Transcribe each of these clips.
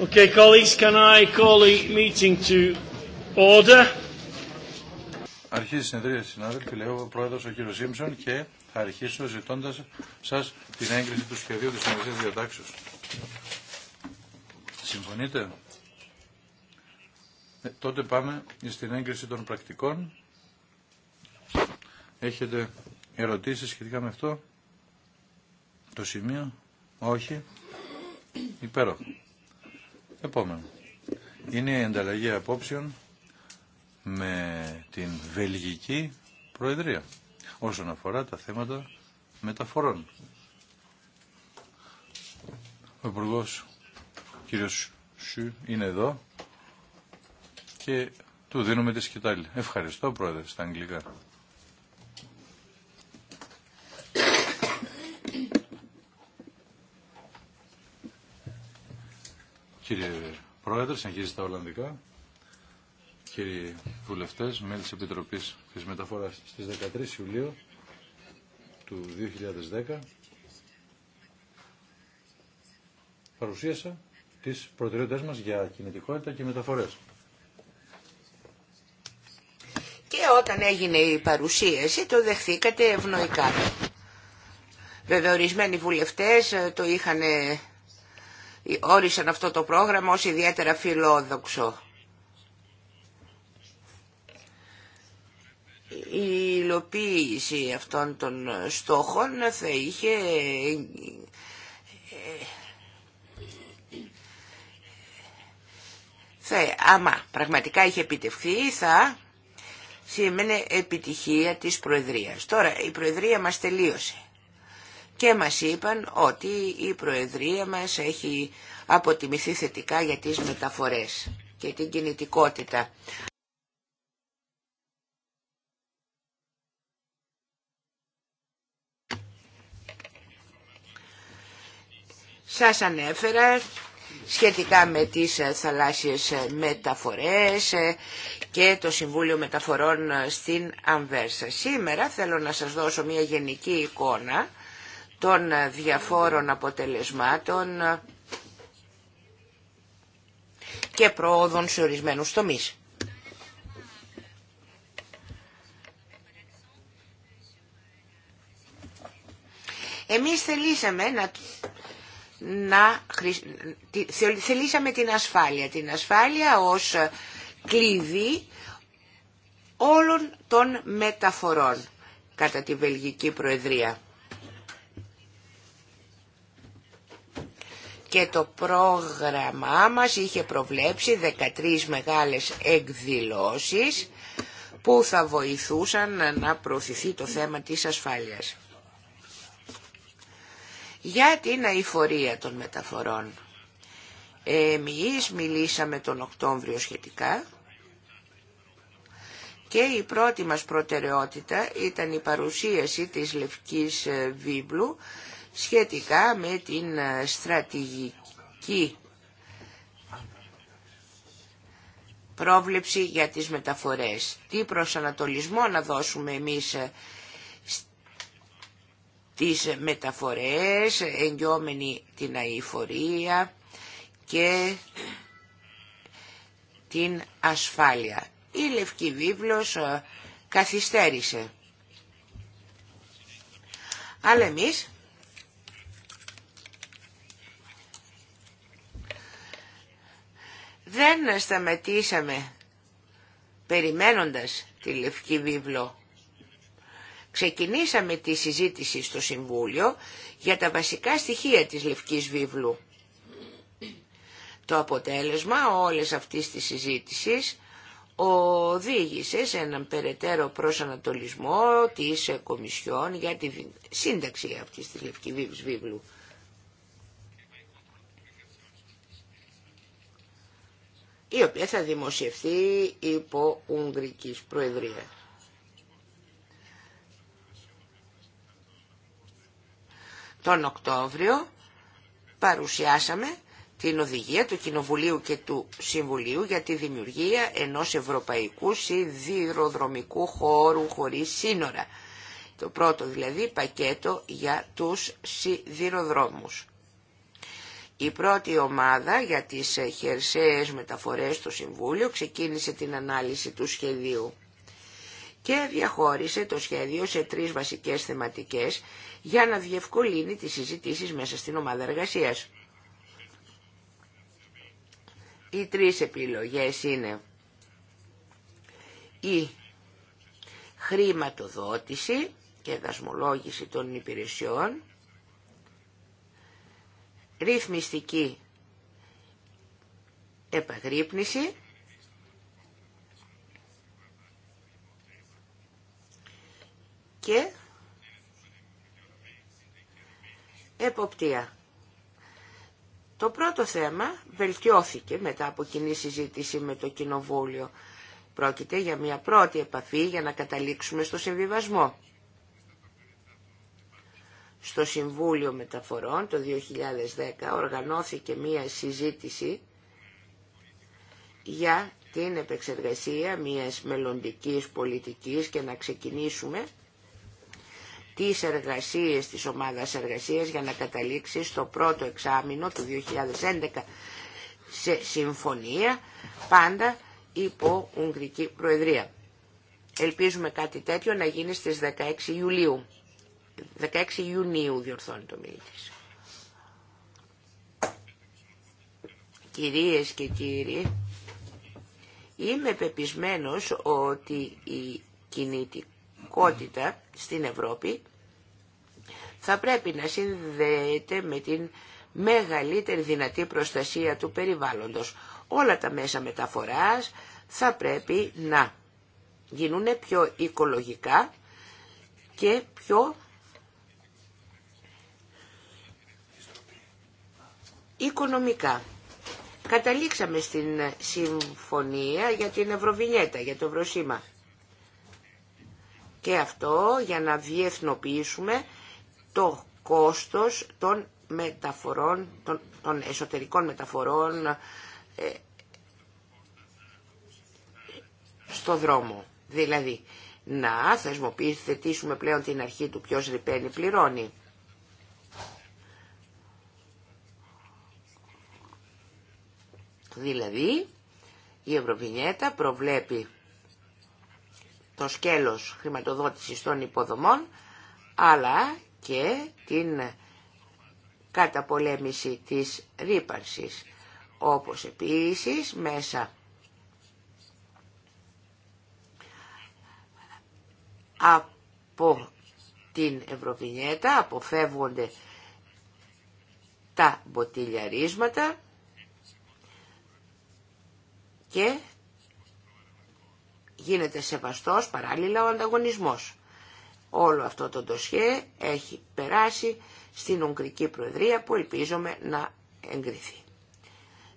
Okay, colleagues, can I call the meeting to order? Αρχίζει η συνεδρία, συνάδελφοι, λέω ο πρόεδρος ο κύριος Σίμψον και θα αρχίσω ζητώντας σας την έγκριση του σχεδίου της συνεδρίας διατάξεως. Συμφωνείτε? Ε, τότε πάμε στην έγκριση των πρακτικών. Έχετε ερωτήσεις σχετικά με αυτό? Το σημείο? Όχι. Υπέροχο. Επόμενο. Είναι η ανταλλαγή απόψεων με την Βελγική Προεδρία όσον αφορά τα θέματα μεταφορών. Ο υπουργό κύριος Σου είναι εδώ και του δίνουμε τη σκητάλη. Ευχαριστώ πρόεδρε στα αγγλικά. Κύριε Πρόεδρε, συνεχίζει τα Ολλανδικά. Κύριοι βουλευτέ, μέλη τη Επιτροπή τη Μεταφορά στι 13 Ιουλίου του 2010 παρουσίασα τι προτεραιότητες μα για κινητικότητα και μεταφορές. Και όταν έγινε η παρουσίαση το δεχθήκατε ευνοϊκά. Βέβαια ορισμένοι βουλευτές ε, το είχαν όρισαν αυτό το πρόγραμμα ως ιδιαίτερα φιλόδοξο. Η υλοποίηση αυτών των στόχων θα είχε θα, άμα πραγματικά είχε επιτευχθεί θα σημαίνει επιτυχία της Προεδρίας. Τώρα η Προεδρία μας τελείωσε και μας είπαν ότι η Προεδρία μας έχει αποτιμηθεί θετικά για τις μεταφορές και την κινητικότητα. Σας ανέφερα σχετικά με τις θαλάσσιες μεταφορές και το Συμβούλιο Μεταφορών στην Αμβέρσα. Σήμερα θέλω να σας δώσω μια γενική εικόνα των διαφόρων αποτελεσμάτων και προόδων σε ορισμένους τομείς. Εμείς θελήσαμε να, να θελήσαμε την ασφάλεια, την ασφάλεια ως κλειδί όλων των μεταφορών κατά τη Βελγική Προεδρία. και το πρόγραμμά μας είχε προβλέψει 13 μεγάλες εκδηλώσεις που θα βοηθούσαν να προωθηθεί το θέμα της ασφάλειας. Για την αηφορία των μεταφορών. Εμείς μιλήσαμε τον Οκτώβριο σχετικά και η πρώτη μας προτεραιότητα ήταν η παρουσίαση της Λευκής Βίμπλου σχετικά με την ε, στρατηγική πρόβλεψη για τις μεταφορές. Τι προσανατολισμό να δώσουμε εμείς ε, τις μεταφορές, εγγυόμενη την αηφορία και την ασφάλεια. Η Λευκή Βίβλος ε, καθυστέρησε. Αλλά εμείς δεν σταματήσαμε περιμένοντας τη Λευκή Βίβλο. Ξεκινήσαμε τη συζήτηση στο Συμβούλιο για τα βασικά στοιχεία της Λευκής Βίβλου. Το αποτέλεσμα όλες αυτής της συζήτησης οδήγησε σε έναν περαιτέρω προσανατολισμό της Κομισιόν για τη σύνταξη αυτής της Λευκής Βίβλου. η οποία θα δημοσιευθεί υπό Ουγγρικής Προεδρία. Τον Οκτώβριο παρουσιάσαμε την οδηγία του Κοινοβουλίου και του Συμβουλίου για τη δημιουργία ενός ευρωπαϊκού σιδηροδρομικού χώρου χωρίς σύνορα. Το πρώτο δηλαδή πακέτο για τους σιδηροδρόμους. Η πρώτη ομάδα για τις ε, χερσαίες μεταφορές στο Συμβούλιο ξεκίνησε την ανάλυση του σχεδίου και διαχώρισε το σχέδιο σε τρεις βασικές θεματικές για να διευκολύνει τις συζητήσεις μέσα στην ομάδα εργασίας. Οι τρεις επιλογές είναι η χρηματοδότηση και δασμολόγηση των υπηρεσιών, ρυθμιστική επαγρύπνηση και εποπτεία. Το πρώτο θέμα βελτιώθηκε μετά από κοινή συζήτηση με το Κοινοβούλιο. Πρόκειται για μια πρώτη επαφή για να καταλήξουμε στο συμβιβασμό στο Συμβούλιο Μεταφορών το 2010 οργανώθηκε μία συζήτηση για την επεξεργασία μίας μελλοντικής πολιτικής και να ξεκινήσουμε τις εργασίες της ομάδας εργασίας για να καταλήξει στο πρώτο εξάμεινο του 2011 σε συμφωνία πάντα υπό Ουγγρική Προεδρία. Ελπίζουμε κάτι τέτοιο να γίνει στις 16 Ιουλίου. 16 Ιουνίου διορθώνει το μήνυμα. Κυρίες και κύριοι, είμαι πεπισμένος ότι η κινητικότητα στην Ευρώπη θα πρέπει να συνδέεται με την μεγαλύτερη δυνατή προστασία του περιβάλλοντος. Όλα τα μέσα μεταφοράς θα πρέπει να γίνουν πιο οικολογικά και πιο Οικονομικά. Καταλήξαμε στην συμφωνία για την Ευρωβινιέτα, για το Ευρωσήμα. Και αυτό για να διεθνοποιήσουμε το κόστος των μεταφορών, των, των εσωτερικών μεταφορών ε, στο δρόμο. Δηλαδή, να θεσμοποιήσουμε πλέον την αρχή του ποιος ρηπαίνει πληρώνει. Δηλαδή, η Ευρωβινιέτα προβλέπει το σκέλος χρηματοδότησης των υποδομών, αλλά και την καταπολέμηση της ρήπαρσης, όπως επίσης μέσα από την Ευρωβινιέτα αποφεύγονται τα μποτιλιαρίσματα και γίνεται σεβαστός παράλληλα ο ανταγωνισμός. Όλο αυτό το ντοσιέ έχει περάσει στην Ουγγρική Προεδρία που ελπίζομαι να εγκριθεί.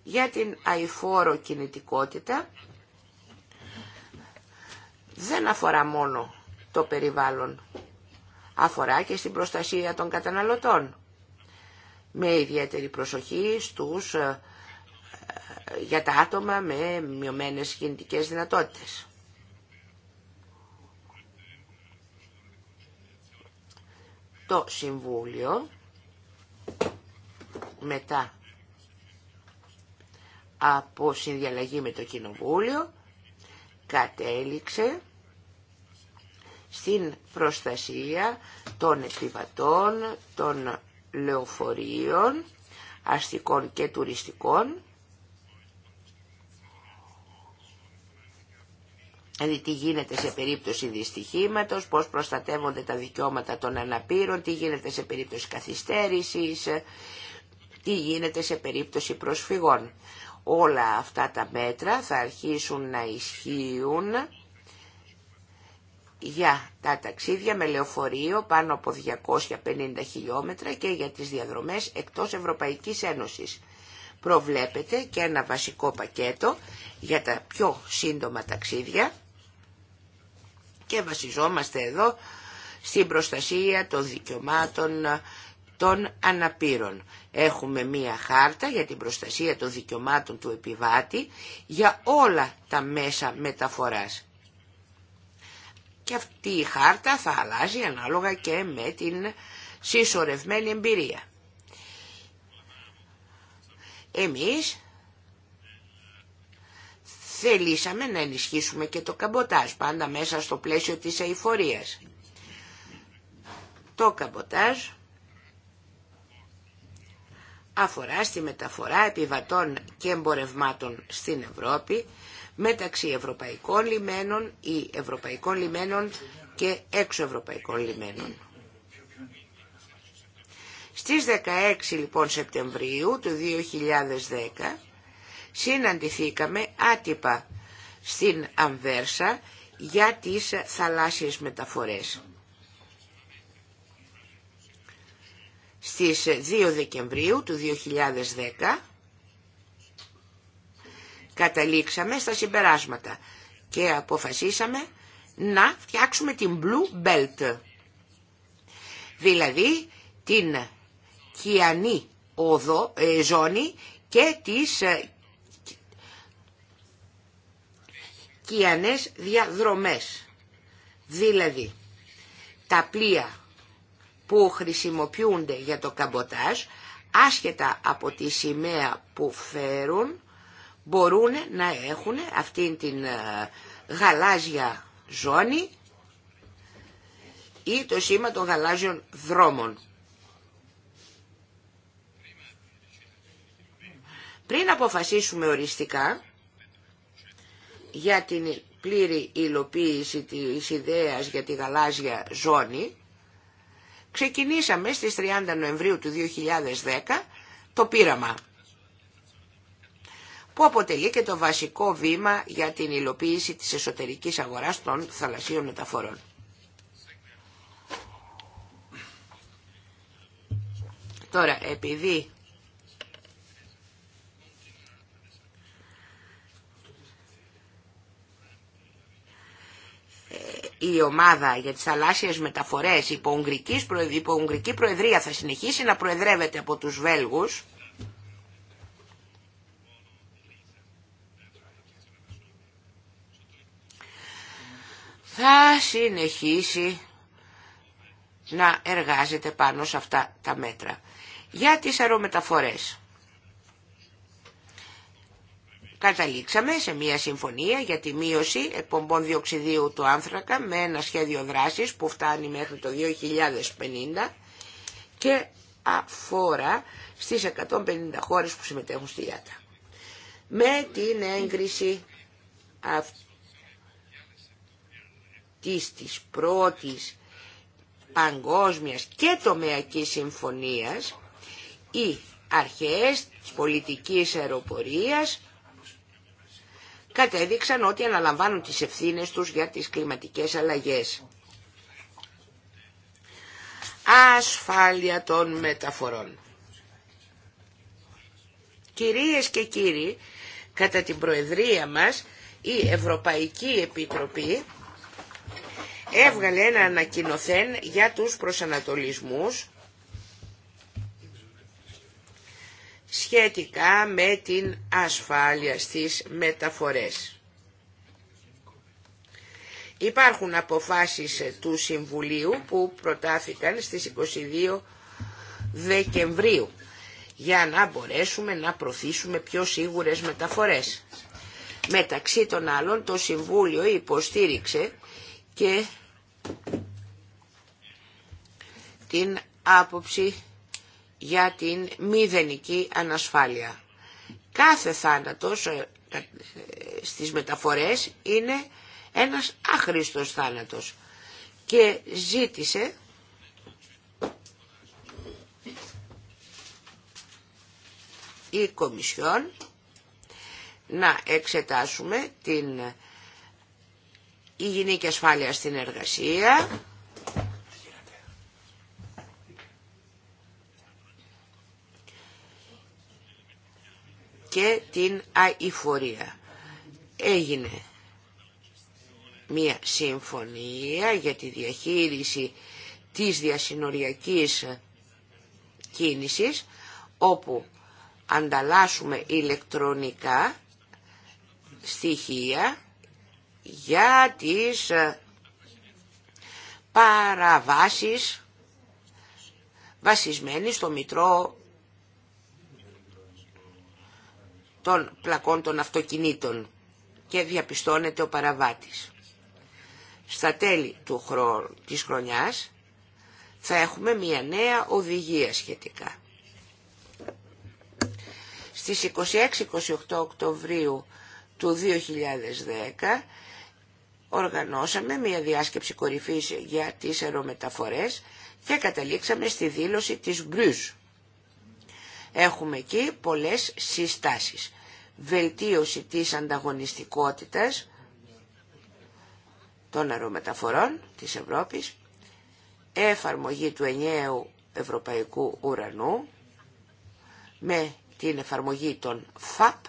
Για την αηφόρο κινητικότητα δεν αφορά μόνο το περιβάλλον, αφορά και στην προστασία των καταναλωτών. Με ιδιαίτερη προσοχή στους ε, για τα άτομα με μειωμένες κινητικές δυνατότητες. Το Συμβούλιο μετά από συνδιαλλαγή με το Κοινοβούλιο κατέληξε στην προστασία των επιβατών, των λεωφορείων, αστικών και τουριστικών δηλαδή τι γίνεται σε περίπτωση δυστυχήματος, πώς προστατεύονται τα δικαιώματα των αναπήρων, τι γίνεται σε περίπτωση καθυστέρησης, τι γίνεται σε περίπτωση προσφυγών. Όλα αυτά τα μέτρα θα αρχίσουν να ισχύουν για τα ταξίδια με λεωφορείο πάνω από 250 χιλιόμετρα και για τις διαδρομές εκτός Ευρωπαϊκής Ένωσης προβλέπεται και ένα βασικό πακέτο για τα πιο σύντομα ταξίδια και βασιζόμαστε εδώ στην προστασία των δικαιωμάτων των αναπήρων. Έχουμε μία χάρτα για την προστασία των δικαιωμάτων του επιβάτη για όλα τα μέσα μεταφοράς. Και αυτή η χάρτα θα αλλάζει ανάλογα και με την συσσωρευμένη εμπειρία. Εμείς θελήσαμε να ενισχύσουμε και το καμποτάζ, πάντα μέσα στο πλαίσιο της αηφορίας. Το καμποτάζ αφορά στη μεταφορά επιβατών και εμπορευμάτων στην Ευρώπη μεταξύ ευρωπαϊκών λιμένων ή ευρωπαϊκών λιμένων και έξω λιμένων. Στις 16 λοιπόν Σεπτεμβρίου του 2010 συναντηθήκαμε άτυπα στην Αμβέρσα για τις θαλάσσιες μεταφορές. Στις 2 Δεκεμβρίου του 2010 καταλήξαμε στα συμπεράσματα και αποφασίσαμε να φτιάξουμε την Blue Belt, δηλαδή την κιανή οδό, ε, ζώνη και τις ε, κιανές διαδρομές. Δηλαδή, τα πλοία που χρησιμοποιούνται για το καμποτάζ, άσχετα από τη σημαία που φέρουν, μπορούν να έχουν αυτήν την ε, γαλάζια ζώνη ή το σήμα των γαλάζιων δρόμων. Πριν αποφασίσουμε οριστικά για την πλήρη υλοποίηση της ιδέας για τη γαλάζια ζώνη, ξεκινήσαμε στις 30 Νοεμβρίου του 2010 το πείραμα, που αποτελεί και το βασικό βήμα για την υλοποίηση της εσωτερικής αγοράς των θαλασσίων μεταφορών. Τώρα, επειδή η ομάδα για τις θαλάσσιες μεταφορές υπό Ουγγρική, Προεδρία θα συνεχίσει να προεδρεύεται από τους Βέλγους θα συνεχίσει να εργάζεται πάνω σε αυτά τα μέτρα. Για τις αερομεταφορές καταλήξαμε σε μια συμφωνία για τη μείωση εκπομπών διοξιδίου του άνθρακα με ένα σχέδιο δράσης που φτάνει μέχρι το 2050 και αφορά στις 150 χώρες που συμμετέχουν στη ΙΑΤΑ. Με την έγκριση αυτής της πρώτης παγκόσμιας και τομεακής συμφωνίας, οι αρχές της πολιτικής αεροπορίας κατέδειξαν ότι αναλαμβάνουν τις ευθύνες τους για τις κλιματικές αλλαγές. Ασφάλεια των μεταφορών. Κυρίες και κύριοι, κατά την Προεδρία μας, η Ευρωπαϊκή Επιτροπή έβγαλε ένα ανακοινοθέν για τους προσανατολισμούς σχετικά με την ασφάλεια στις μεταφορές. Υπάρχουν αποφάσεις του Συμβουλίου που προτάθηκαν στις 22 Δεκεμβρίου για να μπορέσουμε να προθίσουμε πιο σίγουρες μεταφορές. Μεταξύ των άλλων το Συμβούλιο υποστήριξε και την άποψη για την μηδενική ανασφάλεια. Κάθε θάνατος ε, ε, στις μεταφορές είναι ένας άχρηστος θάνατος και ζήτησε η Κομισιόν να εξετάσουμε την υγιεινή και ασφάλεια στην εργασία και την αηφορία. Έγινε μία συμφωνία για τη διαχείριση της διασυνοριακής κίνησης, όπου ανταλλάσσουμε ηλεκτρονικά στοιχεία για τις ε, παραβάσεις βασισμένη στο Μητρό των πλακών των αυτοκινήτων και διαπιστώνεται ο παραβάτης. Στα τέλη του χρο... της χρονιάς θα έχουμε μια νέα οδηγία σχετικά. Στις 26-28 Οκτωβρίου του 2010 οργανώσαμε μια διάσκεψη κορυφής για τις αερομεταφορές και καταλήξαμε στη δήλωση της Μπρουζ. Έχουμε εκεί πολλές συστάσεις. Βελτίωση της ανταγωνιστικότητας των αερομεταφορών της Ευρώπης, εφαρμογή του ενιαίου ευρωπαϊκού ουρανού με την εφαρμογή των ΦΑΠ,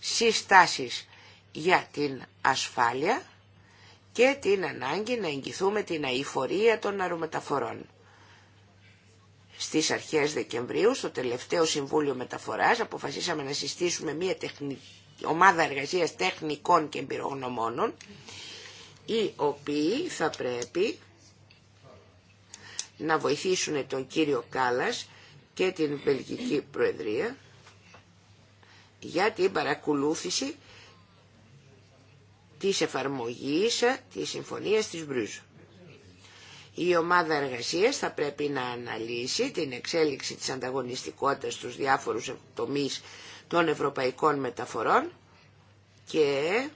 συστάσεις για την ασφάλεια και την ανάγκη να εγγυθούμε την αηφορία των αερομεταφορών στις αρχές Δεκεμβρίου, στο τελευταίο Συμβούλιο Μεταφοράς, αποφασίσαμε να συστήσουμε μια ομάδα εργασίας τεχνικών και εμπειρογνωμόνων, οι οποίοι θα πρέπει να βοηθήσουν τον κύριο Κάλλας και την Βελγική Προεδρία για την παρακολούθηση της εφαρμογής της Συμφωνίας της Μπρούζου. Η ομάδα εργασίας θα πρέπει να αναλύσει την εξέλιξη της ανταγωνιστικότητας στους διάφορους τομείς των ευρωπαϊκών μεταφορών και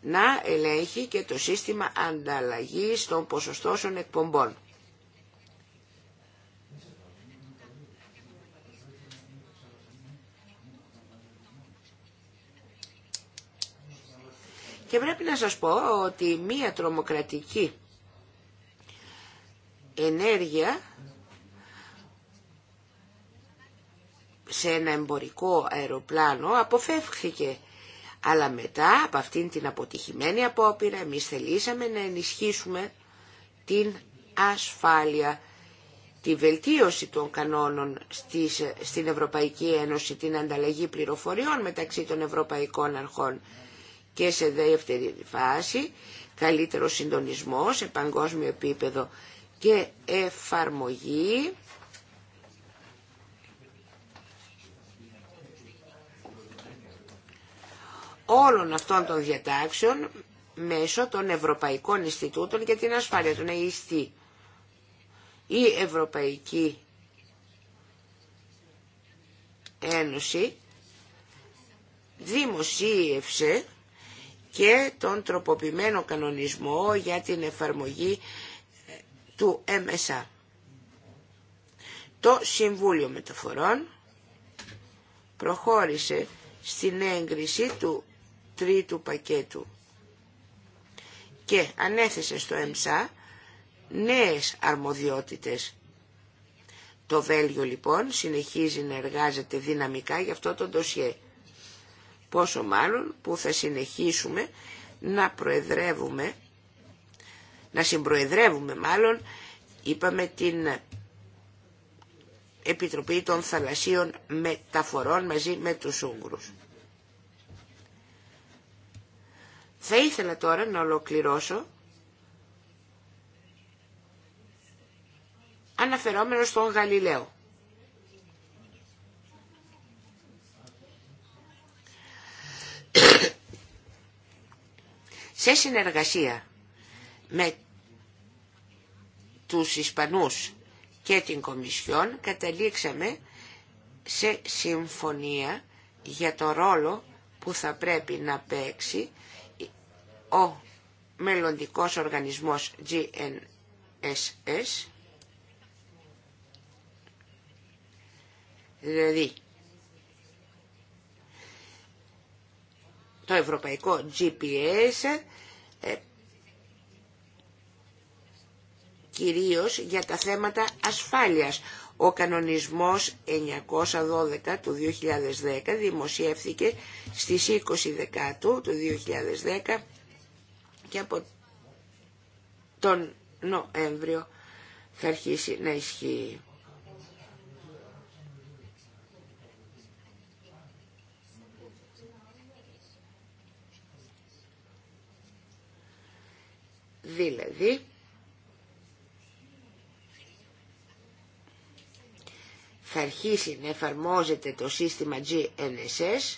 να ελέγχει και το σύστημα ανταλλαγής των ποσοστώσεων εκπομπών. Και πρέπει να σας πω ότι μία τρομοκρατική ενέργεια σε ένα εμπορικό αεροπλάνο αποφεύχθηκε. Αλλά μετά από αυτήν την αποτυχημένη απόπειρα εμείς θελήσαμε να ενισχύσουμε την ασφάλεια, τη βελτίωση των κανόνων στις, στην Ευρωπαϊκή Ένωση, την ανταλλαγή πληροφοριών μεταξύ των ευρωπαϊκών αρχών και σε δεύτερη φάση καλύτερο συντονισμό σε παγκόσμιο επίπεδο και εφαρμογή όλων αυτών των διατάξεων μέσω των Ευρωπαϊκών Ινστιτούτων για την ασφάλεια των ΕΙΣΤΗ. Η Ευρωπαϊκή Ένωση δημοσίευσε και τον τροποποιημένο κανονισμό για την εφαρμογή του MSA. Το Συμβούλιο Μεταφορών προχώρησε στην έγκριση του τρίτου πακέτου και ανέθεσε στο ΕΜΣΑ νέες αρμοδιότητες. Το Βέλγιο λοιπόν συνεχίζει να εργάζεται δυναμικά για αυτό το ντοσιέ. Πόσο μάλλον που θα συνεχίσουμε να προεδρεύουμε να συμπροεδρεύουμε μάλλον, είπαμε την Επιτροπή των Θαλασσίων Μεταφορών μαζί με τους Ούγγρους. Θα ήθελα τώρα να ολοκληρώσω αναφερόμενο στον Γαλιλαίο. Σε συνεργασία με τους Ισπανούς και την Κομισιόν καταλήξαμε σε συμφωνία για το ρόλο που θα πρέπει να παίξει ο μελλοντικός οργανισμός GNSS δηλαδή το ευρωπαϊκό GPS κυρίως για τα θέματα ασφάλειας. Ο κανονισμός 912 του 2010 δημοσιεύθηκε στις 20 Δεκάτου του 2010 και από τον Νοέμβριο θα αρχίσει να ισχύει. Δηλαδή, θα αρχίσει να εφαρμόζεται το σύστημα GNSS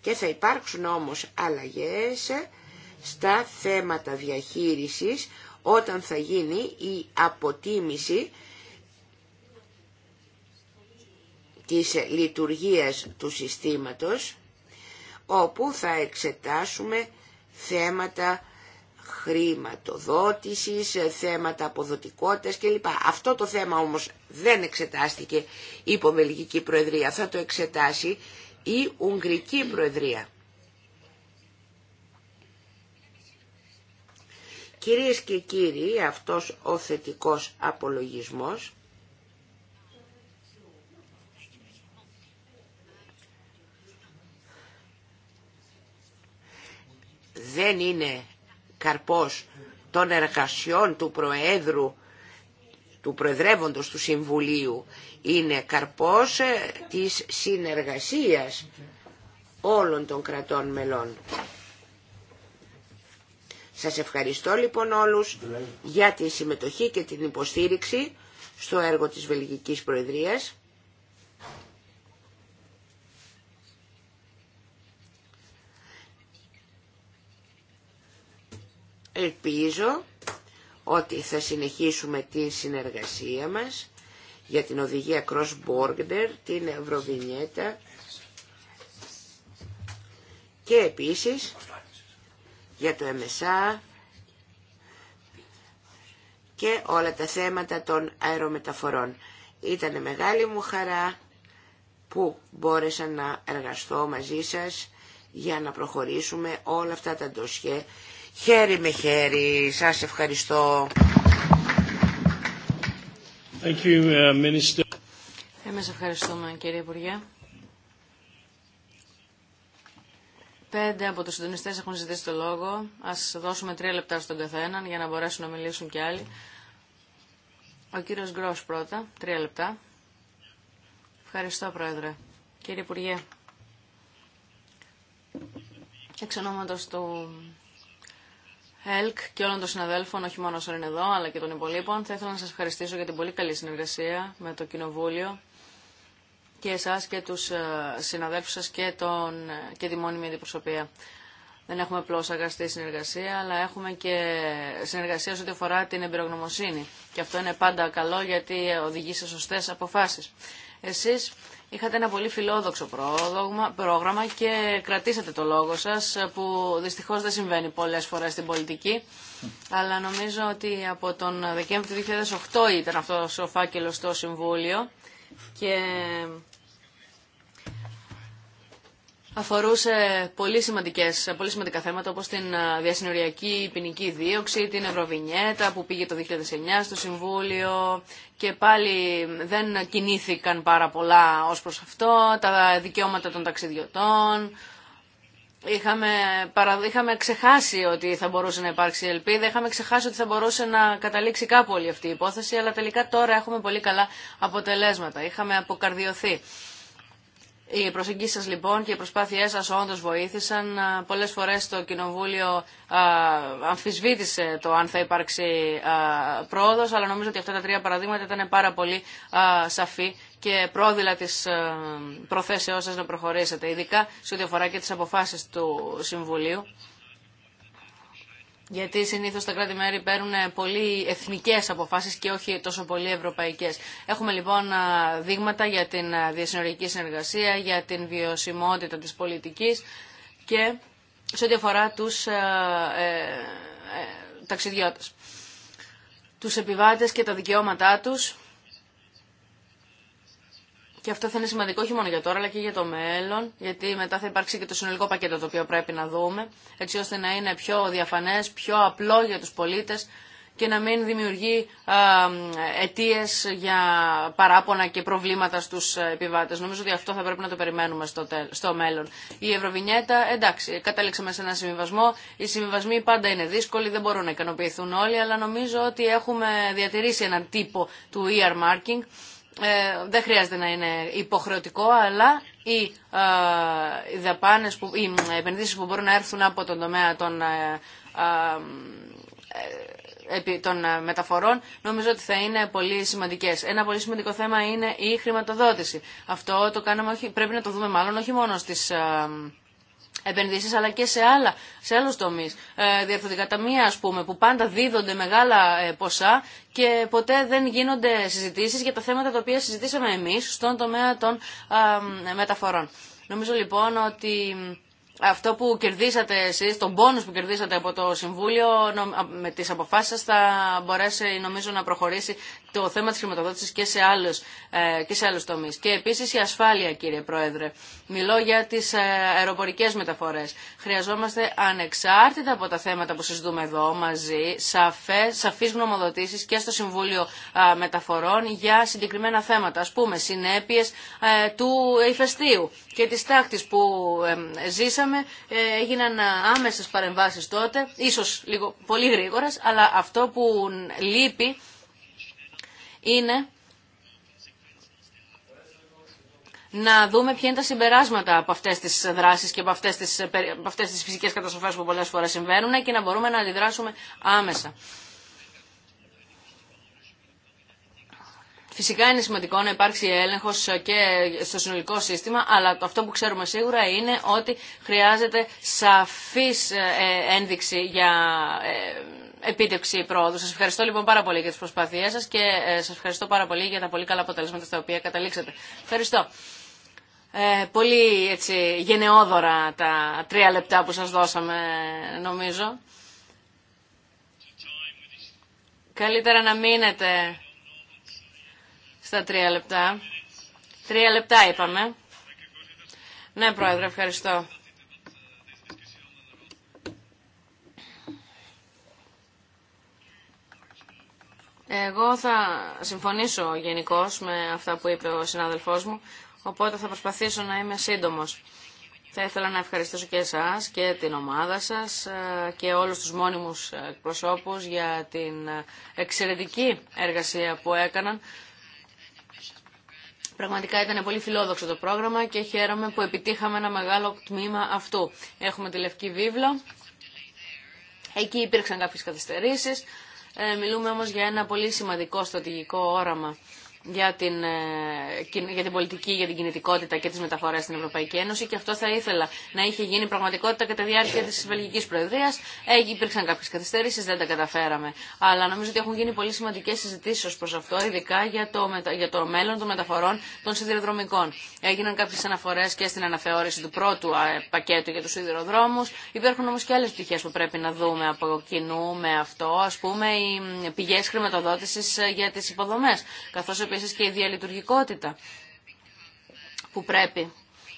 και θα υπάρξουν όμως αλλαγές στα θέματα διαχείρισης όταν θα γίνει η αποτίμηση της λειτουργίας του συστήματος όπου θα εξετάσουμε θέματα χρηματοδότησης, ε, θέματα αποδοτικότητας κλπ. Αυτό το θέμα όμως δεν εξετάστηκε η Βελγική Προεδρία. Θα το εξετάσει η Ουγγρική Προεδρία. Κυρίες και κύριοι, αυτός ο θετικός απολογισμός δεν είναι καρπός των εργασιών του Προέδρου, του Προεδρεύοντος του Συμβουλίου, είναι καρπός ε, της συνεργασίας όλων των κρατών μελών. Σας ευχαριστώ λοιπόν όλους για τη συμμετοχή και την υποστήριξη στο έργο της Βελγικής Προεδρίας. Ελπίζω ότι θα συνεχίσουμε τη συνεργασία μας για την οδηγία Cross Border, την Ευρωβινιέτα και επίσης για το MSA και όλα τα θέματα των αερομεταφορών. Ήταν μεγάλη μου χαρά που μπόρεσα να εργαστώ μαζί σας για να προχωρήσουμε όλα αυτά τα ντοσιέ χέρι με χέρι. Σας ευχαριστώ. Thank you, uh, Minister. Εμείς ευχαριστούμε κύριε Υπουργέ. Πέντε από τους συντονιστές έχουν ζητήσει το λόγο. Ας δώσουμε τρία λεπτά στον καθέναν για να μπορέσουν να μιλήσουν και άλλοι. Ο κύριος Γκρός πρώτα, τρία λεπτά. Ευχαριστώ Πρόεδρε. Κύριε Υπουργέ, εξ ονόματος του ΕΛΚ και όλων των συναδέλφων, όχι μόνο όσων είναι εδώ, αλλά και των υπολείπων. Θα ήθελα να σας ευχαριστήσω για την πολύ καλή συνεργασία με το Κοινοβούλιο και εσάς και τους ε, συναδέλφους σας και, τον, ε, και τη μόνιμη αντιπροσωπεία. Δεν έχουμε απλώ αγαστή συνεργασία, αλλά έχουμε και συνεργασία σε ό,τι αφορά την εμπειρογνωμοσύνη. Και αυτό είναι πάντα καλό γιατί οδηγεί σε σωστέ αποφάσει. Εσεί Είχατε ένα πολύ φιλόδοξο πρόγραμμα και κρατήσατε το λόγο σας που δυστυχώς δεν συμβαίνει πολλές φορές στην πολιτική. Αλλά νομίζω ότι από τον Δεκέμβριο του 2008 ήταν αυτός ο φάκελος στο Συμβούλιο και αφορούσε πολύ, σημαντικές, πολύ σημαντικά θέματα όπως την διασυνοριακή ποινική δίωξη, την Ευρωβινιέτα που πήγε το 2009 στο Συμβούλιο και πάλι δεν κινήθηκαν πάρα πολλά ως προς αυτό, τα δικαιώματα των ταξιδιωτών. Είχαμε, παρα, είχαμε ξεχάσει ότι θα μπορούσε να υπάρξει ελπίδα, είχαμε ξεχάσει ότι θα μπορούσε να καταλήξει κάπου όλη αυτή η υπόθεση, αλλά τελικά τώρα έχουμε πολύ καλά αποτελέσματα. Είχαμε αποκαρδιωθεί. Οι προσεγγίσεις σας λοιπόν και οι προσπάθειές σας όντως βοήθησαν. Πολλές φορές το Κοινοβούλιο αμφισβήτησε το αν θα υπάρξει πρόοδος, αλλά νομίζω ότι αυτά τα τρία παραδείγματα ήταν πάρα πολύ σαφή και πρόδειλα της προθέσεώς σας να προχωρήσετε, ειδικά σε ό,τι αφορά και τις αποφάσεις του Συμβουλίου γιατί συνήθω τα κράτη-μέρη παίρνουν πολύ εθνικέ αποφάσει και όχι τόσο πολύ ευρωπαϊκέ. Έχουμε λοιπόν δείγματα για την διασυνοριακή συνεργασία, για την βιωσιμότητα τη πολιτική και σε ό,τι αφορά του ε, ε, ταξιδιώτε. Του επιβάτε και τα δικαιώματά τους και αυτό θα είναι σημαντικό όχι μόνο για τώρα αλλά και για το μέλλον, γιατί μετά θα υπάρξει και το συνολικό πακέτο το οποίο πρέπει να δούμε, έτσι ώστε να είναι πιο διαφανέ, πιο απλό για του πολίτε και να μην δημιουργεί αιτίε για παράπονα και προβλήματα στου ε, επιβάτε. Νομίζω ότι αυτό θα πρέπει να το περιμένουμε στο, στο μέλλον. Η Ευρωβινιέτα, εντάξει, κατάληξαμε σε ένα συμβιβασμό. Οι συμβιβασμοί πάντα είναι δύσκολοι, δεν μπορούν να ικανοποιηθούν όλοι, αλλά νομίζω ότι έχουμε διατηρήσει έναν τύπο του earmarking ε, δεν χρειάζεται να είναι υποχρεωτικό, αλλά οι, ε, οι δαπάνες που, οι ε, επενδύσεις που μπορούν να έρθουν από τον τομέα των, ε, ε των μεταφορών, νομίζω ότι θα είναι πολύ σημαντικές. Ένα πολύ σημαντικό θέμα είναι η χρηματοδότηση. Αυτό το κάνουμε, πρέπει να το δούμε μάλλον όχι μόνο στις, επενδύσεις αλλά και σε, άλλα, σε άλλους τομείς. Ε, Διευθυντικά ταμεία α πούμε που πάντα δίδονται μεγάλα ε, ποσά και ποτέ δεν γίνονται συζητήσεις για τα θέματα τα οποία συζητήσαμε εμείς στον τομέα των μεταφορών. Νομίζω λοιπόν ότι αυτό που κερδίσατε εσείς, τον πόνους που κερδίσατε από το Συμβούλιο με τις αποφάσεις σας θα μπορέσει νομίζω να προχωρήσει το θέμα της χρηματοδότησης και σε άλλους, ε, και σε άλλους τομείς. Και επίσης η ασφάλεια κύριε Πρόεδρε. Μιλώ για τις ε, αεροπορικές μεταφορές. Χρειαζόμαστε ανεξάρτητα από τα θέματα που συζητούμε εδώ μαζί σαφές, σαφείς γνωμοδοτήσεις και στο Συμβούλιο Μεταφορών για συγκεκριμένα θέματα. Ας πούμε συνέπειες ε, του ηφαιστείου και της τάχτης που ζήσαμε ε, έγιναν άμεσες παρεμβάσεις τότε, ίσως λίγο, πολύ γρήγορες, αλλά αυτό που λείπει είναι να δούμε ποια είναι τα συμπεράσματα από αυτές τις δράσεις και από αυτές τις, από αυτές τις φυσικές καταστροφές που πολλές φορές συμβαίνουν και να μπορούμε να αντιδράσουμε άμεσα. Φυσικά είναι σημαντικό να υπάρξει έλεγχος και στο συνολικό σύστημα, αλλά αυτό που ξέρουμε σίγουρα είναι ότι χρειάζεται σαφής ε, ε, ένδειξη για ε, επίτευξη πρόοδου. Σας ευχαριστώ λοιπόν πάρα πολύ για τις προσπάθειές σας και σας ευχαριστώ πάρα πολύ για τα πολύ καλά αποτελέσματα στα οποία καταλήξατε. Ευχαριστώ. Ε, πολύ έτσι, γενναιόδωρα τα τρία λεπτά που σας δώσαμε νομίζω. Καλύτερα να μείνετε στα τρία λεπτά. Τρία λεπτά είπαμε. Ναι, Πρόεδρε, ευχαριστώ. Εγώ θα συμφωνήσω γενικώ με αυτά που είπε ο συνάδελφός μου, οπότε θα προσπαθήσω να είμαι σύντομος. Θα ήθελα να ευχαριστήσω και εσάς και την ομάδα σας ε, και όλους τους μόνιμους προσώπους για την εξαιρετική εργασία που έκαναν Πραγματικά ήταν πολύ φιλόδοξο το πρόγραμμα και χαίρομαι που επιτύχαμε ένα μεγάλο τμήμα αυτού. Έχουμε τη Λευκή Βίβλο. Εκεί υπήρξαν κάποιες καθυστερήσεις. Ε, μιλούμε όμως για ένα πολύ σημαντικό στρατηγικό όραμα για την, ε, για την πολιτική, για την κινητικότητα και τι μεταφορέ στην Ευρωπαϊκή Ένωση και αυτό θα ήθελα να είχε γίνει πραγματικότητα κατά τη διάρκεια τη Βελγικής Προεδρία. υπήρξαν κάποιε καθυστερήσεις, δεν τα καταφέραμε. Αλλά νομίζω ότι έχουν γίνει πολύ σημαντικέ συζητήσει ω προ αυτό, ειδικά για το, για το μέλλον των μεταφορών των σιδηροδρομικών. Έγιναν κάποιε αναφορέ και στην αναθεώρηση του πρώτου πακέτου για του σιδηροδρόμους. Υπάρχουν όμω και άλλε πτυχέ που πρέπει να δούμε από κοινού με αυτό, α πούμε οι πηγέ χρηματοδότησης ε, για τι υποδομέ επίση και η διαλειτουργικότητα που πρέπει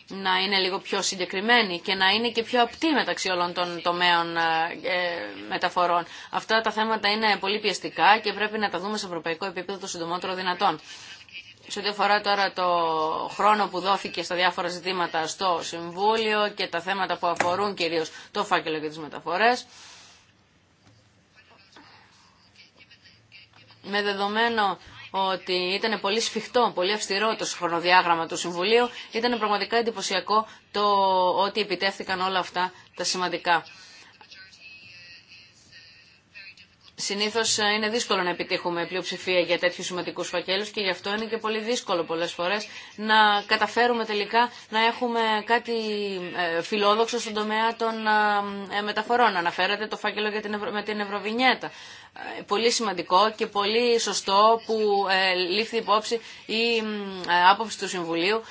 να είναι λίγο πιο συγκεκριμένη και να είναι και πιο απτή μεταξύ όλων των τομέων ε, ε, μεταφορών. Αυτά τα θέματα είναι πολύ πιεστικά και πρέπει να τα δούμε σε ευρωπαϊκό επίπεδο το συντομότερο δυνατόν. Σε ό,τι αφορά τώρα το χρόνο που δόθηκε στα διάφορα ζητήματα στο Συμβούλιο και τα θέματα που αφορούν κυρίως το φάκελο και τις μεταφορές, με δεδομένο ότι ήταν πολύ σφιχτό, πολύ αυστηρό το χρονοδιάγραμμα του Συμβουλίου. Ήταν πραγματικά εντυπωσιακό το ότι επιτεύθηκαν όλα αυτά τα σημαντικά. Συνήθω ε, είναι δύσκολο να επιτύχουμε πλειοψηφία για τέτοιου σημαντικού φακέλους και γι' αυτό είναι και πολύ δύσκολο πολλές φορές να καταφέρουμε τελικά να έχουμε κάτι ε, φιλόδοξο στον τομέα των ε, μεταφορών. Αναφέρατε το φάκελο για την με την Ευρωβινιέτα. Πολύ σημαντικό και πολύ σωστό που λήφθη υπόψη η άποψη του Συμβουλίου.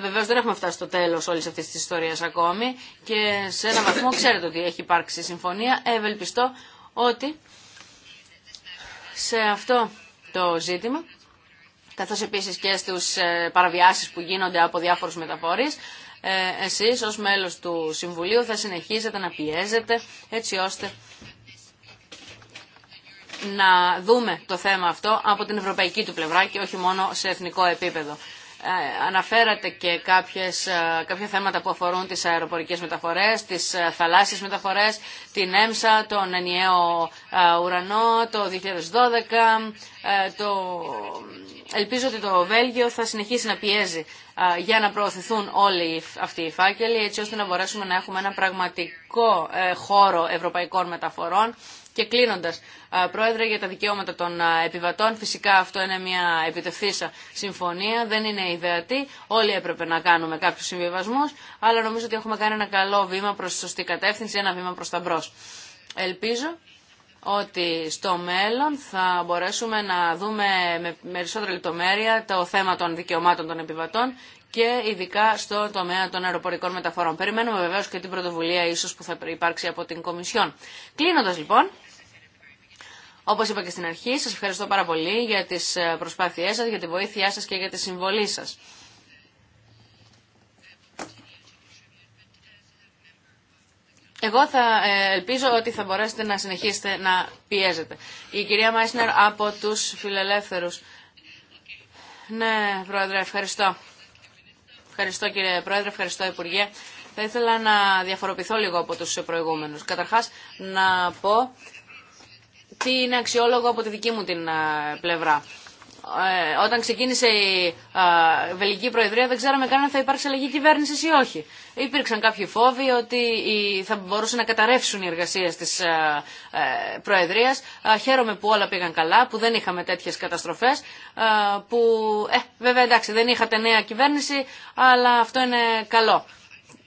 Βεβαίω δεν έχουμε φτάσει στο τέλο όλη αυτή τη ιστορία ακόμη και σε ένα βαθμό ξέρετε ότι έχει υπάρξει συμφωνία. Ευελπιστώ ότι σε αυτό το ζήτημα, καθώς επίσης και στους ε, παραβιάσεις που γίνονται από διάφορους μεταφορείς, ε, εσείς ως μέλος του Συμβουλίου θα συνεχίζετε να πιέζετε έτσι ώστε να δούμε το θέμα αυτό από την ευρωπαϊκή του πλευρά και όχι μόνο σε εθνικό επίπεδο. Ε, αναφέρατε και κάποιες, ε, κάποια θέματα που αφορούν τις αεροπορικές μεταφορές, τις ε, θαλάσσιες μεταφορές, την ΕΜΣΑ, τον ενιαίο ουρανό, το 2012. Το... Ελπίζω ότι το Βέλγιο θα συνεχίσει να πιέζει για να προωθηθούν όλοι αυτοί οι φάκελοι, έτσι ώστε να μπορέσουμε να έχουμε ένα πραγματικό χώρο ευρωπαϊκών μεταφορών και κλείνοντα, Πρόεδρε, για τα δικαιώματα των επιβατών, φυσικά αυτό είναι μια επιτευθύνσα συμφωνία, δεν είναι ιδεατή, όλοι έπρεπε να κάνουμε κάποιου συμβιβασμού, αλλά νομίζω ότι έχουμε κάνει ένα καλό βήμα προς τη σωστή κατεύθυνση, ένα βήμα προς τα μπρος. Ελπίζω ότι στο μέλλον θα μπορέσουμε να δούμε με περισσότερη λεπτομέρεια το θέμα των δικαιωμάτων των επιβατών και ειδικά στο τομέα των αεροπορικών μεταφορών. Περιμένουμε βεβαίως και την πρωτοβουλία ίσως που θα υπάρξει από την Κομισιόν. Κλείνοντας λοιπόν, όπως είπα και στην αρχή, σας ευχαριστώ πάρα πολύ για τις ε, προσπάθειές σας, για τη βοήθειά σας και για τη συμβολή σας. Εγώ θα ε, ελπίζω ότι θα μπορέσετε να συνεχίσετε να πιέζετε. Η κυρία Μάισνερ από τους φιλελεύθερους. Ναι, Πρόεδρε, ευχαριστώ. Ευχαριστώ κύριε Πρόεδρε, ευχαριστώ Υπουργέ. Θα ήθελα να διαφοροποιηθώ λίγο από τους προηγούμενους. Καταρχάς να πω τι είναι αξιόλογο από τη δική μου την ε, πλευρά. Ε, όταν ξεκίνησε η Βελική Προεδρία δεν ξέραμε καν αν θα υπάρξει αλλαγή κυβέρνηση ή όχι. Υπήρξαν κάποιοι φόβοι ότι θα μπορούσαν να καταρρεύσουν οι εργασίε τη ε, Προεδρία. Χαίρομαι που όλα πήγαν καλά, που δεν είχαμε τέτοιε καταστροφέ. Που, ε, βέβαια εντάξει, δεν είχατε νέα κυβέρνηση, αλλά αυτό είναι καλό.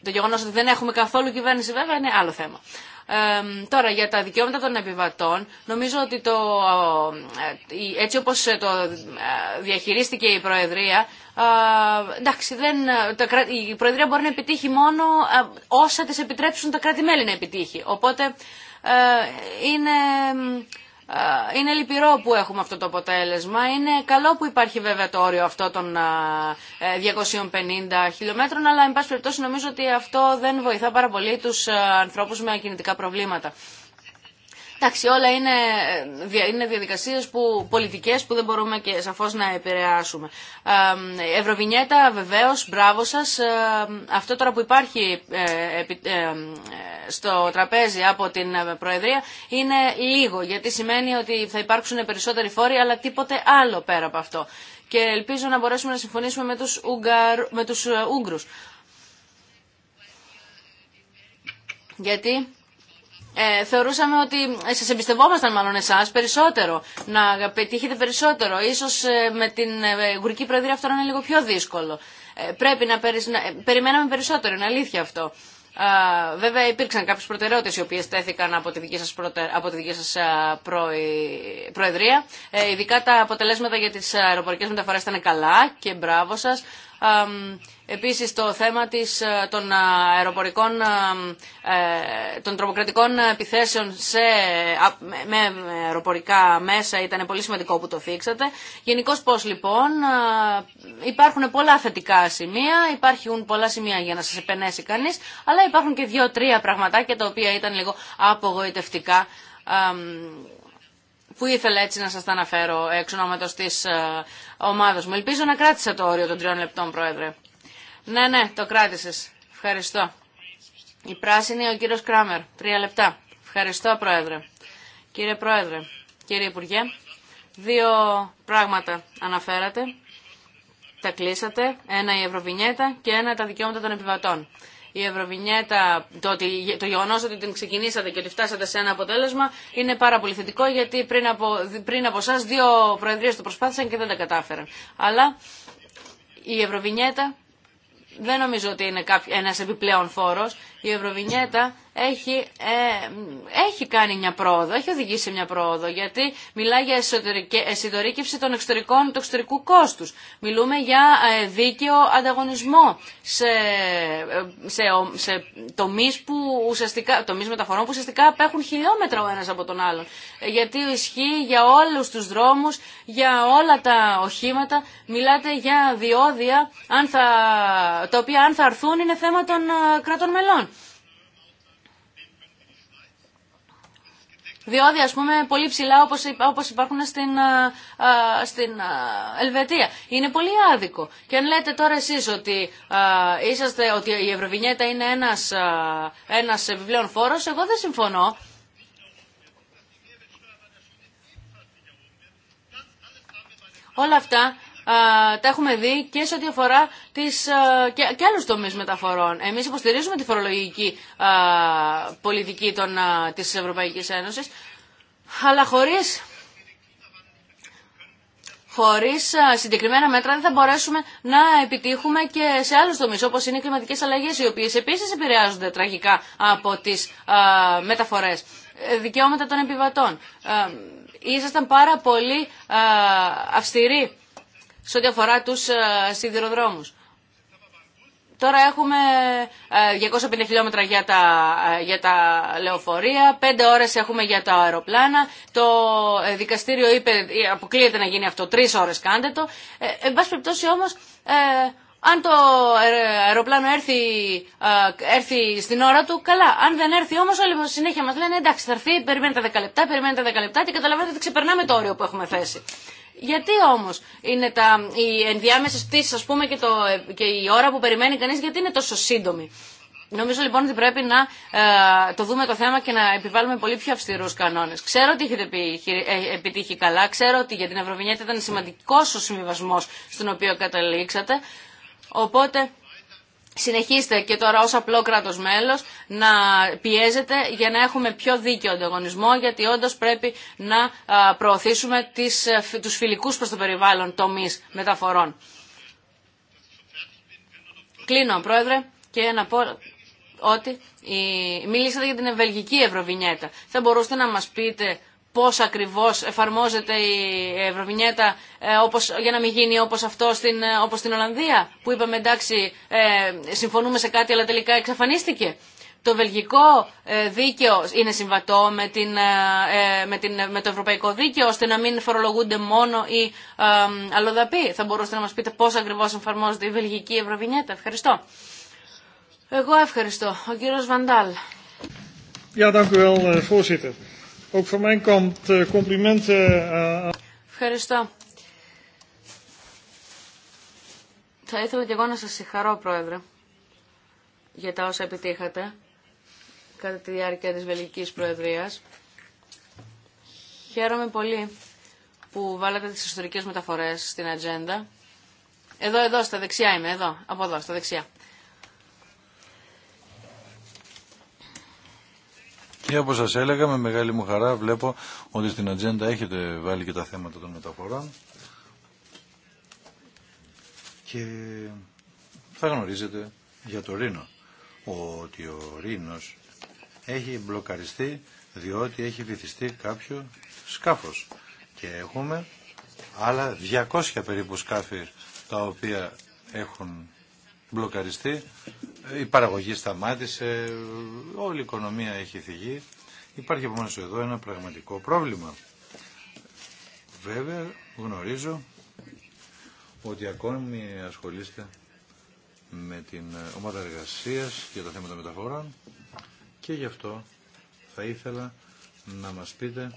Το γεγονό ότι δεν έχουμε καθόλου κυβέρνηση βέβαια είναι άλλο θέμα τώρα για τα δικαιώματα των επιβατών, νομίζω ότι το, ε, έτσι όπως ε, το ε, διαχειρίστηκε η Προεδρία, ε, εντάξει, δεν, η Προεδρία μπορεί να επιτύχει μόνο όσα της επιτρέψουν τα κράτη-μέλη να επιτύχει. Οπότε είναι ε, είναι λυπηρό που έχουμε αυτό το αποτέλεσμα. Είναι καλό που υπάρχει βέβαια το όριο αυτό των 250 ε, ε, χιλιόμετρων, αλλά εν πάση περιπτώσει νομίζω ότι αυτό δεν βοηθά πάρα πολύ τους ανθρώπους με κινητικά προβλήματα. Εντάξει, όλα είναι, είναι διαδικασίε που, πολιτικέ που δεν μπορούμε και σαφώ να επηρεάσουμε. Ευρωβινιέτα, βεβαίω, μπράβο σα. Αυτό τώρα που υπάρχει ε, ε, στο τραπέζι από την ε, Προεδρία είναι λίγο, γιατί σημαίνει ότι θα υπάρξουν περισσότεροι φόροι, αλλά τίποτε άλλο πέρα από αυτό. Και ελπίζω να μπορέσουμε να συμφωνήσουμε με τους, Ουγγαρ, με τους Ούγγρους. Γιατί ε, θεωρούσαμε ότι ε, σας εμπιστευόμασταν μάλλον εσάς περισσότερο, να πετύχετε περισσότερο. Ίσως ε, με την ε, Προεδρία αυτό να είναι λίγο πιο δύσκολο. πρέπει να, περιμέναμε περισσότερο, είναι αλήθεια αυτό. βέβαια υπήρξαν κάποιες προτεραιότητες οι οποίες τέθηκαν από τη δική σας, από τη δική σας Προεδρία. ειδικά τα αποτελέσματα για τις αεροπορικές μεταφορές ήταν καλά και μπράβο σας. Επίσης το θέμα της, ε, των ε, αεροπορικών, ε, των τρομοκρατικών επιθέσεων σε, με αεροπορικά μέσα ήταν πολύ σημαντικό που το θίξατε. Γενικώ πώς λοιπόν υπάρχουν πολλά θετικά σημεία, υπάρχουν πολλά σημεία για να σας επενέσει κανείς, αλλά υπάρχουν και δύο-τρία πραγματάκια τα οποία ήταν λίγο απογοητευτικά που ήθελα έτσι να σας τα αναφέρω εξ ονόματος της ε, ομάδος μου. Ελπίζω να κράτησα το όριο των τριών λεπτών, Πρόεδρε. Ναι, ναι, το κράτησες. Ευχαριστώ. Η πράσινη, ο κύριος Κράμερ. Τρία λεπτά. Ευχαριστώ, Πρόεδρε. Κύριε Πρόεδρε, κύριε Υπουργέ, δύο πράγματα αναφέρατε. Τα κλείσατε. Ένα η Ευρωβινιέτα και ένα τα δικαιώματα των επιβατών η Ευρωβινιέτα, το, ότι, το γεγονός ότι την ξεκινήσατε και ότι φτάσατε σε ένα αποτέλεσμα είναι πάρα πολύ θετικό γιατί πριν από, πριν από σας δύο προεδρίες το προσπάθησαν και δεν τα κατάφεραν. Αλλά η Ευρωβινιέτα δεν νομίζω ότι είναι ένας επιπλέον φόρος. Η Ευρωβινιέτα έχει, ε, έχει κάνει μια πρόοδο, έχει οδηγήσει μια πρόοδο, γιατί μιλάει για εσυντορήκευση των εξωτερικών, του εξωτερικού κόστους. Μιλούμε για ε, δίκαιο ανταγωνισμό σε, ε, σε, σε τομείς, που ουσιαστικά, τομείς μεταφορών που ουσιαστικά απέχουν χιλιόμετρα ο ένας από τον άλλον. Γιατί ισχύει για όλους τους δρόμους, για όλα τα οχήματα, μιλάτε για διόδια, τα οποία αν θα αρθούν είναι θέμα των κρατών μελών. διόδια ας πούμε πολύ ψηλά όπως, όπως υπάρχουν στην, ε, ε, στην ε, Ελβετία. Είναι πολύ άδικο. Και αν λέτε τώρα εσείς ότι, είσαστε, ότι η Ευρωβινιέτα είναι ένας, ένας επιπλέον φόρος, εγώ δεν συμφωνώ. Όλα αυτά τα έχουμε δει και σε ό,τι αφορά τις, και, και άλλους τομείς μεταφορών. Εμείς υποστηρίζουμε τη φορολογική πολιτική των, της Ευρωπαϊκής Ένωσης, αλλά χωρίς Χωρί συγκεκριμένα μέτρα δεν θα μπορέσουμε να επιτύχουμε και σε άλλους τομείς όπως είναι οι κλιματικές αλλαγές οι οποίες επίσης επηρεάζονται τραγικά από τι μεταφορές Δικαιώματα των επιβατών. Ήσασταν πάρα πολύ αυστηροί σε ό,τι αφορά τους ε, σιδηροδρόμους. Τώρα έχουμε 250 ε, χιλιόμετρα για τα, ε, για τα λεωφορεία, 5 ώρες έχουμε για τα αεροπλάνα, το δικαστήριο είπε αποκλείεται να γίνει αυτό, 3 ώρες κάντε το. εν πάση περιπτώσει όμως, αν το αεροπλάνο έρθει, έρθει στην ώρα του, καλά. Αν δεν έρθει όμως όλοι συνέχεια μας λένε εντάξει θα έρθει, περιμένετε 10 λεπτά, περιμένετε 10 λεπτά και καταλαβαίνετε ότι ξεπερνάμε το όριο που έχουμε θέσει. Γιατί όμως είναι τα, οι ενδιάμεσες πτήσει, α πούμε και, το, και η ώρα που περιμένει κανείς γιατί είναι τόσο σύντομη. Νομίζω λοιπόν ότι πρέπει να ε, το δούμε το θέμα και να επιβάλλουμε πολύ πιο αυστηρού κανόνε. Ξέρω ότι έχετε ε, επιτύχει καλά, ξέρω ότι για την Ευρωβινιέτα ήταν σημαντικό ο συμβιβασμό στον οποίο καταλήξατε. Οπότε συνεχίστε και τώρα ως απλό κράτος μέλος να πιέζετε για να έχουμε πιο δίκαιο ανταγωνισμό γιατί όντως πρέπει να προωθήσουμε τις, ε, τους φιλικούς προς το περιβάλλον τομείς μεταφορών. Κλείνω, Πρόεδρε, και να πω ότι μιλήσατε για την ευελγική ευρωβινιέτα. Θα μπορούσατε να μας πείτε πώς ακριβώς εφαρμόζεται η Ευρωβινιέτα ε, όπως, για να μην γίνει όπως αυτό στην, ε, όπως στην Ολλανδία που είπαμε εντάξει ε, συμφωνούμε σε κάτι αλλά τελικά εξαφανίστηκε. Το βελγικό δίκαιο είναι συμβατό με, την, με, την, με το ευρωπαϊκό δίκαιο ώστε να μην φορολογούνται μόνο οι αλλοδαποί. Θα μπορούσατε να μας πείτε πώς ακριβώς εφαρμόζεται η βελγική Ευρωβινιέτα. Ευχαριστώ. Εγώ ευχαριστώ. Ο κύριος Βαντάλ. Ja, dank u wel, eh, voorzitter. Eh, eh, Ευχαριστώ. Θα ήθελα και εγώ να σας συγχαρώ, Πρόεδρε, για τα όσα επιτύχατε κατά τη διάρκεια της Βελγικής Προεδρίας. Χαίρομαι πολύ που βάλατε τις ιστορικές μεταφορές στην ατζέντα. Εδώ, εδώ, στα δεξιά είμαι, εδώ, από εδώ, στα δεξιά. Και όπως σας έλεγα, με μεγάλη μου χαρά βλέπω ότι στην ατζέντα έχετε βάλει και τα θέματα των μεταφορών. Και θα γνωρίζετε για το Ρήνο ότι ο Ρήνος έχει μπλοκαριστεί διότι έχει βυθιστεί κάποιο σκάφος. Και έχουμε άλλα 200 περίπου σκάφη τα οποία έχουν μπλοκαριστεί η παραγωγή σταμάτησε, όλη η οικονομία έχει θυγεί. Υπάρχει επομένω εδώ ένα πραγματικό πρόβλημα. Βέβαια γνωρίζω ότι ακόμη ασχολείστε με την ομάδα εργασία για τα θέματα μεταφορών και γι' αυτό θα ήθελα να μας πείτε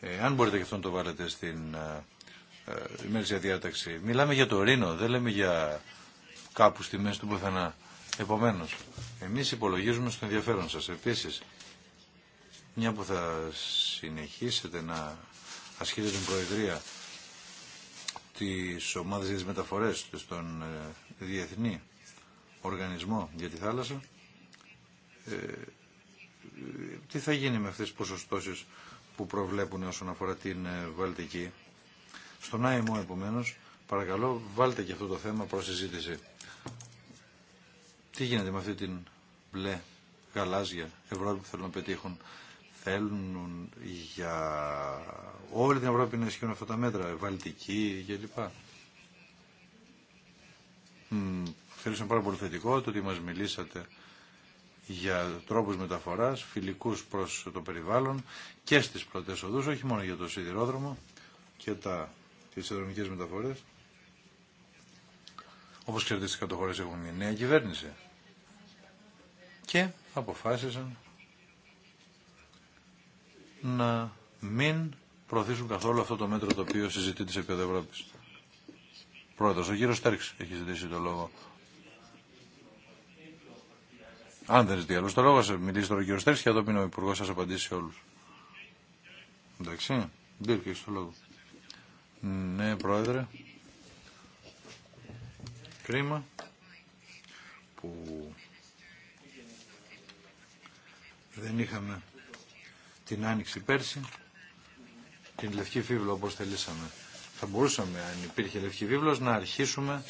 ε, αν μπορείτε και αυτό να το βάλετε στην ε, ε, ημέρησια διάταξη. Μιλάμε για το Ρήνο, δεν λέμε για κάπου στη μέση του πουθενά. Επομένως, εμείς υπολογίζουμε στο ενδιαφέρον σας. Επίση, μια που θα συνεχίσετε να ασχείτε την Προεδρία της ομάδα για τις μεταφορές στον ε, Διεθνή Οργανισμό για τη Θάλασσα, ε, τι θα γίνει με αυτές τις ποσοστώσει που προβλέπουν όσον αφορά την ε, Βαλτική. Στον ΆΕΜΟ, επομένως, παρακαλώ, βάλτε και αυτό το θέμα προ συζήτηση. Τι γίνεται με αυτή την μπλε γαλάζια Ευρώπη που θέλουν να πετύχουν. Θέλουν για όλη την Ευρώπη να ισχύουν αυτά τα μέτρα, βαλτική κλπ. Θέλησαν πάρα πολύ θετικό το ότι μας μιλήσατε για τρόπους μεταφοράς φιλικούς προς το περιβάλλον και στις πρωτές οδούς, όχι μόνο για το σιδηρόδρομο και τα, τις μεταφορές. Όπως ξέρετε στις κατοχώρες έχουν μια νέα κυβέρνηση και αποφάσισαν να μην προωθήσουν καθόλου αυτό το μέτρο το οποίο συζητεί σε επίπεδο Ευρώπη. Πρόεδρο, ο κύριο Στέρξ έχει ζητήσει το λόγο. Αν δεν ζητήσει άλλο το λόγο, σε μιλήσει τώρα ο κύριο Στέρξ και εδώ ο υπουργό σα απαντήσει όλου. Εντάξει, δεν έχει το λόγο. Ναι, πρόεδρε. Κρίμα που δεν είχαμε την άνοιξη πέρσι, την λευκή βίβλο όπως θελήσαμε. Θα μπορούσαμε, αν υπήρχε λευκή βίβλος, να αρχίσουμε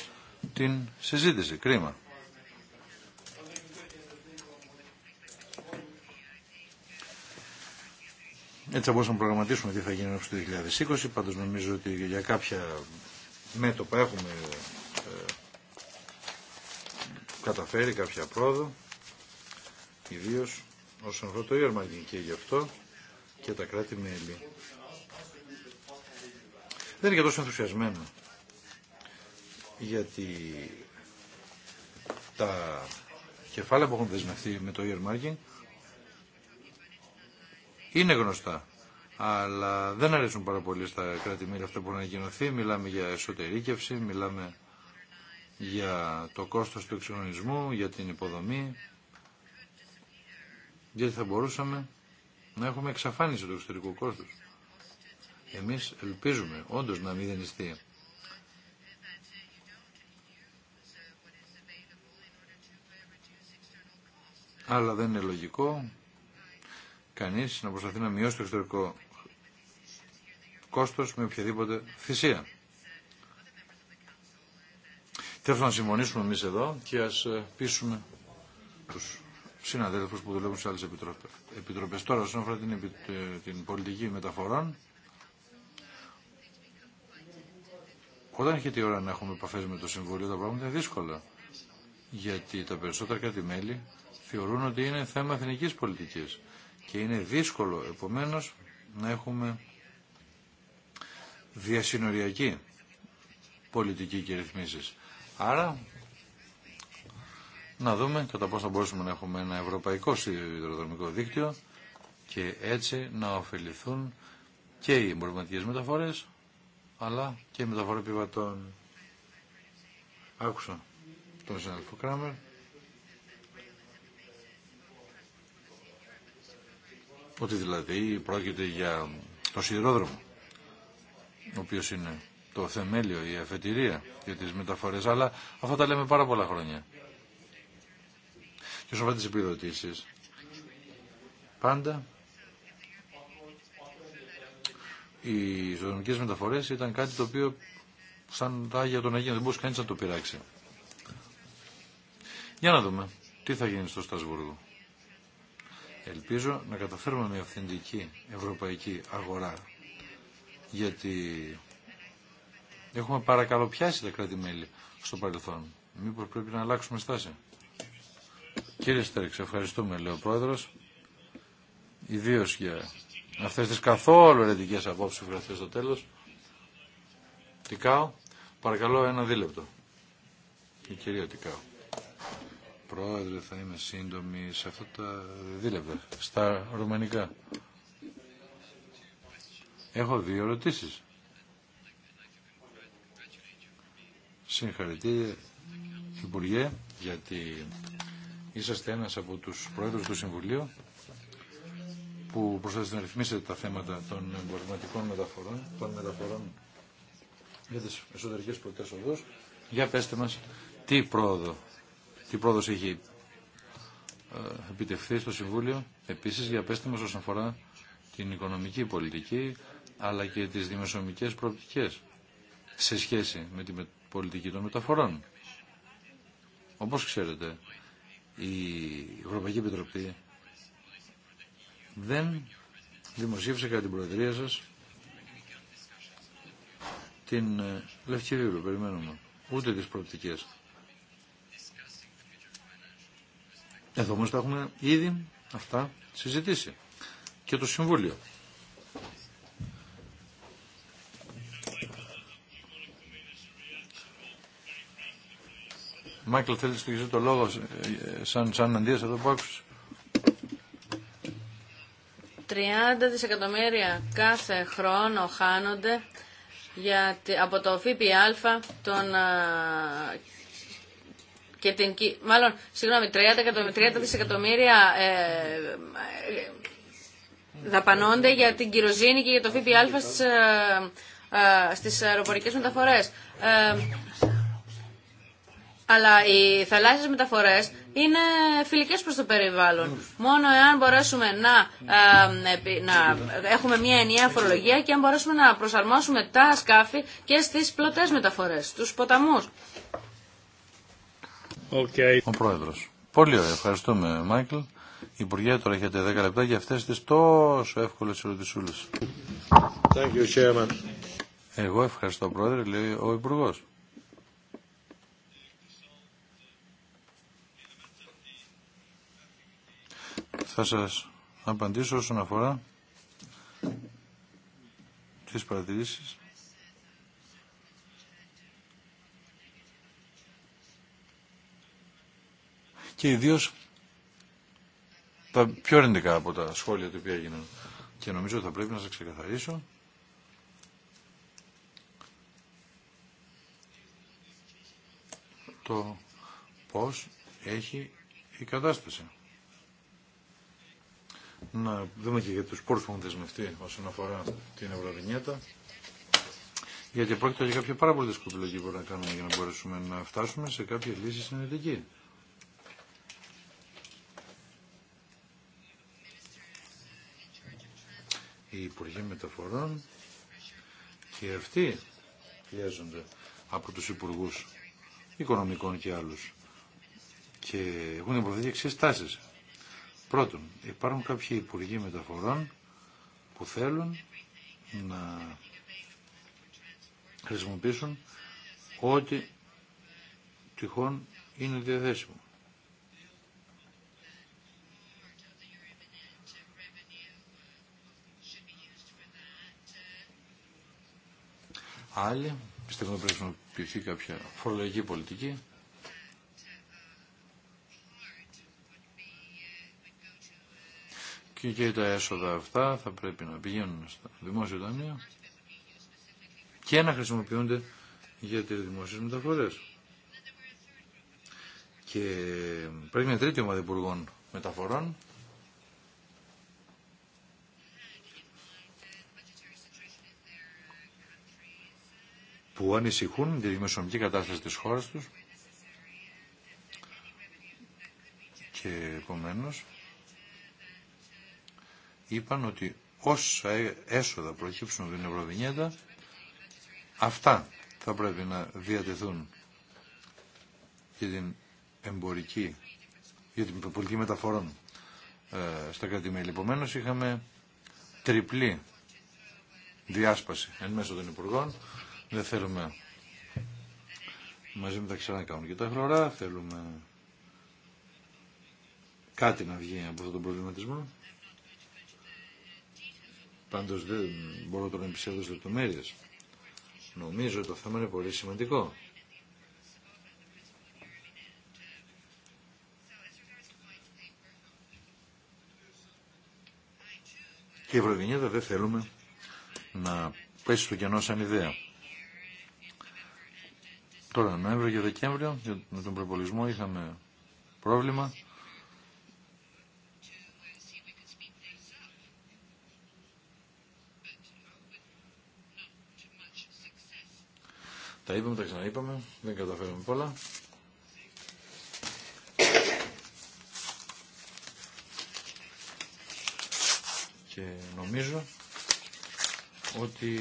την συζήτηση. Κρίμα. Έτσι θα μπορούσαμε να προγραμματίσουμε τι θα γίνει όπως το 2020. Πάντως νομίζω ότι για κάποια μέτωπα έχουμε ε, καταφέρει κάποια πρόοδο. Ιδίως όσον αφορά το earmarking και γι' αυτό και τα κράτη-μέλη. Δεν είναι και τόσο ενθουσιασμένο. Γιατί τα κεφάλαια που έχουν δεσμευτεί με το earmarking είναι γνωστά. Αλλά δεν αρέσουν πάρα πολύ στα κράτη-μέλη αυτά που ανακοινωθεί. Μιλάμε για εσωτερήκευση, μιλάμε για το κόστος του εξυγχρονισμού, για την υποδομή γιατί θα μπορούσαμε να έχουμε εξαφάνιση του εξωτερικού κόστους. Εμείς ελπίζουμε όντω να μην μηδενιστεί Αλλά δεν είναι λογικό κανείς να προσπαθεί να μειώσει το εξωτερικό κόστος με οποιαδήποτε θυσία. Θέλω να συμφωνήσουμε εμεί εδώ και α ε, πείσουμε τους συναδέλφους που δουλεύουν σε άλλες επιτροπές. Τώρα, όσον αφορά την, ε, την πολιτική μεταφορών, όταν έρχεται η ώρα να έχουμε επαφές με το Συμβούλιο, τα πράγματα είναι δύσκολα. Γιατί τα περισσότερα κράτη-μέλη θεωρούν ότι είναι θέμα εθνικής πολιτικής και είναι δύσκολο, επομένως, να έχουμε διασυνοριακή πολιτική και ρυθμίσεις. Άρα να δούμε κατά πώς θα μπορούσαμε να έχουμε ένα ευρωπαϊκό σιδηροδρομικό δίκτυο και έτσι να ωφεληθούν και οι εμπορευματικές μεταφορές αλλά και η μεταφορά πιβατών. Άκουσα τον συνάδελφο Κράμερ. Ότι δηλαδή πρόκειται για το σιδηρόδρομο, ο οποίος είναι το θεμέλιο, η αφετηρία για τις μεταφορές, αλλά αυτά τα λέμε πάρα πολλά χρόνια. Και όσον αφορά τις επιδοτήσεις, πάντα οι ισοδομικές μεταφορές ήταν κάτι το οποίο σαν τα Άγια των Αγίων δεν μπορούσε κανείς να το πειράξει. Για να δούμε τι θα γίνει στο Στασβούργο. Ελπίζω να καταφέρουμε μια αυθεντική ευρωπαϊκή αγορά γιατί έχουμε παρακαλοπιάσει τα κράτη-μέλη στο παρελθόν. Μήπως πρέπει να αλλάξουμε στάση. Κύριε Στέριξ, ευχαριστούμε, λέει ο πρόεδρο, ιδίω για αυτέ τι καθόλου ερετικές απόψεις που το στο τέλο. Τικάω, παρακαλώ ένα δίλεπτο. Η κυρία Τικάω. Πρόεδρε, θα είμαι σύντομη σε αυτά τα δίλεπτα, στα ρουμανικά. Έχω δύο ερωτήσεις. Συγχαρητήρια, Υπουργέ, γιατί είσαστε ένας από τους πρόεδρους του Συμβουλίου που προσπαθείτε να ρυθμίσετε τα θέματα των εμπορευματικών μεταφορών, των μεταφορών για τις εσωτερικές πρωτές οδούς. Για πέστε μας τι πρόοδο, τι πρόοδος έχει ε, επιτευχθεί στο Συμβούλιο. Επίσης για πέστε μας όσον αφορά την οικονομική πολιτική αλλά και τις δημοσιομικές προοπτικές σε σχέση με την πολιτική των μεταφορών. Όπως ξέρετε, η Ευρωπαϊκή Επιτροπή δεν δημοσίευσε κατά την Προεδρία σας την ε, Λευκή Βίβλο, περιμένουμε, ούτε τις προοπτικές. Εδώ όμως τα έχουμε ήδη αυτά συζητήσει και το Συμβούλιο. Μάικλ, θέλεις να το λόγο ε, σαν, σαν αυτό που άκουσες. 30 δισεκατομμύρια κάθε χρόνο χάνονται για, από το ΦΠΑ τον, και την, μάλλον, συγγνώμη, 30, δισεκατομμύρια ε, ε, δαπανώνται για την κυροζήνη και για το ΦΠΑ στις, ε, ε, στις αεροπορικές μεταφορές. Ε, αλλά οι θαλάσσιες μεταφορέ είναι φιλικέ προ το περιβάλλον. Μόνο εάν μπορέσουμε ε, να, έχουμε μια ενιαία φορολογία και αν μπορέσουμε να προσαρμόσουμε τα σκάφη και στι πλωτέ μεταφορέ, στου ποταμού. Okay. Ο Πρόεδρος. Πολύ ωραία. Ευχαριστούμε, Μάικλ. Υπουργέ, τώρα έχετε 10 λεπτά για αυτέ τι τόσο εύκολες ερωτησούλε. Εγώ ευχαριστώ, Πρόεδρε, λέει ο Υπουργό. Θα σας απαντήσω όσον αφορά τις παρατηρήσεις. Και ιδίω τα πιο αρνητικά από τα σχόλια τα οποία έγιναν. Και νομίζω ότι θα πρέπει να σας ξεκαθαρίσω το πώς έχει η κατάσταση να δούμε και για τους πόρους που έχουν δεσμευτεί όσον αφορά την Ευρωβινιέτα. Γιατί πρόκειται για κάποια πάρα πολύ δύσκολη επιλογή που να κάνουμε για να μπορέσουμε να φτάσουμε σε κάποια λύση συνεδρική Οι Υπουργοί Μεταφορών και αυτοί πιέζονται από τους Υπουργούς Οικονομικών και άλλους και έχουν υποθεί εξής τάσεις. Πρώτον, υπάρχουν κάποιοι υπουργοί μεταφορών που θέλουν να χρησιμοποιήσουν ό,τι τυχόν είναι διαθέσιμο. Άλλοι πιστεύω να πρέπει να χρησιμοποιηθεί κάποια φορολογική πολιτική και, και τα έσοδα αυτά θα πρέπει να πηγαίνουν στα δημόσια ταμεία και να χρησιμοποιούνται για τις δημόσιες μεταφορές. Και πρέπει να τρίτη ομάδα υπουργών μεταφορών που ανησυχούν τη δημοσιονομική κατάσταση της χώρας τους και επομένως είπαν ότι όσα έσοδα προκύψουν από την Ευρωβινιέτα, αυτά θα πρέπει να διατεθούν για την εμπορική, για την πολιτική μεταφορών ε, στα κρατημέλη. Επομένω είχαμε τριπλή διάσπαση εν μέσω των Υπουργών. Δεν θέλουμε μαζί με τα ξένα και τα χλωρά, θέλουμε κάτι να βγει από αυτόν τον προβληματισμό. Πάντως δεν μπορώ τώρα να εμπιστεύω σε λεπτομέρειε. Νομίζω το θέμα είναι πολύ σημαντικό. Και η Ευρωβουλευτή δεν θέλουμε να πέσει στο κενό σαν ιδέα. Τώρα, Νοέμβριο και Δεκέμβριο, με τον προπολισμό είχαμε πρόβλημα. Τα είπαμε, τα ξαναείπαμε, δεν καταφέραμε πολλά. Και νομίζω ότι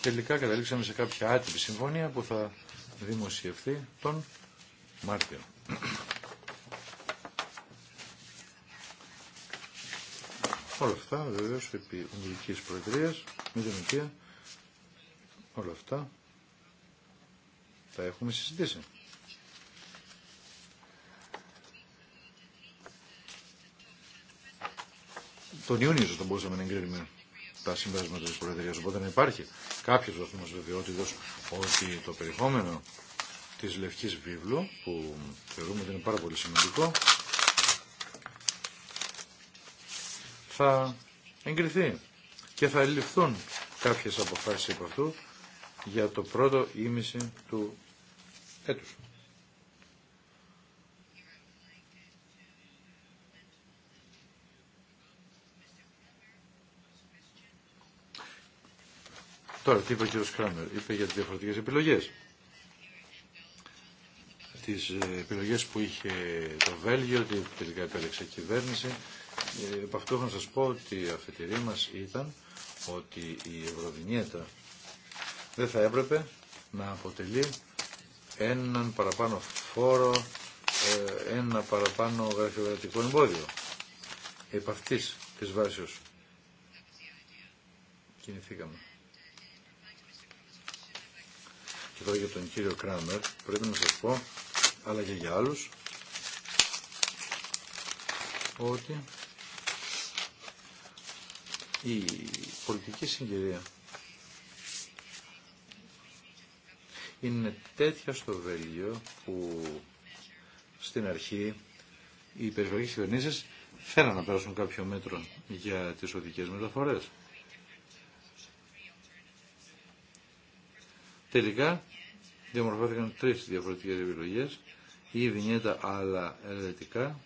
τελικά καταλήξαμε σε κάποια άτυπη συμφωνία που θα δημοσιευθεί τον Μάρτιο. Όλα αυτά βεβαίως, επί Ουγγλικής Προεδρίας, με την οποία όλα αυτά τα έχουμε συζητήσει. Τον Ιούνιο δεν θα μπορούσαμε να εγκρίνουμε τα συμπεράσματα της Προεδρίας. Οπότε να υπάρχει κάποιος βαθμός βεβαιότητας ότι το περιεχόμενο της Λευκής Βίβλου που θεωρούμε ότι είναι πάρα πολύ σημαντικό θα εγκριθεί και θα ληφθούν κάποιες αποφάσεις από αυτού για το πρώτο ήμιση του έτους. Τώρα, τι είπε ο κύριος Κράμερ, είπε για τις διαφορετικές επιλογές. Τις ε, επιλογές που είχε το Βέλγιο, ότι τελικά επέλεξε κυβέρνηση. Ε, επ' αυτό έχω να σας πω ότι η αφετηρία μας ήταν ότι η Ευρωβινιέτα δεν θα έπρεπε να αποτελεί έναν παραπάνω φόρο, ε, ένα παραπάνω γραφειοκρατικό εμπόδιο. Επ' αυτής της βάσης κινηθήκαμε. Και τώρα για τον κύριο Κράμερ πρέπει να σας πω, αλλά και για άλλους, ότι η πολιτική συγκυρία είναι τέτοια στο Βέλγιο που στην αρχή οι περιφερειακές κυβερνήσεις θέλαν να περάσουν κάποιο μέτρο για τις οδικές μεταφορές. Τελικά διαμορφώθηκαν τρεις διαφορετικές επιλογές ή βινιέτα αλλά ελετικά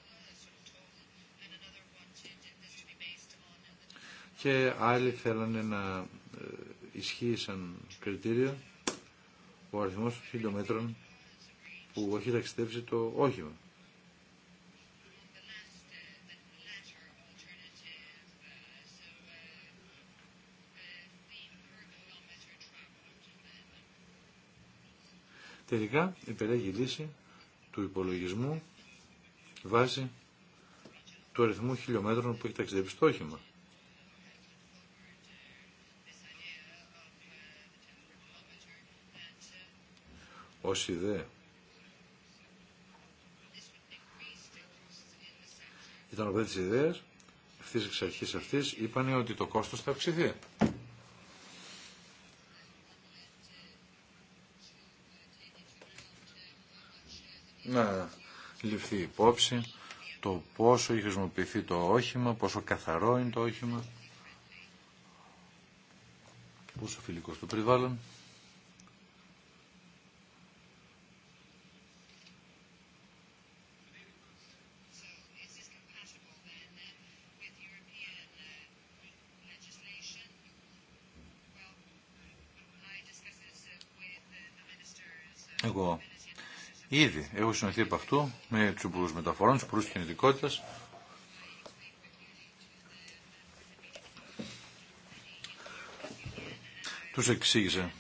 και άλλοι θέλανε να ε, ισχύει σαν κριτήριο ο αριθμός χιλιόμετρων που έχει ταξιδέψει το όχημα. Τελικά υπερέχει η λύση του υπολογισμού βάσει του αριθμού χιλιόμετρων που έχει ταξιδέψει το όχημα. Όσοι δε ήταν αυτές τη ιδέα, αυτής εξ αρχή αυτή είπαν ότι το κόστο θα αυξηθεί. Να ληφθεί υπόψη το πόσο έχει χρησιμοποιηθεί το όχημα, πόσο καθαρό είναι το όχημα, πόσο φιλικό στο περιβάλλον. Ήδη έχω συνοηθεί από αυτού με του υπουργού μεταφορών, του υπουργού κινητικότητα. Του εξήγησα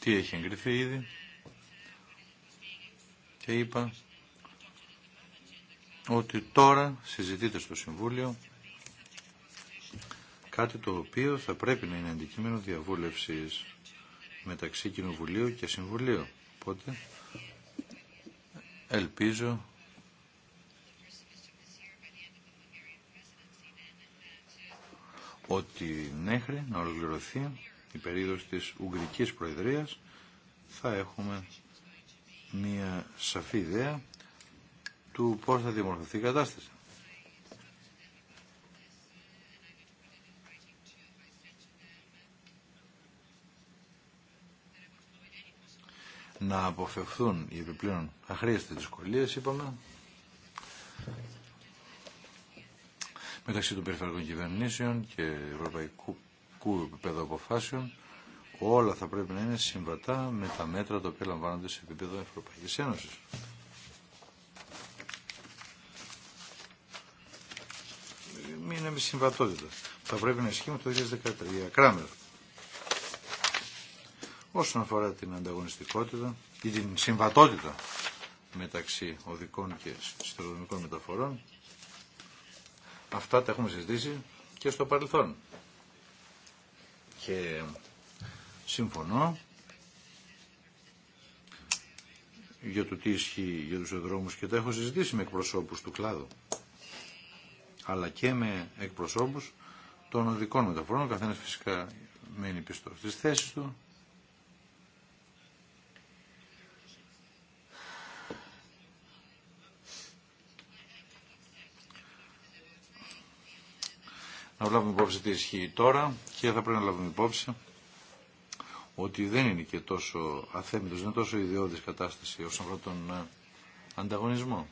τι έχει εγκριθεί ήδη και είπα ότι τώρα συζητείται στο Συμβούλιο κάτι το οποίο θα πρέπει να είναι αντικείμενο διαβούλευσης μεταξύ Κοινοβουλίου και Συμβουλίου. Οπότε Ελπίζω ότι μέχρι να ολοκληρωθεί η περίοδος της Ουγγρικής Προεδρίας θα έχουμε μία σαφή ιδέα του πώς θα διαμορφωθεί η κατάσταση. να αποφευθούν οι επιπλέον αχρίαστε δυσκολίε είπαμε, μεταξύ των περιφερειακών κυβερνήσεων και ευρωπαϊκού επίπεδου αποφάσεων, όλα θα πρέπει να είναι συμβατά με τα μέτρα τα οποία λαμβάνονται σε επίπεδο Ευρωπαϊκής Ένωσης. Μην είναι συμβατότητα. Θα πρέπει να ισχύουμε το 2013. Κράμερ όσον αφορά την ανταγωνιστικότητα ή την συμβατότητα μεταξύ οδικών και στερεοδρομικών μεταφορών. Αυτά τα έχουμε συζητήσει και στο παρελθόν. Και συμφωνώ για το τι ισχύει για τους δρόμους και τα έχω συζητήσει με εκπροσώπους του κλάδου αλλά και με εκπροσώπους των οδικών μεταφορών, ο καθένας φυσικά μένει πιστό στις θέσεις του να λάβουμε υπόψη τι ισχύει τώρα και θα πρέπει να λάβουμε υπόψη ότι δεν είναι και τόσο αθέμητος, δεν είναι τόσο ιδιώδης κατάσταση όσον αφορά τον ε, ανταγωνισμό.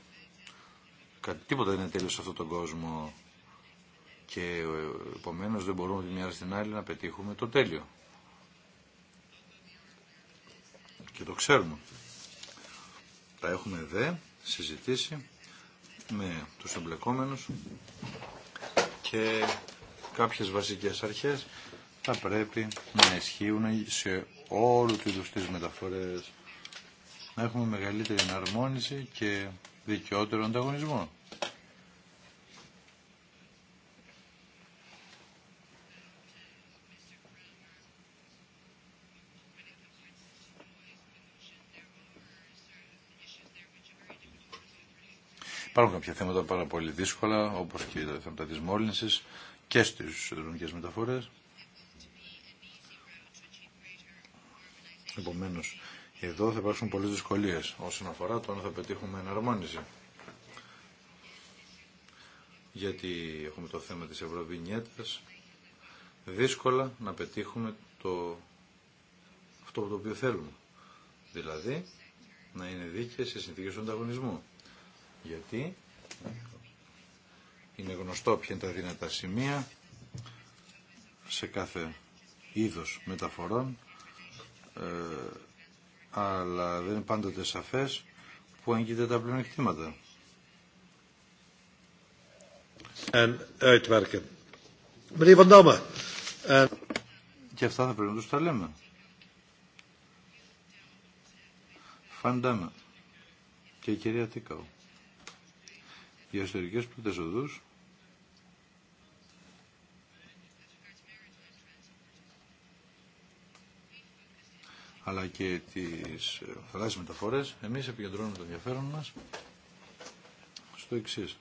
Κάτι, τίποτα δεν είναι τέλειο σε αυτόν τον κόσμο και ε, επομένως δεν μπορούμε τη μια στην άλλη να πετύχουμε το τέλειο. Και το ξέρουμε. Τα έχουμε δε συζητήσει με τους εμπλεκόμενους και κάποιες βασικές αρχές θα πρέπει να ισχύουν σε όλου του είδους τις μεταφορές. Να έχουμε μεγαλύτερη εναρμόνιση και δικαιότερο ανταγωνισμό. Υπάρχουν κάποια θέματα πάρα πολύ δύσκολα, όπως και τα θέματα της μόλυνσης και στις ελληνικές μεταφορές. Επομένως, εδώ θα υπάρξουν πολλές δυσκολίες όσον αφορά το αν θα πετύχουμε εναρμόνιση. Γιατί έχουμε το θέμα της Ευρωβινιέτας. Δύσκολα να πετύχουμε το... αυτό το οποίο θέλουμε. Δηλαδή, να είναι δίκαιες οι συνθήκες του ανταγωνισμού γιατί είναι γνωστό ποια είναι τα δυνατά σημεία σε κάθε είδος μεταφορών ε, αλλά δεν είναι πάντοτε σαφές που αγγείται τα πλεονεκτήματα. Ε, και αυτά θα πρέπει να τους τα λέμε. Φαντάμε. και η κυρία Τίκαου για ιστορικές πλούτες οδούς αλλά και τις ε, θαλάσσιες μεταφορές, εμείς επικεντρώνουμε το ενδιαφέρον μας στο εξή.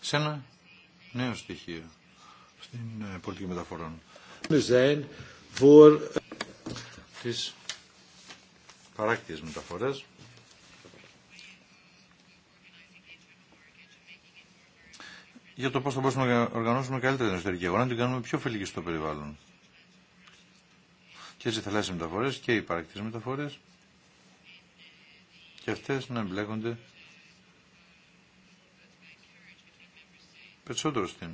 Σε ένα νέο στοιχείο στην ε, πολιτική μεταφορών. Ε, Της παράκτητες μεταφορές. Για το πώς θα μπορούσαμε να οργανώσουμε καλύτερα την εσωτερική αγορά, να την κάνουμε πιο φιλική στο περιβάλλον. Και έτσι θελασσιές μεταφορές και οι παράκτητες μεταφορές και αυτές να εμπλέκονται περισσότερο στην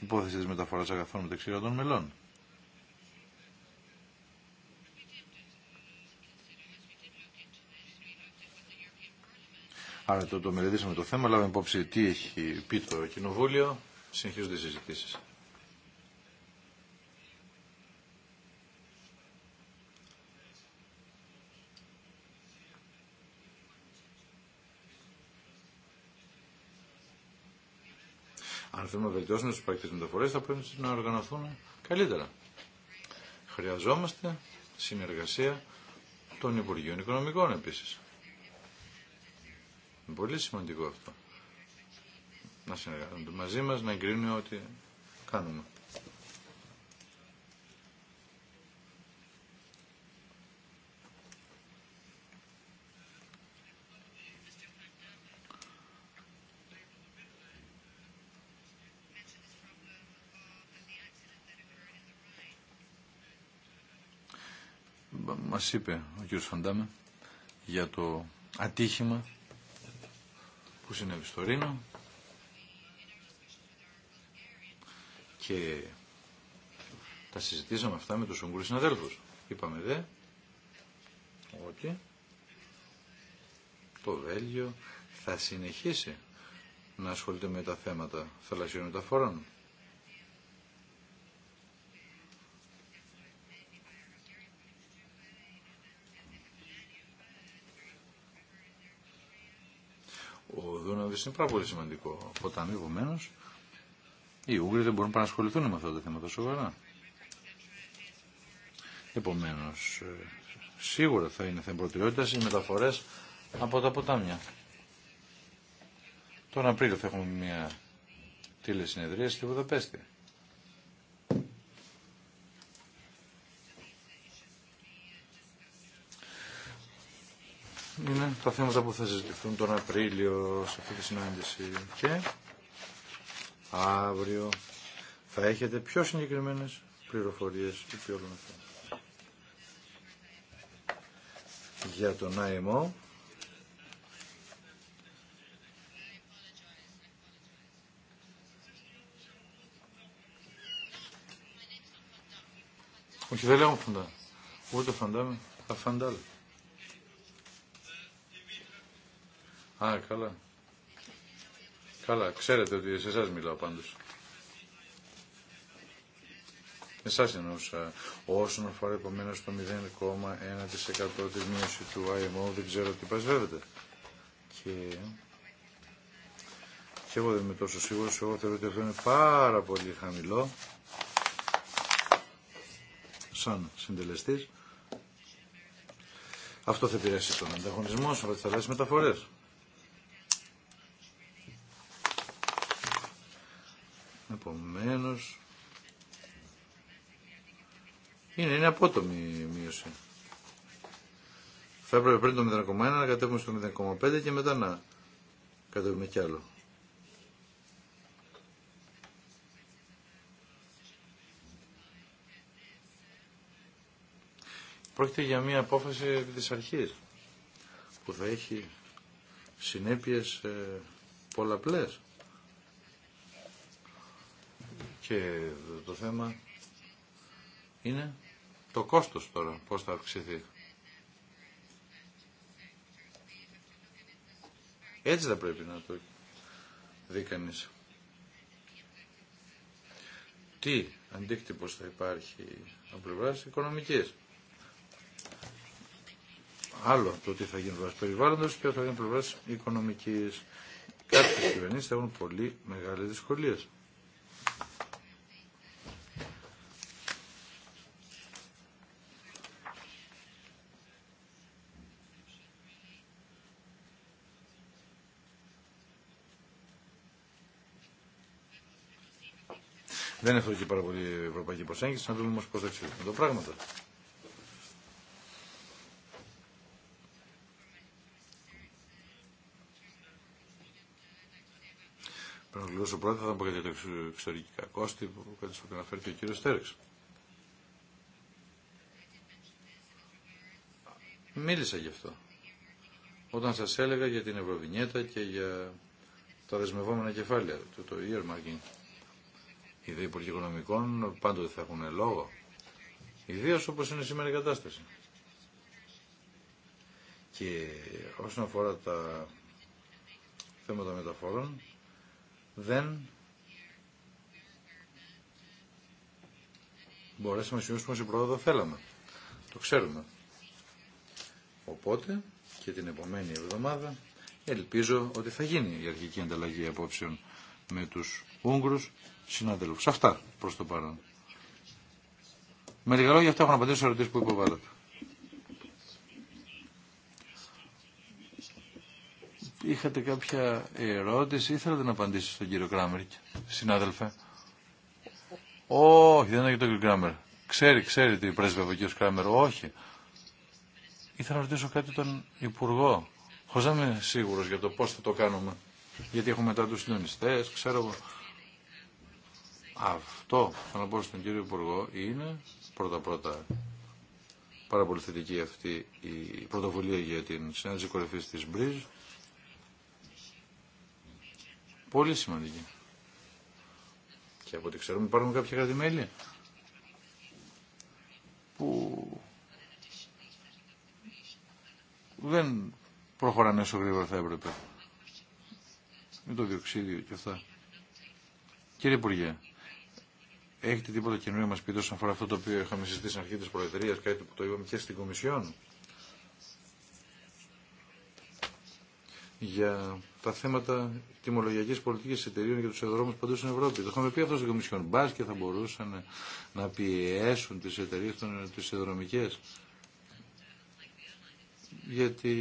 υπόθεση της μεταφοράς αγαθών μεταξύ των μελών. Άρα το, το μελετήσαμε το θέμα, λάβαμε υπόψη τι έχει πει το Κοινοβούλιο, συνεχίζονται οι συζητήσεις. Αν θέλουμε να βελτιώσουμε τι πρακτικέ μεταφορέ, θα πρέπει να οργανωθούν καλύτερα. Χρειαζόμαστε συνεργασία των Υπουργείων Οικονομικών επίσης. Είναι πολύ σημαντικό αυτό. Να συνεργάζονται μαζί μας, να εγκρίνουν ό,τι κάνουμε. Μας είπε ο κ. Φαντάμε για το ατύχημα που συνέβη στο Ρήνο και τα συζητήσαμε αυτά με τους Ουγγρούς συναδέλφους. Είπαμε δε ότι το Βέλγιο θα συνεχίσει να ασχολείται με τα θέματα θαλασσιών μεταφορών. είναι πάρα πολύ σημαντικό ποτάμι, επομένω οι Ούγγροι δεν μπορούν να ασχοληθούν με αυτά τα θέματα σοβαρά. Επομένω, ε, σίγουρα θα είναι θέμα οι μεταφορέ από τα ποτάμια. Τον Απρίλιο θα έχουμε μια τηλεσυνεδρία στη Βουδαπέστη. είναι τα θέματα που θα συζητηθούν τον Απρίλιο σε αυτή τη συνάντηση και αύριο θα έχετε πιο συγκεκριμένες πληροφορίες επί όλων αυτών. Για τον IMO Όχι, δεν λέω φαντά. Ούτε φαντάμε, θα Α, καλά. Καλά, ξέρετε ότι σε εσάς μιλάω πάντως. Εσάς εννοούσα. Όσον αφορά επομένω το 0,1% της μείωση του IMO, δεν ξέρω τι πας Και... και εγώ δεν είμαι τόσο σίγουρος, εγώ θεωρώ ότι αυτό είναι πάρα πολύ χαμηλό. Σαν συντελεστής. Αυτό θα επηρεάσει τον ανταγωνισμό σε αυτές τις μεταφορές. Επομένως, είναι, είναι απότομη η μείωση. Θα έπρεπε πριν το 0,1 να κατέβουμε στο 0,5 και μετά να κατέβουμε κι άλλο. Πρόκειται για μια απόφαση της αρχής που θα έχει συνέπειες ε, πολλαπλές. Και το θέμα είναι το κόστος τώρα, πώς θα αυξηθεί. Έτσι θα πρέπει να το δει κανείς. Τι αντίκτυπος θα υπάρχει από πλευράς οικονομικής. Άλλο το τι θα γίνει πλευράς περιβάλλοντος και θα γίνει πλευράς οικονομικής. Κάποιες κυβερνήσεις θα έχουν πολύ μεγάλες δυσκολίες. Δεν και πάρα πολύ η ευρωπαϊκή προσέγγιση, να δούμε όμω πώ θα εξελιχθούν τα πράγματα. Πριν να πρώτα, θα πω για τα εξωτερικά κόστη, που κάτι να αναφέρει και ο κύριο Στέρεξ. Μίλησα γι' αυτό. Όταν σας έλεγα για την Ευρωβινιέτα και για τα δεσμευόμενα κεφάλαια, το, το earmarking οι δύο υπουργοί οικονομικών πάντοτε θα έχουν λόγο. Ιδίω όπω είναι σήμερα η κατάσταση. Και όσον αφορά τα θέματα μεταφορών, δεν μπορέσαμε να σημειώσουμε όσο πρόοδο θέλαμε. Το ξέρουμε. Οπότε και την επομένη εβδομάδα ελπίζω ότι θα γίνει η αρχική ανταλλαγή απόψεων με τους Ούγγρους Συνάδελφου. Αυτά προ το παρόν. Με λίγα λόγια αυτά έχω να απαντήσω σε ερωτήσει που υποβάλλατε. Είχατε κάποια ερώτηση ή να απαντήσετε στον κύριο Κράμερ, συνάδελφε. Όχι, δεν είναι για τον κύριο Κράμερ. Ξέρει, ξέρει τι πρέσβευε ο κύριο Κράμερ. Όχι. Ήθελα να ρωτήσω κάτι τον Υπουργό. Χωρί να είμαι σίγουρο για το πώ θα το κάνουμε. Γιατί έχουμε μετά του συντονιστέ, ξέρω εγώ. Αυτό, θα να πω στον κύριο Υπουργό, είναι πρώτα-πρώτα πάρα πολύ θετική αυτή η πρωτοβουλία για την συνάντηση κορυφή της Μπρίζ. Πολύ σημαντική. Και από ό,τι ξέρουμε υπάρχουν κάποια κρατημέλη που δεν προχωράνε όσο γρήγορα θα έπρεπε. Με το διοξίδιο και αυτά. Κύριε Υπουργέ, Έχετε τίποτα καινούριο μας πείτε όσον αφορά αυτό το οποίο είχαμε συζητήσει στην αρχή της Προεδρίας, κάτι που το είπαμε και στην Κομισιόν. για τα θέματα τιμολογιακή πολιτική εταιρείων για του αεροδρόμου παντού στην Ευρώπη. Το είχαμε πει αυτό στην Κομισιόν. Μπα και θα μπορούσαν να πιέσουν τι εταιρείε τι αεροδρομικέ. Γιατί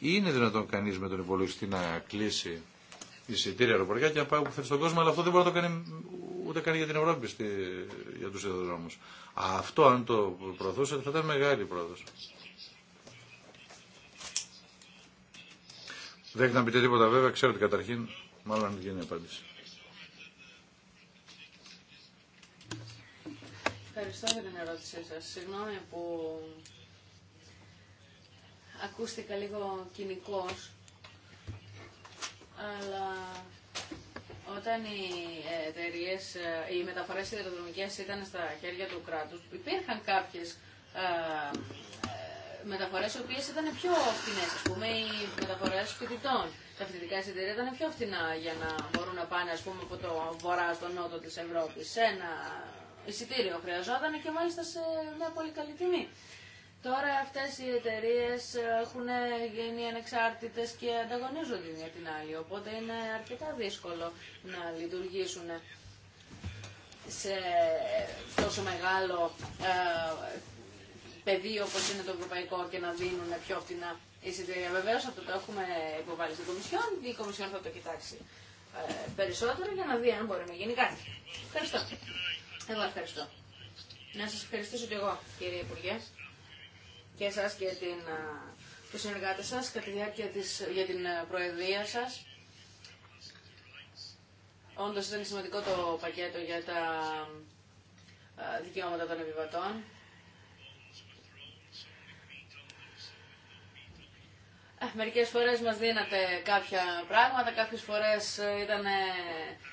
είναι δυνατόν κανεί με τον υπολογιστή να κλείσει εισιτήρια αεροπορικά και να πάει όπου θέλει στον κόσμο, αλλά αυτό δεν μπορεί να το κάνει ούτε καν για την Ευρώπη στη, για τους ιδεοδρόμου. Αυτό αν το προωθούσε θα ήταν μεγάλη πρόοδο. Δεν έχετε να πείτε τίποτα βέβαια, ξέρω ότι καταρχήν μάλλον δεν γίνει απάντηση. Ευχαριστώ για την ερώτησή σας. Συγγνώμη που ακούστηκα λίγο κοινικός αλλά όταν οι εταιρείε, ε, οι μεταφορέ σιδηροδρομικέ ήταν στα χέρια του κράτου, υπήρχαν κάποιε ε, μεταφορέ οι οποίε ήταν πιο φθηνέ. Α πούμε, οι μεταφορέ φοιτητών. Τα φοιτητικά εισιτήρια ήταν πιο φθηνά για να μπορούν να πάνε ας πούμε, από το βορρά στο νότο τη Ευρώπη. Ένα εισιτήριο χρειαζόταν και μάλιστα σε μια πολύ καλή τιμή. Τώρα αυτές οι εταιρείε έχουν γίνει ανεξάρτητες και ανταγωνίζονται μια την άλλη, οπότε είναι αρκετά δύσκολο να λειτουργήσουν σε τόσο μεγάλο ε, πεδίο όπως είναι το ευρωπαϊκό και να δίνουν πιο φτηνά εισιτήρια. Βεβαίω αυτό το έχουμε υποβάλει στην Κομισιόν η Κομισιόν θα το κοιτάξει ε, περισσότερο για να δει αν μπορεί να γίνει κάτι. Ευχαριστώ. Εγώ ευχαριστώ. Να σας ευχαριστήσω και εγώ κύριε Υπουργέ και εσάς και την, τους συνεργάτες σας κατά τη διάρκεια της, για την προεδρία σας. Όντως ήταν σημαντικό το πακέτο για τα δικαιώματα των επιβατών. Ε, μερικές φορές μας δίνατε κάποια πράγματα, κάποιες φορές ε, ήταν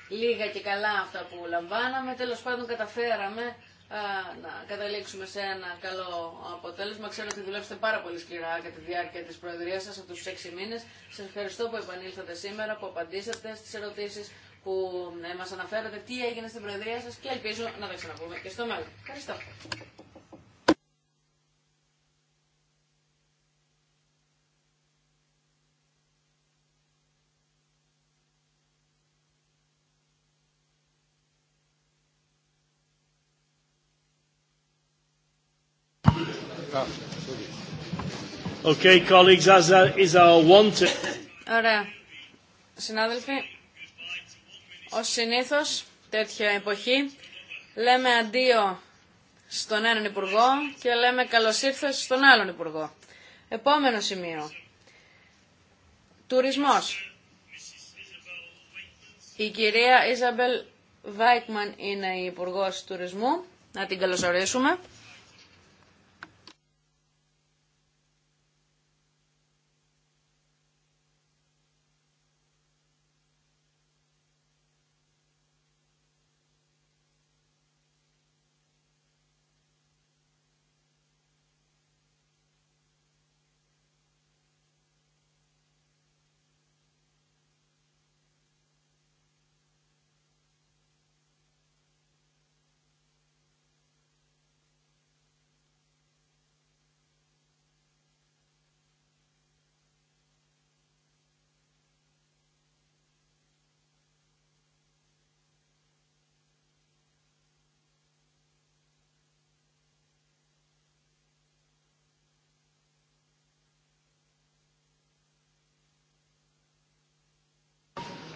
λίγα και καλά αυτά που λαμβάναμε. Τέλος πάντων καταφέραμε να καταλήξουμε σε ένα καλό αποτέλεσμα. Ξέρω ότι δουλέψατε πάρα πολύ σκληρά κατά τη διάρκεια της Προεδρία σα από του έξι μήνε. Σα ευχαριστώ που επανήλθατε σήμερα, που απαντήσατε στις ερωτήσεις, που ε, μας αναφέρατε τι έγινε στην Προεδρία σας και ελπίζω να τα ξαναπούμε και στο μέλλον. Ευχαριστώ. Okay, uh, Ωραία. Συνάδελφοι, ως συνήθως, τέτοια εποχή, λέμε αντίο στον έναν υπουργό και λέμε καλώς ήρθες στον άλλον υπουργό. Επόμενο σημείο. Τουρισμός. Η κυρία Ιζαμπέλ Βάικμαν είναι η Υπουργός Τουρισμού. Να την καλωσορίσουμε.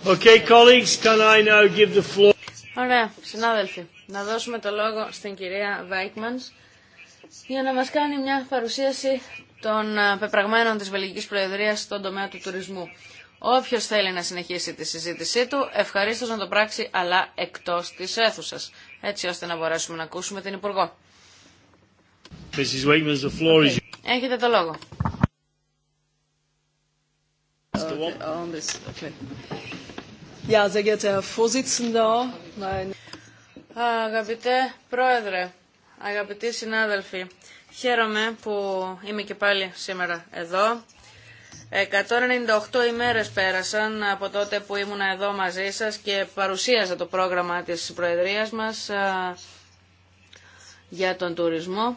Okay, Ωραία, συνάδελφοι, να δώσουμε το λόγο στην κυρία Βάικμανς για να μας κάνει μια παρουσίαση των ε, πεπραγμένων της Βελγικής Προεδρίας στον τομέα του τουρισμού. Όποιος θέλει να συνεχίσει τη συζήτησή του, ευχαρίστως να το πράξει, αλλά εκτός της αίθουσας, έτσι ώστε να μπορέσουμε να ακούσουμε την Υπουργό. Έχετε το λόγο. Uh, okay, Ja, sehr geehrter Herr Vorsitzender, Αγαπητέ Πρόεδρε, αγαπητοί συνάδελφοι, χαίρομαι που είμαι και πάλι σήμερα εδώ. 198 ημέρες πέρασαν από τότε που ήμουν εδώ μαζί σας και παρουσίασα το πρόγραμμα της Προεδρίας μας ε, για τον τουρισμό.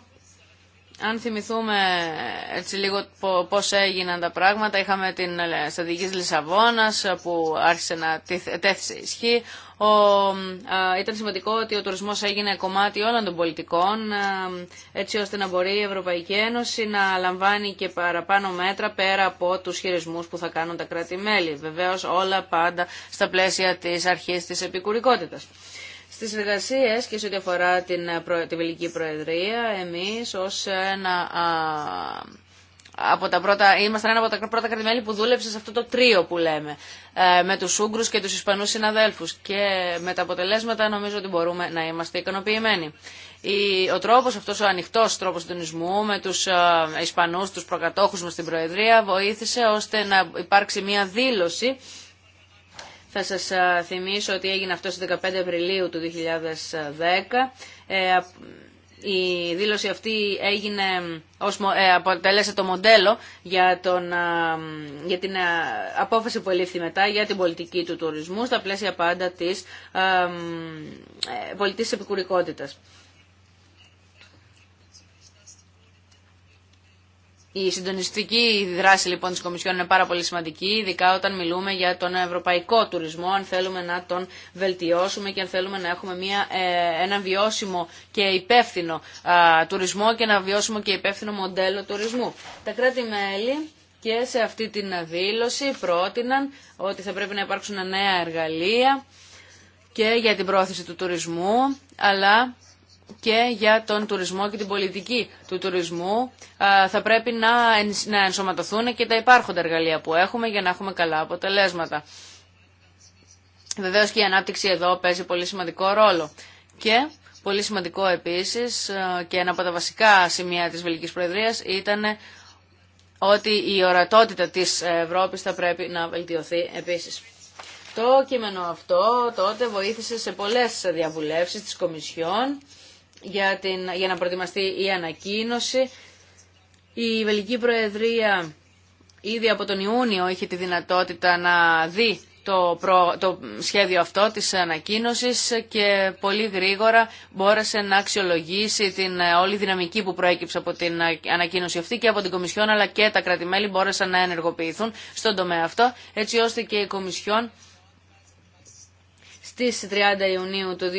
Αν θυμηθούμε έτσι λίγο πώς έγιναν τα πράγματα, είχαμε την στρατηγική ε, Λισαβόνας που άρχισε να τέθησε ισχύ. Ο, ε, ήταν σημαντικό ότι ο τουρισμός έγινε κομμάτι όλων των πολιτικών, ε, έτσι ώστε να μπορεί η Ευρωπαϊκή Ένωση να λαμβάνει και παραπάνω μέτρα πέρα από τους χειρισμούς που θα κάνουν τα κράτη-μέλη. Βεβαίως όλα πάντα στα πλαίσια της αρχής της επικουρικότητας. Στι εργασίες και σε ό,τι αφορά την, Βελική Βελική Προεδρία, εμεί ω. ένα από τα πρώτα, ήμασταν ένα από τα πρώτα κρατημέλη που δούλεψε σε αυτό το τρίο που λέμε ε, με τους Ούγκρους και τους Ισπανούς συναδέλφους και με τα αποτελέσματα νομίζω ότι μπορούμε να είμαστε ικανοποιημένοι. Ο τρόπος αυτός, ο ανοιχτός τρόπος συντονισμού με τους ε, Ισπανούς, τους προκατόχους μας στην Προεδρία βοήθησε ώστε να υπάρξει μια δήλωση θα σας θυμίσω ότι έγινε αυτό στις 15 Απριλίου του 2010. Ε, η δήλωση αυτή έγινε, ως, ε, αποτέλεσε το μοντέλο για, τον, για την απόφαση που ελήφθη μετά για την πολιτική του τουρισμού στα πλαίσια πάντα της ε, πολιτικής επικουρικότητας. Η συντονιστική δράση λοιπόν της Κομισιόν είναι πάρα πολύ σημαντική, ειδικά όταν μιλούμε για τον ευρωπαϊκό τουρισμό, αν θέλουμε να τον βελτιώσουμε και αν θέλουμε να έχουμε μια, ε, ένα βιώσιμο και υπεύθυνο τουρισμό και ένα βιώσιμο και υπεύθυνο μοντέλο τουρισμού. Τα κράτη-μέλη και σε αυτή την δήλωση πρότειναν ότι θα πρέπει να υπάρξουν νέα εργαλεία και για την πρόθεση του τουρισμού, αλλά και για τον τουρισμό και την πολιτική του τουρισμού θα πρέπει να ενσωματωθούν και τα υπάρχοντα εργαλεία που έχουμε για να έχουμε καλά αποτελέσματα. Βεβαίως και η ανάπτυξη εδώ παίζει πολύ σημαντικό ρόλο. Και πολύ σημαντικό επίσης και ένα από τα βασικά σημεία της Βελικής Προεδρίας ήταν ότι η ορατότητα της Ευρώπης θα πρέπει να βελτιωθεί επίσης. Το κείμενο αυτό τότε βοήθησε σε πολλές διαβουλεύσεις της Κομισιόν για, την, για να προετοιμαστεί η ανακοίνωση. Η Βελική Προεδρία ήδη από τον Ιούνιο είχε τη δυνατότητα να δει το, το σχέδιο αυτό της ανακοίνωσης και πολύ γρήγορα μπόρεσε να αξιολογήσει την όλη δυναμική που προέκυψε από την ανακοίνωση αυτή και από την Κομισιόν αλλά και τα κρατημέλη μπόρεσαν να ενεργοποιηθούν στον τομέα αυτό έτσι ώστε και η Κομισιόν στις 30 Ιουνίου του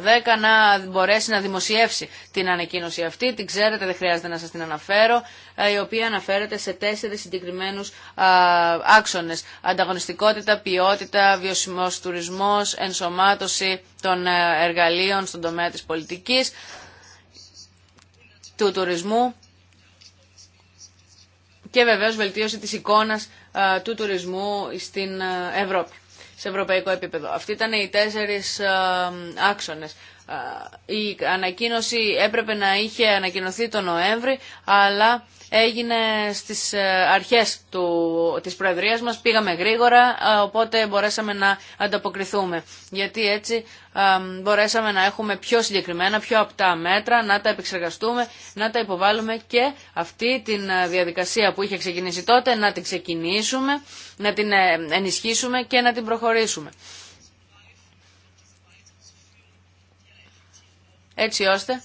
2010 να μπορέσει να δημοσιεύσει την ανακοίνωση αυτή. Την ξέρετε, δεν χρειάζεται να σας την αναφέρω, ε, η οποία αναφέρεται σε τέσσερις συγκεκριμένους άξονες. Ανταγωνιστικότητα, ποιότητα, βιωσιμός τουρισμός, ενσωμάτωση των ε, εργαλείων στον τομέα της πολιτικής, του τουρισμού και βεβαίως βελτίωση της εικόνας του τουρισμού στην ε, Ευρώπη σε ευρωπαϊκό επίπεδο. Αυτοί ήταν οι τέσσερις ε, άξονε. Ε, η ανακοίνωση έπρεπε να είχε ανακοινωθεί τον Νοέμβρη, αλλά έγινε στις ε, αρχές του, της Προεδρίας μας, πήγαμε γρήγορα, ε, οπότε μπορέσαμε να ανταποκριθούμε. Γιατί έτσι μπορέσαμε να έχουμε πιο συγκεκριμένα, πιο απτά μέτρα, να τα επεξεργαστούμε, να τα υποβάλουμε και αυτή τη ε, διαδικασία που είχε ξεκινήσει τότε, να την ξεκινήσουμε, να την ενισχύσουμε και να την προχωρήσουμε. Έτσι ώστε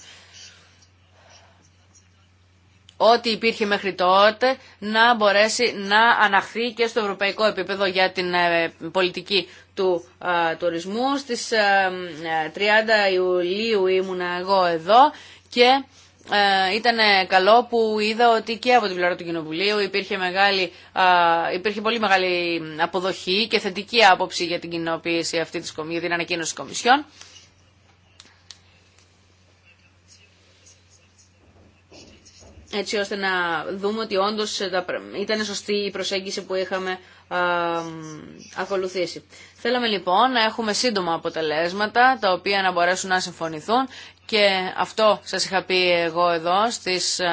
ό,τι υπήρχε μέχρι τότε να μπορέσει να αναχθεί και στο ευρωπαϊκό επίπεδο για την ε, πολιτική του ε, τουρισμού. Στις 30 ε, Ιουλίου ήμουνα εγώ εδώ και ήταν καλό που είδα ότι και από την πλευρά του Κοινοβουλίου υπήρχε, μεγάλη, υπήρχε πολύ μεγάλη αποδοχή και θετική άποψη για την κοινοποίηση αυτή της, για την ανακοίνωση της Κομισιόν. έτσι ώστε να δούμε ότι όντως ε, ήταν σωστή η προσέγγιση που είχαμε ακολουθήσει. Θέλαμε λοιπόν να έχουμε σύντομα αποτελέσματα τα οποία να μπορέσουν να συμφωνηθούν και αυτό σας είχα πει εγώ εδώ στις 13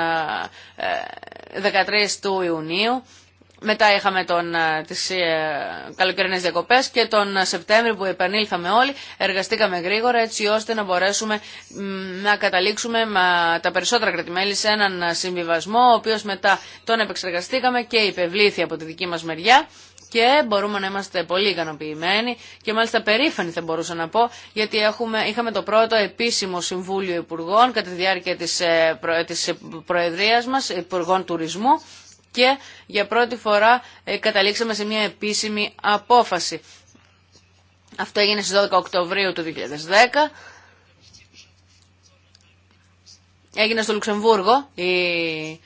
ε, του Ιουνίου μετά είχαμε τον, ε, τις ε, καλοκαιρινές διακοπές και τον ε, Σεπτέμβρη που επανήλθαμε όλοι, εργαστήκαμε γρήγορα έτσι ώστε να μπορέσουμε να καταλήξουμε τα περισσότερα κρατημέλη σε έναν συμβιβασμό, ο οποίος μετά τον επεξεργαστήκαμε και υπευλήθη από τη δική μας μεριά και μπορούμε να είμαστε πολύ ικανοποιημένοι και μάλιστα περήφανοι θα μπορούσα να πω γιατί έχουμε, είχαμε το πρώτο επίσημο Συμβούλιο Υπουργών κατά τη διάρκεια της, προ, της μας, Υπουργών Τουρισμού και για πρώτη φορά ε, καταλήξαμε σε μια επίσημη απόφαση. Αυτό έγινε στις 12 Οκτωβρίου του 2010. Έγινε στο Λουξεμβούργο ε, η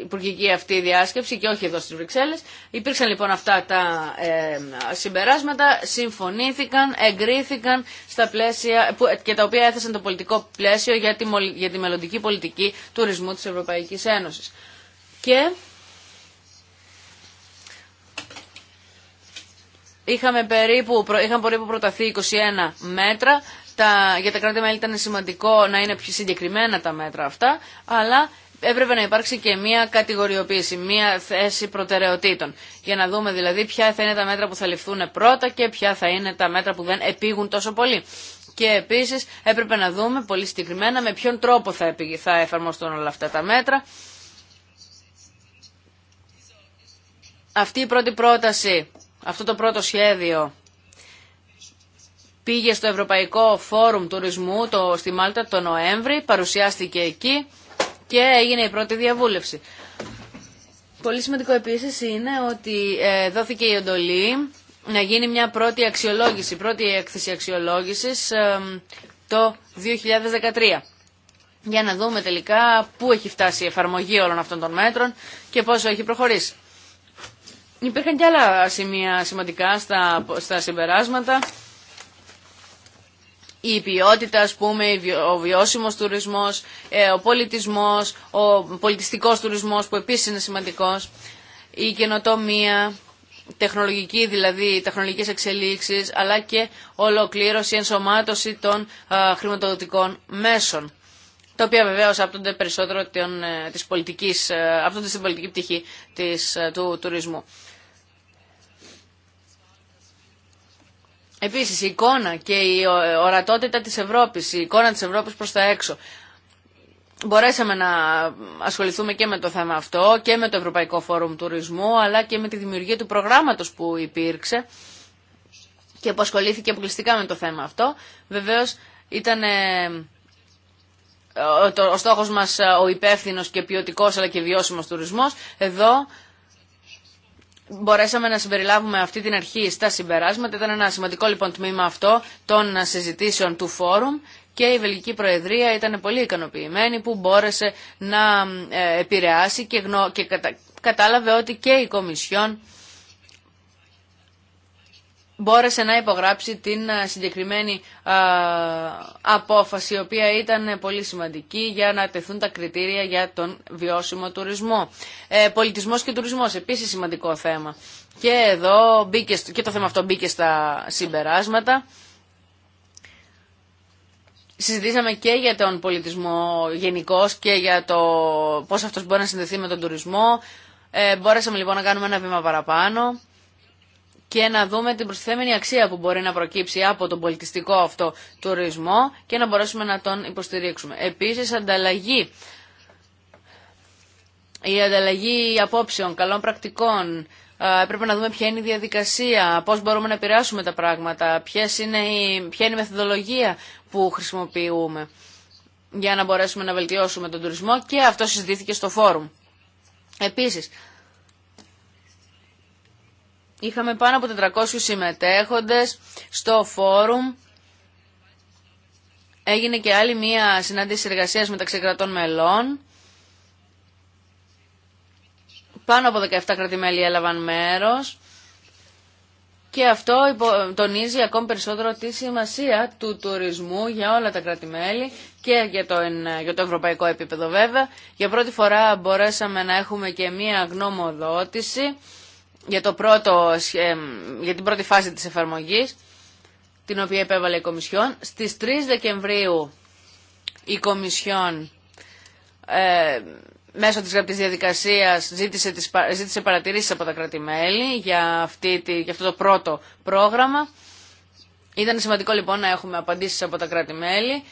υπουργική αυτή διάσκεψη και όχι εδώ στις Βρυξέλλες. Υπήρξαν λοιπόν αυτά τα ε, συμπεράσματα, συμφωνήθηκαν, εγκρίθηκαν στα πλαίσια και τα οποία έθεσαν το πολιτικό πλαίσιο για τη, για τη μελλοντική πολιτική τουρισμού της Ευρωπαϊκής Ένωσης και είχαμε περίπου, είχαν περίπου προταθεί 21 μέτρα. Τα, για τα κράτη-μέλη ήταν σημαντικό να είναι πιο συγκεκριμένα τα μέτρα αυτά, αλλά έπρεπε να υπάρξει και μία κατηγοριοποίηση, μία θέση προτεραιοτήτων. Για να δούμε δηλαδή ποια θα είναι τα μέτρα που θα ληφθούν πρώτα και ποια θα είναι τα μέτρα που δεν επήγουν τόσο πολύ. Και επίσης έπρεπε να δούμε πολύ συγκεκριμένα με ποιον τρόπο θα, επί, θα εφαρμοστούν όλα αυτά τα μέτρα αυτή η πρώτη πρόταση, αυτό το πρώτο σχέδιο πήγε στο Ευρωπαϊκό Φόρουμ Τουρισμού το, στη Μάλτα το Νοέμβρη, παρουσιάστηκε εκεί και έγινε η πρώτη διαβούλευση. Πολύ σημαντικό επίσης είναι ότι ε, δόθηκε η εντολή να γίνει μια πρώτη αξιολόγηση, πρώτη έκθεση αξιολόγησης το 2013 για να δούμε τελικά πού έχει φτάσει η εφαρμογή όλων αυτών των μέτρων και πόσο έχει προχωρήσει. Υπήρχαν και άλλα σημεία σημαντικά στα, στα συμπεράσματα. Η ποιότητα, ας πούμε, ο βιώσιμος τουρισμός, ε, ο πολιτισμός, ο πολιτιστικός τουρισμός που επίσης είναι σημαντικός, η καινοτομία, τεχνολογική δηλαδή, τεχνολογικές εξελίξεις, αλλά και ολοκλήρωση, ενσωμάτωση των χρηματοδοτικών μέσων τα οποία βεβαίω άπτονται περισσότερο ε, της πολιτικής, ε, στην πολιτική πτυχή της, του τουρισμού. Επίσης η εικόνα και η ορατότητα της Ευρώπης, η εικόνα της Ευρώπης προς τα έξω. Μπορέσαμε να ασχοληθούμε και με το θέμα αυτό και με το Ευρωπαϊκό Φόρουμ Τουρισμού αλλά και με τη δημιουργία του προγράμματος που υπήρξε και που ασχολήθηκε αποκλειστικά με το θέμα αυτό. Βεβαίως ήταν ε, ο στόχος μας ε, ο υπεύθυνο και ποιοτικό αλλά και βιώσιμος τουρισμός. Εδώ μπορέσαμε να συμπεριλάβουμε αυτή την αρχή στα συμπεράσματα. Ήταν ένα σημαντικό λοιπόν τμήμα αυτό των συζητήσεων του φόρουμ και η Βελγική Προεδρία ήταν πολύ ικανοποιημένη που μπόρεσε να ε, επηρεάσει και, και κατάλαβε ότι και η Κομισιόν μπόρεσε να υπογράψει την ε, συγκεκριμένη ε, απόφαση, η οποία ήταν πολύ σημαντική για να τεθούν τα κριτήρια για τον βιώσιμο τουρισμό. Ε, πολιτισμός και τουρισμός, επίσης σημαντικό θέμα. Και εδώ μπήκε, και το θέμα αυτό μπήκε στα συμπεράσματα. Συζητήσαμε και για τον πολιτισμό γενικώ και για το πώς αυτός μπορεί να συνδεθεί με τον τουρισμό. Ε, μπόρεσαμε λοιπόν να κάνουμε ένα βήμα παραπάνω και να δούμε την προσθέμενη αξία που μπορεί να προκύψει από τον πολιτιστικό αυτό τουρισμό και να μπορέσουμε να τον υποστηρίξουμε. Επίσης, ανταλλαγή. Η ανταλλαγή απόψεων, καλών πρακτικών, Πρέπει να δούμε ποια είναι η διαδικασία, πώς μπορούμε να επηρεάσουμε τα πράγματα, είναι η, ποια είναι η μεθοδολογία που χρησιμοποιούμε για να μπορέσουμε να βελτιώσουμε τον τουρισμό και αυτό συζητήθηκε στο φόρουμ. Επίσης, Είχαμε πάνω από 400 συμμετέχοντες στο φόρουμ. Έγινε και άλλη μία συνάντηση εργασία μεταξύ κρατών μελών. Πάνω από 17 κρατημέλη έλαβαν μέρος. Και αυτό τονίζει ακόμη περισσότερο τη σημασία του τουρισμού για όλα τα κρατημέλη και για το, για το ευρωπαϊκό επίπεδο βέβαια. Για πρώτη φορά μπορέσαμε να έχουμε και μία γνωμοδότηση για, το πρώτο, για την πρώτη φάση της εφαρμογής, την οποία επέβαλε η Κομισιόν. Στις 3 Δεκεμβρίου η Κομισιόν ε, μέσω της γραπτής διαδικασίας ζήτησε, τις, παρατηρήσεις από τα κρατη για, αυτή, για αυτό το πρώτο πρόγραμμα. Ήταν σημαντικό λοιπόν να έχουμε απαντήσεις από τα κράτη-μέλη.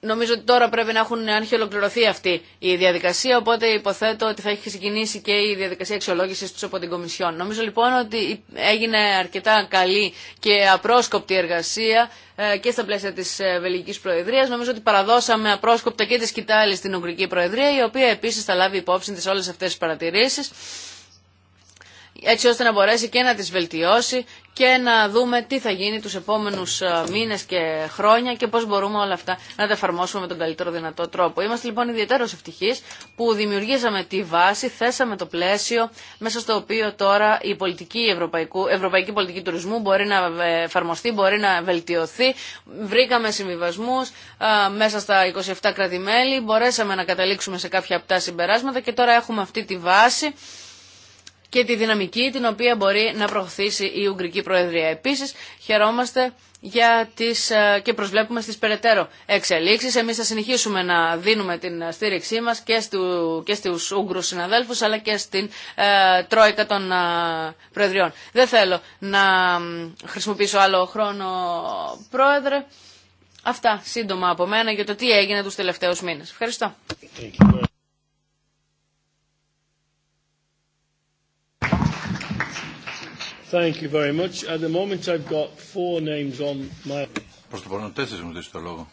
Νομίζω ότι τώρα πρέπει να έχουν αν έχει ολοκληρωθεί αυτή η διαδικασία, οπότε υποθέτω ότι θα έχει ξεκινήσει και η διαδικασία αξιολόγηση του από την Κομισιόν. Νομίζω λοιπόν ότι έγινε αρκετά καλή και απρόσκοπτη εργασία ε, και στα πλαίσια τη ε, Βελγική Προεδρία. Νομίζω ότι παραδώσαμε απρόσκοπτα και τη Κιτάλη στην Ουγγρική Προεδρία, η οποία επίση θα λάβει υπόψη τη όλε αυτέ τι παρατηρήσει έτσι ώστε να μπορέσει και να τις βελτιώσει και να δούμε τι θα γίνει τους επόμενους ε, μήνες και χρόνια και πώς μπορούμε όλα αυτά να τα εφαρμόσουμε με τον καλύτερο δυνατό τρόπο. Είμαστε λοιπόν ιδιαίτερως ευτυχείς που δημιουργήσαμε τη βάση, θέσαμε το πλαίσιο μέσα στο οποίο τώρα η πολιτική ευρωπαϊκού, ευρωπαϊκή πολιτική τουρισμού μπορεί να ε, εφαρμοστεί, μπορεί να βελτιωθεί. Βρήκαμε συμβιβασμού ε, μέσα στα 27 κράτη-μέλη, μπορέσαμε να καταλήξουμε σε κάποια από τα συμπεράσματα και τώρα έχουμε αυτή τη βάση και τη δυναμική την οποία μπορεί να προωθήσει η Ουγγρική Προεδρία. Επίσης, χαιρόμαστε για τις, ε, και προσβλέπουμε στις περαιτέρω εξελίξεις. Εμείς θα συνεχίσουμε να δίνουμε την στήριξή μας και, στου, και στους Ούγγρους συναδέλφους αλλά και στην ε, Τρόικα των ε, Προεδριών. Δεν θέλω να χρησιμοποιήσω άλλο χρόνο, Πρόεδρε. Αυτά σύντομα από μένα για το τι έγινε τους τελευταίους μήνες. Ευχαριστώ. Thank you very much. At the moment I've got four names on my... Mr.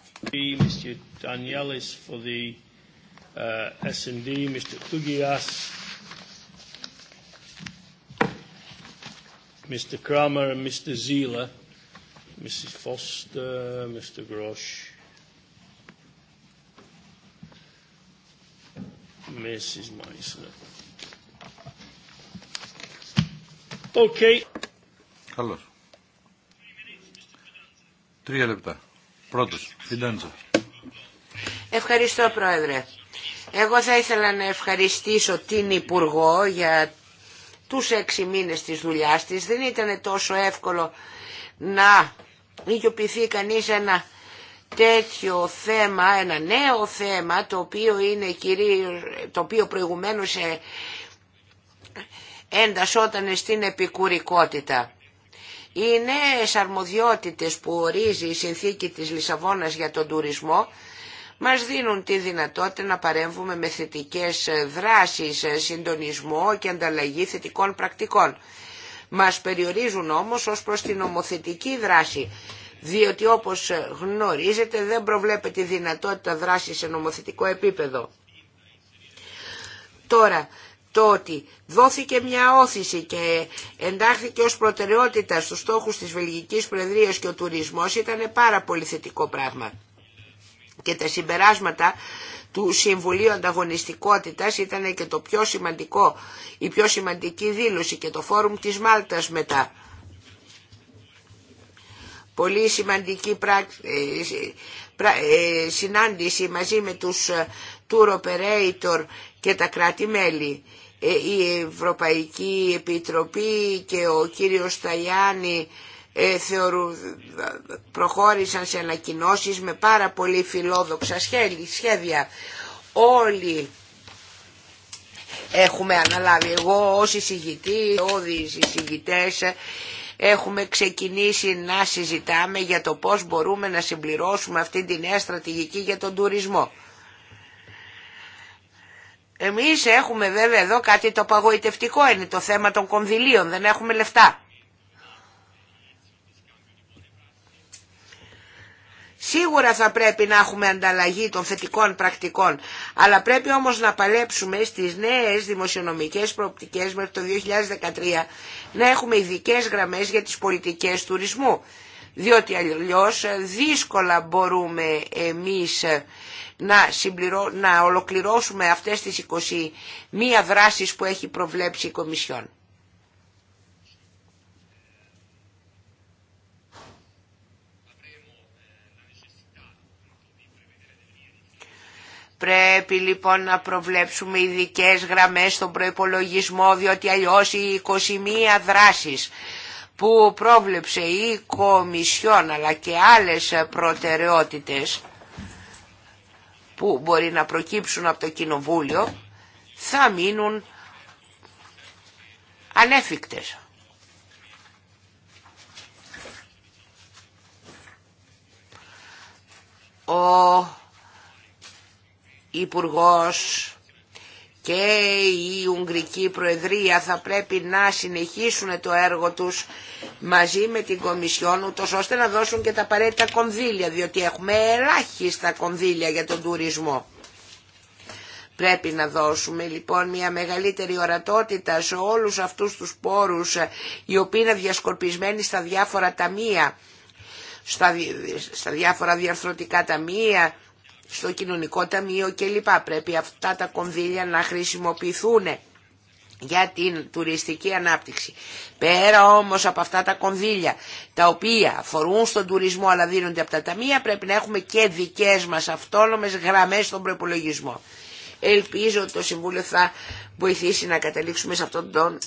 Danielis for the uh, S&D, Mr. Tugias, Mr. Kramer and Mr. Zila, Mrs. Foster, Mr. Grosh, Mrs. Meissner. Okay. Καλώς. Τρία λεπτά. Πρώτος, Φιντάντζα. Ευχαριστώ Πρόεδρε. Εγώ θα ήθελα να ευχαριστήσω την Υπουργό για τους έξι μήνες της δουλειάς της. Δεν ήταν τόσο εύκολο να οικειοποιηθεί κανείς ένα τέτοιο θέμα, ένα νέο θέμα το οποίο, είναι κυρίως, το οποίο προηγουμένως ε, εντασσόταν στην επικουρικότητα. Οι νέες αρμοδιότητες που ορίζει η συνθήκη της Λισαβόνας για τον τουρισμό μας δίνουν τη δυνατότητα να παρέμβουμε με θετικές δράσεις, συντονισμό και ανταλλαγή θετικών πρακτικών. Μας περιορίζουν όμως ως προς την ομοθετική δράση, διότι όπως γνωρίζετε δεν προβλέπεται η δυνατότητα δράση σε νομοθετικό επίπεδο. Τώρα, το ότι δόθηκε μια όθηση και εντάχθηκε ως προτεραιότητα στους στόχους της Βελγικής Προεδρίας και ο τουρισμός ήταν πάρα πολύ θετικό πράγμα. Και τα συμπεράσματα του Συμβουλίου Ανταγωνιστικότητας ήταν και το πιο σημαντικό, η πιο σημαντική δήλωση και το φόρουμ της Μάλτας μετά. Πολύ σημαντική ε, ε, συνάντηση μαζί με τους ε, tour operator και τα κράτη-μέλη. Ε, η Ευρωπαϊκή Επιτροπή και ο κύριος ε, θεωρού, προχώρησαν σε ανακοινώσεις με πάρα πολύ φιλόδοξα σχέδια. Όλοι έχουμε αναλάβει, εγώ ως εισηγητή, όλοι οι εισηγητές, έχουμε ξεκινήσει να συζητάμε για το πώς μπορούμε να συμπληρώσουμε αυτή τη νέα στρατηγική για τον τουρισμό. Εμείς έχουμε βέβαια εδώ κάτι το απαγοητευτικό είναι το θέμα των κονδυλίων, δεν έχουμε λεφτά. Σίγουρα θα πρέπει να έχουμε ανταλλαγή των θετικών πρακτικών, αλλά πρέπει όμως να παλέψουμε στις νέες δημοσιονομικές προοπτικές μέχρι το 2013 να έχουμε ειδικέ γραμμές για τις πολιτικές τουρισμού, διότι αλλιώς δύσκολα μπορούμε εμείς να, συμπληρώ, να ολοκληρώσουμε αυτές τις 21 δράσεις που έχει προβλέψει η Κομισιόν. Πρέπει λοιπόν να προβλέψουμε ειδικέ γραμμές στον προϋπολογισμό διότι αλλιώς οι 21 δράσεις που πρόβλεψε η Κομισιόν αλλά και άλλες προτεραιότητες που μπορεί να προκύψουν από το Κοινοβούλιο θα μείνουν ανέφικτες. Ο Υπουργός και η Ουγγρική Προεδρία θα πρέπει να συνεχίσουν το έργο τους μαζί με την Κομισιόν ούτως ώστε να δώσουν και τα απαραίτητα κονδύλια διότι έχουμε ελάχιστα κονδύλια για τον τουρισμό. Πρέπει να δώσουμε λοιπόν μια μεγαλύτερη ορατότητα σε όλους αυτούς τους πόρους ε, οι οποίοι είναι διασκορπισμένοι στα διάφορα ταμεία, στα, στα διάφορα διαρθρωτικά ταμεία, στο κοινωνικό ταμείο κλπ. Πρέπει αυτά τα κονδύλια να χρησιμοποιηθούν για την τουριστική ανάπτυξη. Πέρα όμως από αυτά τα κονδύλια, τα οποία αφορούν στον τουρισμό αλλά δίνονται από τα ταμεία, πρέπει να έχουμε και δικές μας αυτόνομες γραμμές στον προπολογισμό. Ελπίζω ότι το Συμβούλιο θα βοηθήσει να καταλήξουμε σε αυτόν τον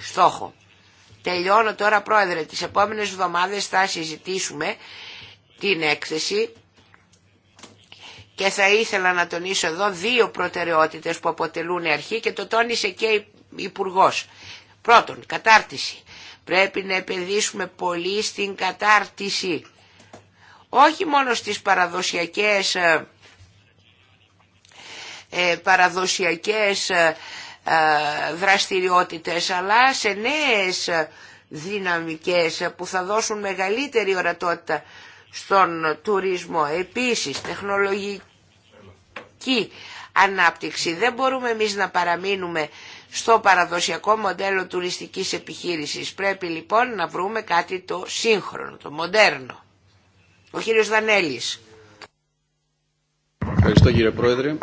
στόχο. Τελειώνω τώρα πρόεδρε, τις επόμενες εβδομάδες θα συζητήσουμε την έκθεση και θα ήθελα να τονίσω εδώ δύο προτεραιότητες που αποτελούν αρχή και το τόνισε και η υπουργό. Πρώτον, κατάρτιση. Πρέπει να επενδύσουμε πολύ στην κατάρτιση. Όχι μόνο στις παραδοσιακές, ε, ε, παραδοσιακές ε, δραστηριότητες, αλλά σε νέες δυναμικές που θα δώσουν μεγαλύτερη ορατότητα στον τουρισμό. Επίσης, τεχνολογική ανάπτυξη. Δεν μπορούμε εμείς να παραμείνουμε στο παραδοσιακό μοντέλο τουριστικής επιχείρησης. Πρέπει λοιπόν να βρούμε κάτι το σύγχρονο, το μοντέρνο. Ο κύριος Δανέλης. Ευχαριστώ κύριε Πρόεδρε.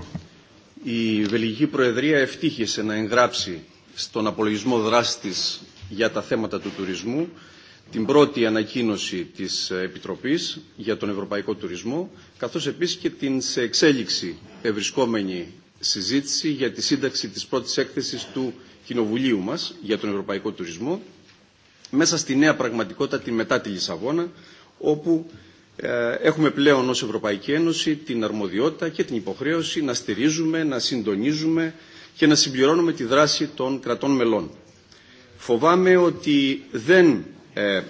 Η Βελγική Προεδρία ευτύχησε να εγγράψει στον απολογισμό δράστης για τα θέματα του τουρισμού την πρώτη ανακοίνωση της Επιτροπής για τον Ευρωπαϊκό Τουρισμό, καθώς επίσης και την σε εξέλιξη ευρισκόμενη συζήτηση για τη σύνταξη της πρώτης έκθεσης του Κοινοβουλίου μας για τον Ευρωπαϊκό Τουρισμό, μέσα στη νέα πραγματικότητα την μετά τη Λισαβόνα, όπου ε, έχουμε πλέον ως Ευρωπαϊκή Ένωση την αρμοδιότητα και την υποχρέωση να στηρίζουμε, να συντονίζουμε και να συμπληρώνουμε τη δράση των κρατών μελών. Φοβάμαι ότι δεν ε,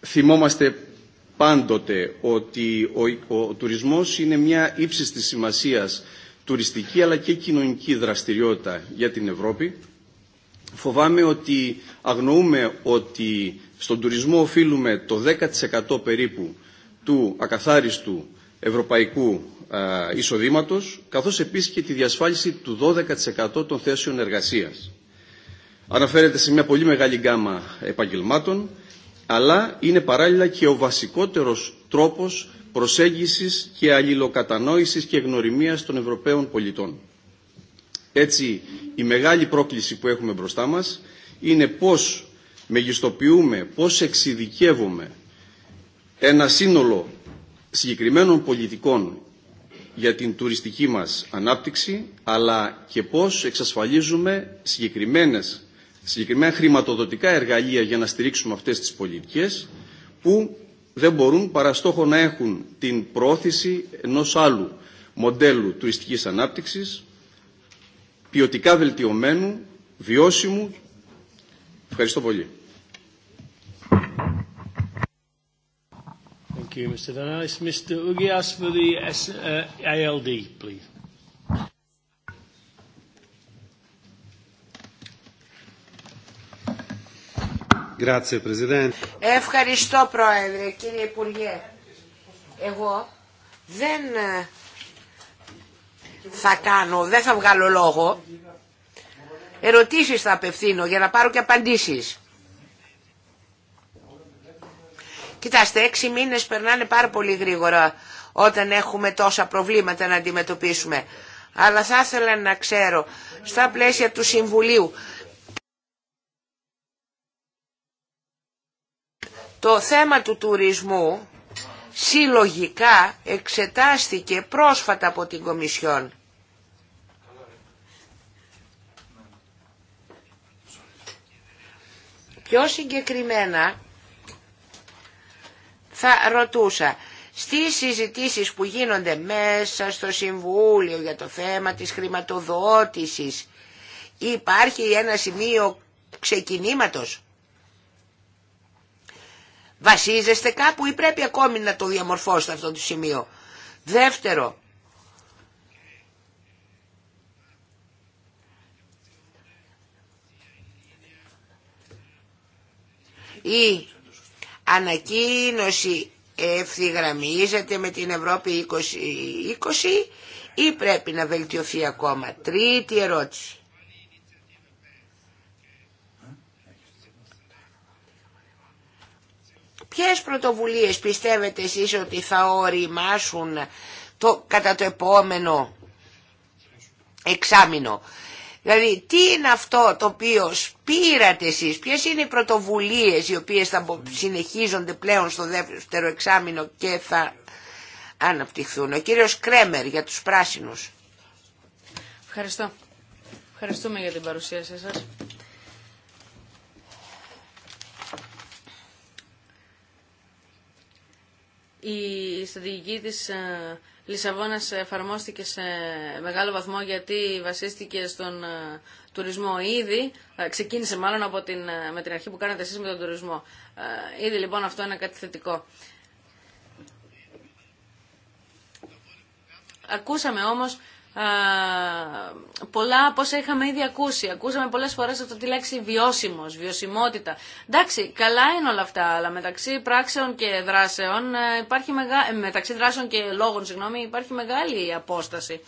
θυμόμαστε πάντοτε ότι ο, ο τουρισμός είναι μια ύψιστη της σημασίας τουριστική αλλά και κοινωνική δραστηριότητα για την Ευρώπη. Φοβάμαι ότι αγνοούμε ότι στον τουρισμό οφείλουμε το 10% περίπου του ακαθάριστου ευρωπαϊκού εισοδήματος, καθώς επίσης και τη διασφάλιση του 12% των θέσεων εργασίας. Αναφέρεται σε μια πολύ μεγάλη γκάμα επαγγελμάτων, αλλά είναι παράλληλα και ο βασικότερος τρόπος προσέγγισης και αλληλοκατανόησης και γνωριμίας των Ευρωπαίων πολιτών. Έτσι, η μεγάλη πρόκληση που έχουμε μπροστά μας είναι πώς μεγιστοποιούμε, πώς εξειδικεύουμε ένα σύνολο συγκεκριμένων πολιτικών για την τουριστική μας ανάπτυξη, αλλά και πώς εξασφαλίζουμε συγκεκριμένες συγκεκριμένα χρηματοδοτικά εργαλεία για να στηρίξουμε αυτές τις πολιτικές που δεν μπορούν παρά στόχο να έχουν την πρόθεση ενός άλλου μοντέλου τουριστικής ανάπτυξης ποιοτικά βελτιωμένου, βιώσιμου. Ευχαριστώ πολύ. Thank you, Mr. Mr. Ugias for uh, ALD, please. Ευχαριστώ Πρόεδρε, κύριε Υπουργέ. Εγώ δεν ε, θα κάνω, δεν θα βγάλω λόγο. Ερωτήσεις θα απευθύνω για να πάρω και απαντήσεις. Κοιτάστε, έξι μήνες περνάνε πάρα πολύ γρήγορα όταν έχουμε τόσα προβλήματα να αντιμετωπίσουμε. Αλλά θα ήθελα να ξέρω, στα πλαίσια του Συμβουλίου, Το θέμα του τουρισμού συλλογικά εξετάστηκε πρόσφατα από την Κομισιόν. Πιο συγκεκριμένα θα ρωτούσα στις συζητήσεις που γίνονται μέσα στο Συμβούλιο για το θέμα της χρηματοδότησης υπάρχει ένα σημείο ξεκινήματος Βασίζεστε κάπου ή πρέπει ακόμη να το διαμορφώσετε αυτό το σημείο. Δεύτερο, η ανακοίνωση ευθυγραμμίζεται με την Ευρώπη 2020 ή πρέπει να βελτιωθεί ακόμα. Τρίτη ερώτηση. Ποιες πρωτοβουλίες πιστεύετε εσείς ότι θα οριμάσουν το, κατά το επόμενο εξάμεινο. Δηλαδή τι είναι αυτό το οποίο πήρατε εσείς, ποιες είναι οι πρωτοβουλίες οι οποίες θα συνεχίζονται πλέον στο δεύτερο εξάμεινο και θα αναπτυχθούν. Ο κύριος Κρέμερ για τους πράσινους. Ευχαριστώ. Ευχαριστούμε για την παρουσίασή σας. η στρατηγική της ε, Λισαβόνας εφαρμόστηκε σε μεγάλο βαθμό γιατί βασίστηκε στον ε, τουρισμό ήδη. Ε, ξεκίνησε μάλλον από την, με την αρχή που κάνατε εσείς με τον τουρισμό. Ήδη λοιπόν αυτό είναι κάτι θετικό. Ακούσαμε όμως πολλά από όσα είχαμε ήδη ακούσει. Ακούσαμε πολλές φορές αυτό τη λέξη βιώσιμος, βιωσιμότητα. Εντάξει, καλά είναι όλα αυτά, αλλά μεταξύ πράξεων και δράσεων, ε, υπάρχει μεγα... Ε, μεταξύ δράσεων και λόγων, συγγνώμη, υπάρχει μεγάλη απόσταση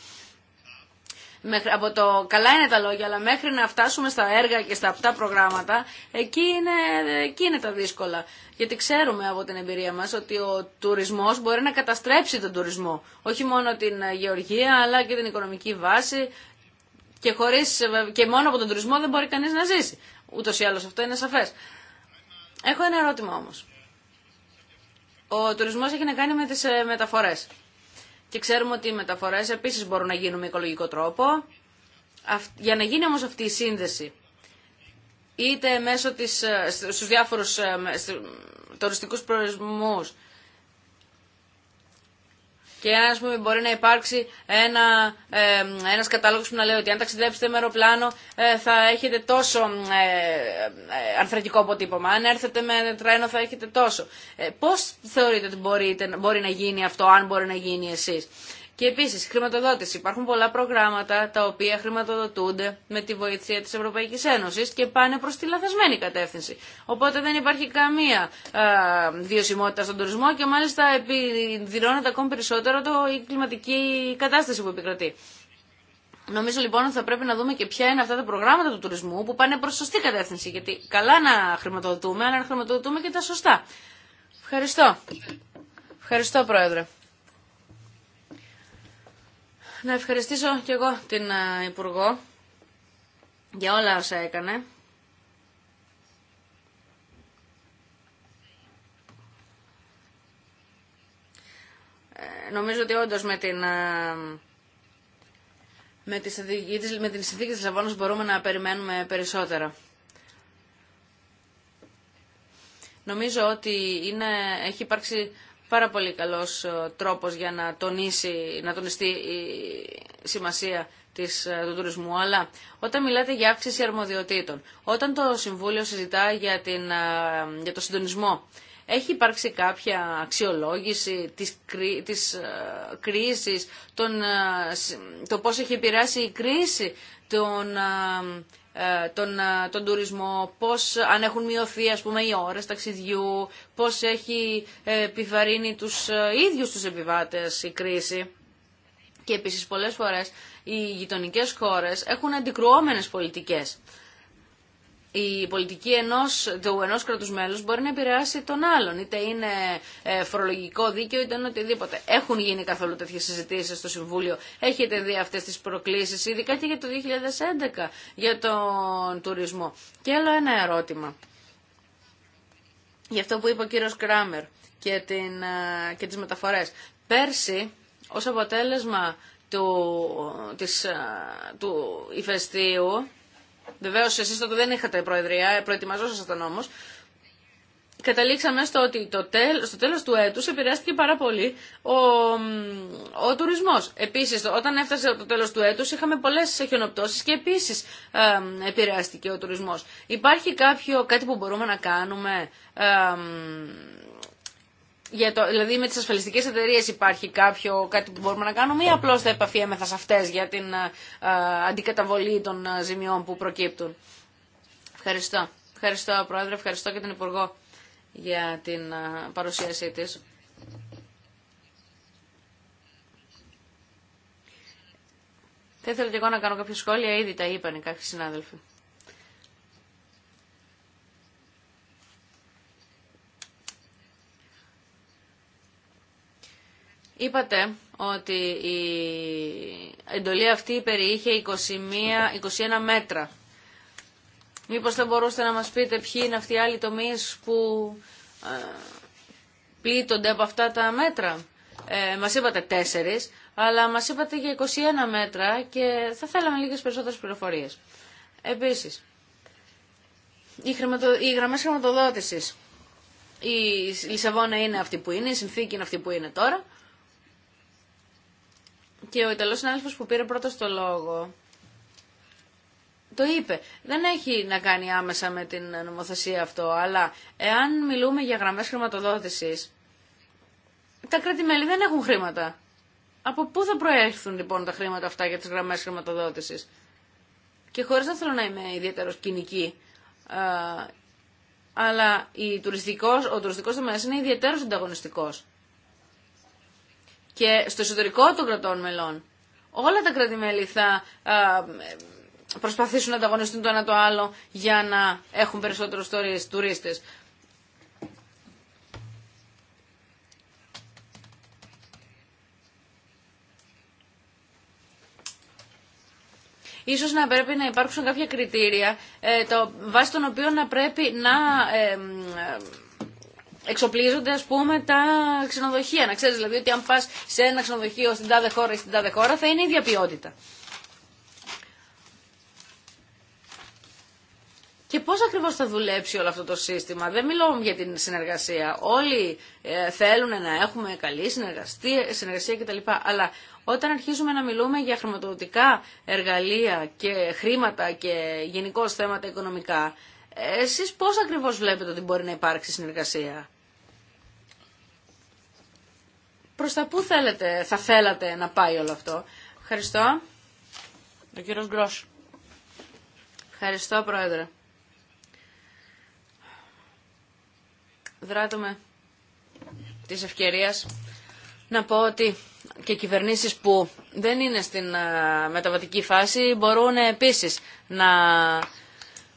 μέχρι, από το καλά είναι τα λόγια, αλλά μέχρι να φτάσουμε στα έργα και στα αυτά προγράμματα, εκεί είναι, εκεί είναι τα δύσκολα. Γιατί ξέρουμε από την εμπειρία μας ότι ο τουρισμός μπορεί να καταστρέψει τον τουρισμό. Όχι μόνο την γεωργία, αλλά και την οικονομική βάση και, χωρίς, και μόνο από τον τουρισμό δεν μπορεί κανείς να ζήσει. Ούτως ή άλλως αυτό είναι σαφές. Έχω ένα ερώτημα όμως. Ο τουρισμός έχει να κάνει με τις ε, μεταφορές. Και ξέρουμε ότι οι μεταφορέ επίση μπορούν να γίνουν με οικολογικό τρόπο. Για να γίνει όμω αυτή η σύνδεση, είτε μέσω της, ε, στους διάφορους ε, τουριστικούς προορισμούς, και ένα μπορεί να υπάρξει ένα ε, ένας κατάλογος που να λέει ότι αν ταξιδέψετε με αεροπλάνο ε, θα έχετε τόσο ε, ε αρθρακικό αποτύπωμα, αν έρθετε με τρένο θα έχετε τόσο. Ε, πώς θεωρείτε ότι μπορείτε, μπορεί να γίνει αυτό, αν μπορεί να γίνει εσείς. Και επίση, χρηματοδότηση. Υπάρχουν πολλά προγράμματα τα οποία χρηματοδοτούνται με τη βοήθεια τη Ευρωπαϊκή Ένωση και πάνε προ τη λαθασμένη κατεύθυνση. Οπότε δεν υπάρχει καμία α, βιωσιμότητα στον τουρισμό και μάλιστα επιδεινώνεται ακόμη περισσότερο το, η κλιματική κατάσταση που επικρατεί. Νομίζω λοιπόν ότι θα πρέπει να δούμε και ποια είναι αυτά τα προγράμματα του τουρισμού που πάνε προ σωστή κατεύθυνση. Γιατί καλά να χρηματοδοτούμε, αλλά να χρηματοδοτούμε και τα σωστά. Ευχαριστώ. Ευχαριστώ, Πρόεδρε. Να ευχαριστήσω και εγώ την Υπουργό για όλα όσα έκανε. Ε, νομίζω ότι όντως με την με τις, με την συνθήκη της Λαβώνας μπορούμε να περιμένουμε περισσότερα. Νομίζω ότι είναι, έχει υπάρξει πάρα πολύ καλός ε, τρόπος για να, τονίσει, να τονιστεί η σημασία της, ε, του τουρισμού, αλλά όταν μιλάτε για αύξηση αρμοδιοτήτων, όταν το Συμβούλιο συζητά για, την, ε, το συντονισμό, έχει υπάρξει κάποια αξιολόγηση της, της κρίσης, το πώς έχει επηρεάσει η κρίση των... Ε, τον, ε, τον τουρισμό, πώς αν έχουν μειωθεί ας πούμε οι ώρες ταξιδιού, πώς έχει ε, επιβαρύνει τους ίδιους τους επιβάτες η κρίση. Και επίσης πολλές φορές οι γειτονικές χώρες έχουν αντικρουόμενες πολιτικές η πολιτική ενός, του ενός κράτους μέλους μπορεί να επηρεάσει τον άλλον, είτε είναι ε, φορολογικό δίκαιο, είτε είναι οτιδήποτε. Έχουν γίνει καθόλου τέτοιες συζητήσεις στο Συμβούλιο. Έχετε δει αυτές τις προκλήσεις, ειδικά και για το 2011, για τον τουρισμό. Και άλλο ένα ερώτημα. Γι' αυτό που είπε ο κύριος Κράμερ και, την, ε, και τις μεταφορές. Πέρσι, ως αποτέλεσμα του, της, ε, του ηφαιστείου, Βεβαίω, εσεί τότε δεν είχατε προεδρία, ε, προετοιμαζόσασταν όμω. Καταλήξαμε στο ότι το στο τέλος του έτους επηρεάστηκε πάρα πολύ ο, ο τουρισμός. Επίσης, όταν έφτασε το τέλος του έτους είχαμε πολλές χιονοπτώσεις και επίσης ε, επηρεάστηκε ο τουρισμός. Υπάρχει κάποιο, κάτι που μπορούμε να κάνουμε για το, δηλαδή με τις ασφαλιστικές εταιρείες υπάρχει κάποιο, κάτι που μπορούμε να κάνουμε ή απλώς θα επαφιέμεθα σε αυτές για την ε, ε, αντικαταβολή των ε, ζημιών που προκύπτουν. Ευχαριστώ. Ευχαριστώ Πρόεδρε, ευχαριστώ και τον Υπουργό για την παρουσίασή της. Θα ήθελα και εγώ να κάνω κάποια σχόλια, ήδη τα είπαν κάποιοι συνάδελφοι. Είπατε ότι η εντολή αυτή περιείχε 21, 21 μέτρα. Μήπως θα μπορούσατε να μας πείτε ποιοι είναι αυτοί οι άλλοι τομείς που ε, πλήττονται από αυτά τα μέτρα. Ε, μας είπατε τέσσερις, αλλά μας είπατε για 21 μέτρα και θα θέλαμε λίγες περισσότερες πληροφορίες. Επίσης, οι, χρηματο... οι γραμμές χρηματοδότησης. Η Λισαβόνα είναι αυτή που είναι, η συνθήκη είναι αυτή που είναι τώρα και ο Ιταλός συνάδελφος που πήρε πρώτος το λόγο το είπε. Δεν έχει να κάνει άμεσα με την νομοθεσία αυτό, αλλά εάν μιλούμε για γραμμές χρηματοδότησης, τα κρατη δεν έχουν χρήματα. Από πού θα προέρχονται λοιπόν τα χρήματα αυτά για τις γραμμές χρηματοδότησης. Και χωρίς να θέλω να είμαι ιδιαίτερο κοινική, αλλά ο τουριστικός τομέας είναι ιδιαίτερος ανταγωνιστικός και στο εσωτερικό των κρατών μελών. Όλα τα κράτη-μέλη θα προσπαθήσουν να ανταγωνιστούν το ένα το άλλο για να έχουν περισσότερους τουρίστες. Ίσως να πρέπει να υπάρξουν κάποια κριτήρια ε, το, βάσει των οποίων να πρέπει να ε, εξοπλίζονται ας πούμε τα ξενοδοχεία. Να ξέρεις δηλαδή ότι αν πας σε ένα ξενοδοχείο στην τάδε χώρα ή στην τάδε χώρα θα είναι η ίδια ποιότητα. Και πώς ακριβώς θα δουλέψει όλο αυτό το σύστημα. Δεν μιλώ για την συνεργασία. Όλοι ε, θέλουν να έχουμε καλή συνεργασία, συνεργασία κτλ. Αλλά όταν αρχίζουμε να μιλούμε για χρηματοδοτικά εργαλεία και χρήματα και γενικώ θέματα οικονομικά, ε, εσείς πώς ακριβώς βλέπετε ότι μπορεί να υπάρξει συνεργασία. Προς τα πού θέλετε, θα θέλατε να πάει όλο αυτό. Ευχαριστώ. Ο κύριος Γκρός. Ευχαριστώ, Πρόεδρε. Δράτω με της ευκαιρίας να πω ότι και κυβερνήσεις που δεν είναι στην ε, μεταβατική φάση μπορούν επίσης να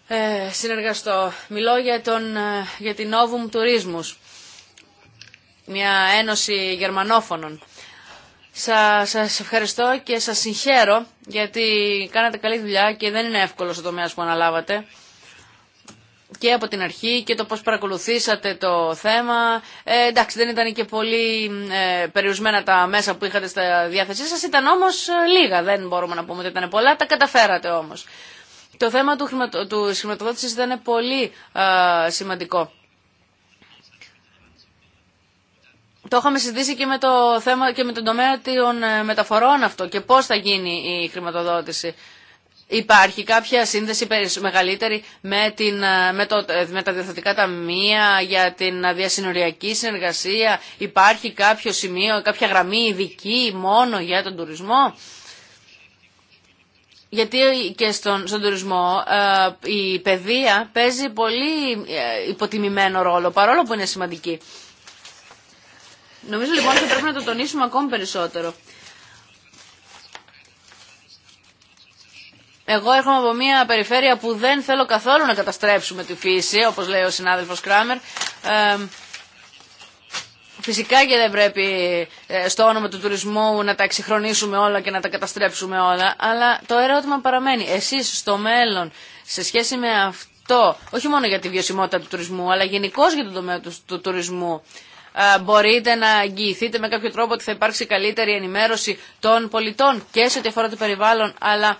ε, συνεργαστώ. Μιλώ για, τον, ε, για την Novum Tourismus μια ένωση γερμανόφωνων. Σας, σας ευχαριστώ και σας συγχαίρω γιατί κάνατε καλή δουλειά και δεν είναι εύκολο ο τομέα που αναλάβατε και από την αρχή και το πώς παρακολουθήσατε το θέμα. Ε, εντάξει, δεν ήταν και πολύ ε, περιορισμένα τα μέσα που είχατε στα διάθεσή σας, ήταν όμως ε, λίγα, δεν μπορούμε να πούμε ότι ήταν πολλά, τα καταφέρατε όμω. Το θέμα του χρηματο... ήταν πολύ ε, σημαντικό. Το είχαμε συζητήσει και με, το θέμα, και με τον τομέα των ε, μεταφορών αυτό και πώς θα γίνει η χρηματοδότηση. Υπάρχει κάποια σύνδεση μεγαλύτερη με, την, ε, με, το, ε, με τα διαθετικά ταμεία για την διασυνοριακή συνεργασία. Υπάρχει κάποιο σημείο, κάποια γραμμή ειδική μόνο για τον τουρισμό. Γιατί και στον, στον τουρισμό η παιδεία παίζει πολύ υποτιμημένο ρόλο, παρόλο που είναι σημαντική. Νομίζω λοιπόν ότι πρέπει να το τονίσουμε ακόμη περισσότερο. Εγώ έρχομαι από μια περιφέρεια που δεν θέλω καθόλου να καταστρέψουμε τη φύση, όπως λέει ο συνάδελφος Κράμερ. φυσικά και δεν πρέπει ε, στο όνομα του τουρισμού να τα εξυγχρονίσουμε όλα και να τα καταστρέψουμε όλα, αλλά το ερώτημα παραμένει. Εσείς στο μέλλον, σε σχέση με αυτό, όχι μόνο για τη βιωσιμότητα του τουρισμού, αλλά γενικώ για τον τομέα του τουρισμού, ε, μπορείτε να αγγιηθείτε με κάποιο τρόπο ότι θα υπάρξει καλύτερη ενημέρωση των πολιτών και σε ό,τι αφορά το περιβάλλον, αλλά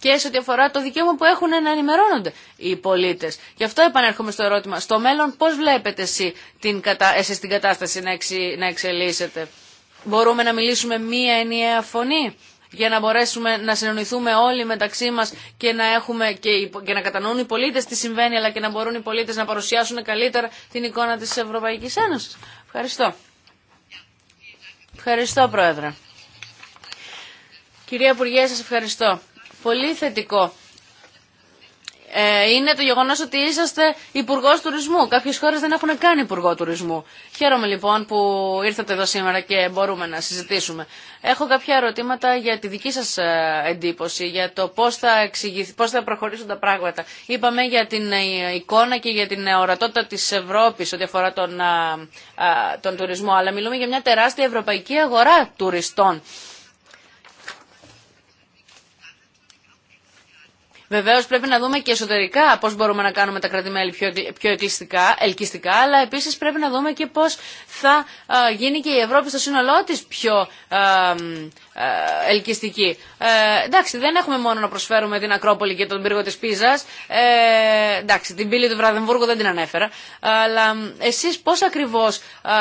και σε ό,τι αφορά το δικαίωμα που έχουν να ενημερώνονται οι πολίτε. Γι' αυτό επανέρχομαι στο ερώτημα. Στο μέλλον, πώ βλέπετε εσύ την κατα... εσείς την κατάσταση να, εξελίσετε. να Μπορούμε να μιλήσουμε μία ενιαία φωνή για να μπορέσουμε να συνονιθούμε όλοι μεταξύ μας και να, έχουμε και, να κατανοούν οι πολίτες τι συμβαίνει αλλά και να μπορούν οι πολίτες να παρουσιάσουν καλύτερα την εικόνα της Ευρωπαϊκής Ένωσης. Ευχαριστώ. Ευχαριστώ, Πρόεδρε. Κυρία Υπουργέ, σας ευχαριστώ. Πολύ θετικό ε, είναι το γεγονός ότι είσαστε υπουργό τουρισμού. Κάποιες χώρες δεν έχουν καν υπουργό τουρισμού. Χαίρομαι λοιπόν που ήρθατε εδώ σήμερα και μπορούμε να συζητήσουμε. Έχω κάποια ερωτήματα για τη δική σας ε, εντύπωση, για το πώς θα, εξηγηθεί, πώς θα προχωρήσουν τα πράγματα. Είπαμε για την ε, εικόνα και για την ορατότητα της Ευρώπης ό,τι αφορά τον, τον τουρισμό, αλλά μιλούμε για μια τεράστια ευρωπαϊκή αγορά τουριστών. Βεβαίω πρέπει να δούμε και εσωτερικά πώ μπορούμε να κάνουμε τα κρατημέλη πιο, πιο ελκυστικά, ελκυστικά, αλλά επίση πρέπει να δούμε και πώ θα γίνει και η Ευρώπη στο σύνολό τη πιο ε, ελκυστική. Ε, εντάξει, δεν έχουμε μόνο να προσφέρουμε την Ακρόπολη και τον πύργο της Πίζας. Ε, εντάξει, την πύλη του Βραδεμβούργου δεν την ανέφερα. Αλλά εσείς πώς ακριβώς ε,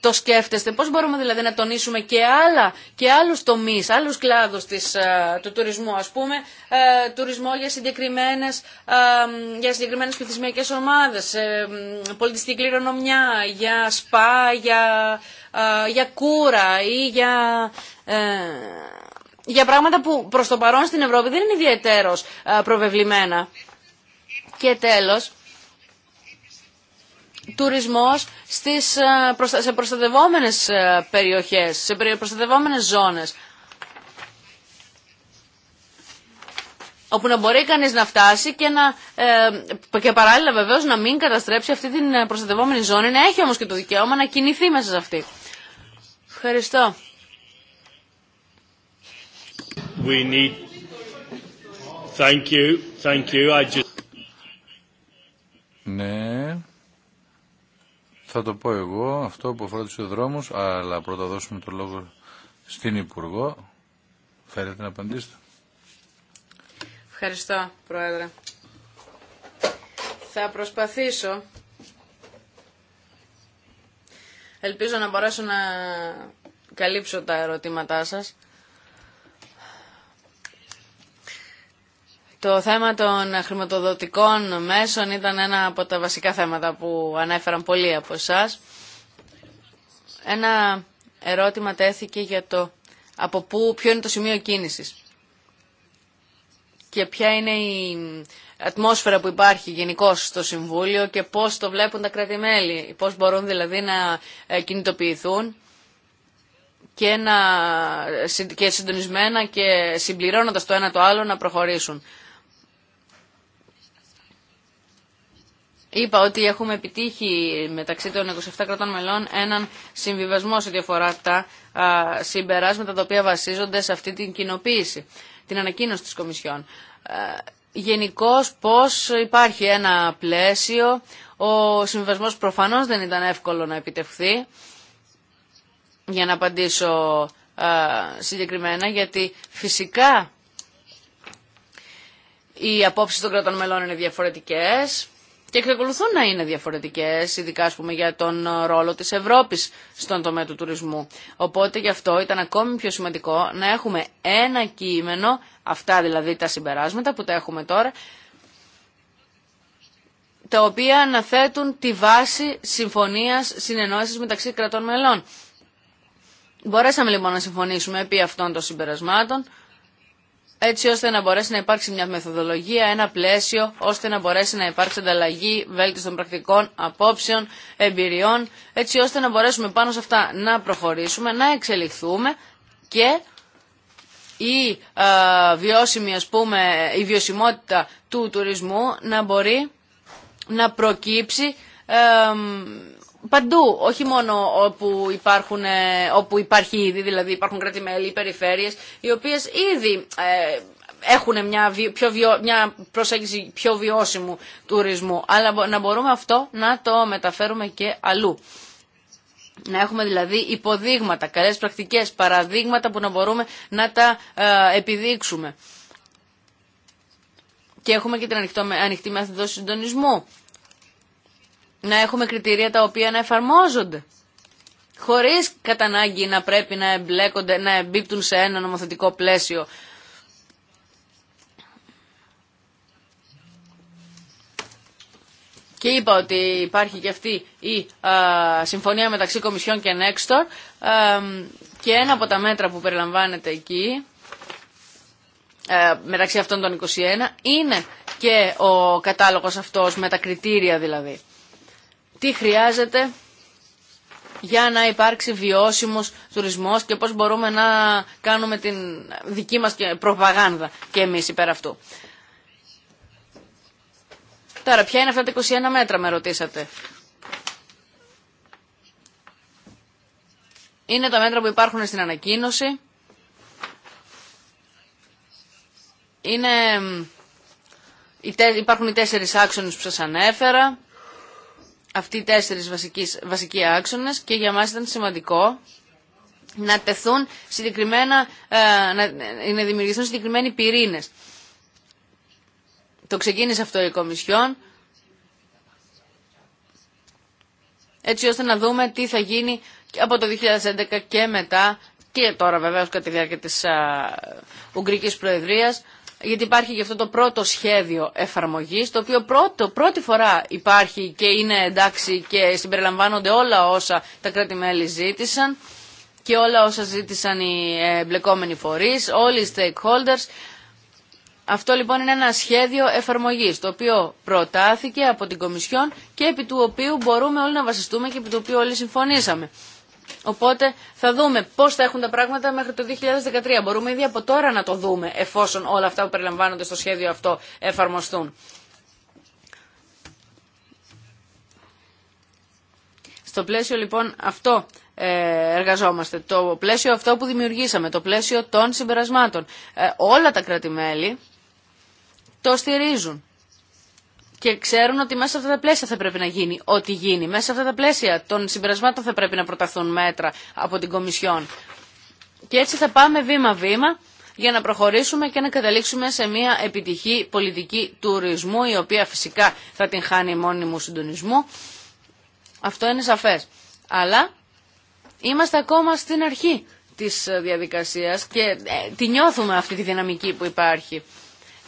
το σκέφτεστε, πώς μπορούμε δηλαδή να τονίσουμε και, άλλα, και άλλους τομείς, άλλους κλάδους ε, του τουρισμού, ας πούμε, ε, τουρισμό για συγκεκριμένες, για συγκεκριμένες πληθυσμιακές ομάδες, πολιτιστική κληρονομιά, για σπα, για ε, για κούρα ή για ε, για πράγματα που προς το παρόν στην Ευρώπη δεν είναι ιδιαίτερος ε, προβεβλημένα. Και τέλος, τουρισμός στις, σε προστατευόμενες περιοχές, σε προστατευόμενες ζώνες. όπου να μπορεί κανείς να φτάσει και, να, και παράλληλα βεβαίως να μην καταστρέψει αυτή την προστατευόμενη ζώνη, να έχει όμως και το δικαίωμα να κινηθεί μέσα σε αυτή. Ευχαριστώ. We need... Thank you. Thank you. I just... Ναι, θα το πω εγώ, αυτό που αφορά τους δρόμους, αλλά πρώτα δώσουμε το λόγο στην Υπουργό. Θέλετε να απαντήσετε. Ευχαριστώ, Πρόεδρε. Θα προσπαθήσω Ελπίζω να μπορέσω να καλύψω τα ερωτήματά σας. Το θέμα των χρηματοδοτικών μέσων ήταν ένα από τα βασικά θέματα που ανέφεραν πολλοί από εσά. Ένα ερώτημα τέθηκε για το από πού, ποιο είναι το σημείο κίνησης και ποια είναι η ατμόσφαιρα που υπάρχει γενικώ στο Συμβούλιο και πώς το βλέπουν τα κράτη-μέλη, πώς μπορούν δηλαδή να ε, κινητοποιηθούν και, να, και συντονισμένα και συμπληρώνοντας το ένα το άλλο να προχωρήσουν. Είπα ότι έχουμε επιτύχει μεταξύ των 27 κρατών μελών έναν συμβιβασμό σε διαφορά τα συμπεράσματα τα οποία βασίζονται σε αυτή την κοινοποίηση την ανακοίνωση της Κομισιόν. Ε, Γενικώ πώς υπάρχει ένα πλαίσιο, ο συμβασμός προφανώς δεν ήταν εύκολο να επιτευχθεί, για να απαντήσω ε, συγκεκριμένα, γιατί φυσικά οι απόψεις των κρατών μελών είναι διαφορετικές, και εξακολουθούν να είναι διαφορετικές, ειδικά ας για τον ε, ρόλο της Ευρώπης στον τομέα του τουρισμού. Οπότε γι' αυτό ήταν ακόμη πιο σημαντικό να έχουμε ένα κείμενο, αυτά δηλαδή τα συμπεράσματα που τα έχουμε τώρα, τα οποία να τη βάση συμφωνίας συνεννόησης μεταξύ κρατών μελών. Μπορέσαμε λοιπόν να συμφωνήσουμε επί αυτών των συμπερασμάτων, έτσι ώστε να μπορέσει να υπάρξει μια μεθοδολογία, ένα πλαίσιο, ώστε να μπορέσει να υπάρξει ανταλλαγή βέλτιστων πρακτικών, απόψεων, εμπειριών, έτσι ώστε να μπορέσουμε πάνω σε αυτά να προχωρήσουμε, να εξελιχθούμε και η, ε, βιώσιμη, πούμε, η βιωσιμότητα του τουρισμού να μπορεί να προκύψει ε, παντού, όχι μόνο όπου, υπάρχουν, ε, όπου υπάρχει ήδη, δηλαδή υπάρχουν κράτη-μέλη, περιφέρειες, οι οποίες ήδη ε, έχουν μια, πιο βιο, μια προσέγγιση πιο βιώσιμου τουρισμού, αλλά να μπορούμε αυτό να το μεταφέρουμε και αλλού. Να έχουμε δηλαδή υποδείγματα, καλές πρακτικές, παραδείγματα που να μπορούμε να τα ε, επιδείξουμε. Και έχουμε και την ανοιχτή μέθοδο συντονισμού να έχουμε κριτήρια τα οποία να εφαρμόζονται χωρίς κατά ανάγκη να πρέπει να εμπλέκονται, να εμπίπτουν σε ένα νομοθετικό πλαίσιο. Και είπα ότι υπάρχει και αυτή η συμφωνία μεταξύ Κομισιόν και Νέξτορ και ένα από τα μέτρα που περιλαμβάνεται εκεί, α, μεταξύ αυτών των 21, είναι και ο κατάλογος αυτός με τα κριτήρια δηλαδή τι χρειάζεται για να υπάρξει βιώσιμος τουρισμός και πώς μπορούμε να κάνουμε την δική μας προπαγάνδα και εμείς υπέρ αυτού. Τώρα, ποια είναι αυτά τα 21 μέτρα, με ρωτήσατε. Είναι τα μέτρα που υπάρχουν στην ανακοίνωση. Είναι... Υπάρχουν οι τέσσερις άξονες που σας ανέφερα αυτοί οι τέσσερις βασικοί, βασικοί άξονες και για μας ήταν σημαντικό να τεθούν συγκεκριμένα, ε, να δημιουργηθούν συγκεκριμένοι πυρήνες. Το ξεκίνησε αυτό η Κομισιόν, έτσι ώστε να δούμε τι θα γίνει από το 2011 και μετά και τώρα βεβαίως κατά τη διάρκεια της ε, Ουγγρικής Προεδρίας γιατί υπάρχει και αυτό το πρώτο σχέδιο εφαρμογής, το οποίο πρώτο, πρώτη φορά υπάρχει και είναι εντάξει και συμπεριλαμβάνονται όλα όσα τα κράτη-μέλη ζήτησαν και όλα όσα ζήτησαν οι ε, μπλεκόμενοι φορείς, όλοι οι stakeholders. Αυτό λοιπόν είναι ένα σχέδιο εφαρμογής, το οποίο προτάθηκε από την Κομισιόν και επί του οποίου μπορούμε όλοι να βασιστούμε και επί του οποίου όλοι συμφωνήσαμε. Οπότε θα δούμε πώς θα έχουν τα πράγματα μέχρι το 2013. Μπορούμε ήδη από τώρα να το δούμε εφόσον όλα αυτά που περιλαμβάνονται στο σχέδιο αυτό εφαρμοστούν. Στο πλαίσιο λοιπόν αυτό ε, εργαζόμαστε, το πλαίσιο αυτό που δημιουργήσαμε, το πλαίσιο των συμπερασμάτων. Ε, όλα τα κρατημέλη το στηρίζουν και ξέρουν ότι μέσα σε αυτά τα πλαίσια θα πρέπει να γίνει ό,τι γίνει. Μέσα σε αυτά τα πλαίσια των συμπερασμάτων θα πρέπει να προταθούν μέτρα από την Κομισιόν. Και έτσι θα πάμε βήμα-βήμα για να προχωρήσουμε και να καταλήξουμε σε μια επιτυχή πολιτική τουρισμού, η οποία φυσικά θα την χάνει μόνιμου συντονισμού. Αυτό είναι σαφές. Αλλά είμαστε ακόμα στην αρχή της διαδικασίας και ε, τη νιώθουμε αυτή τη δυναμική που υπάρχει.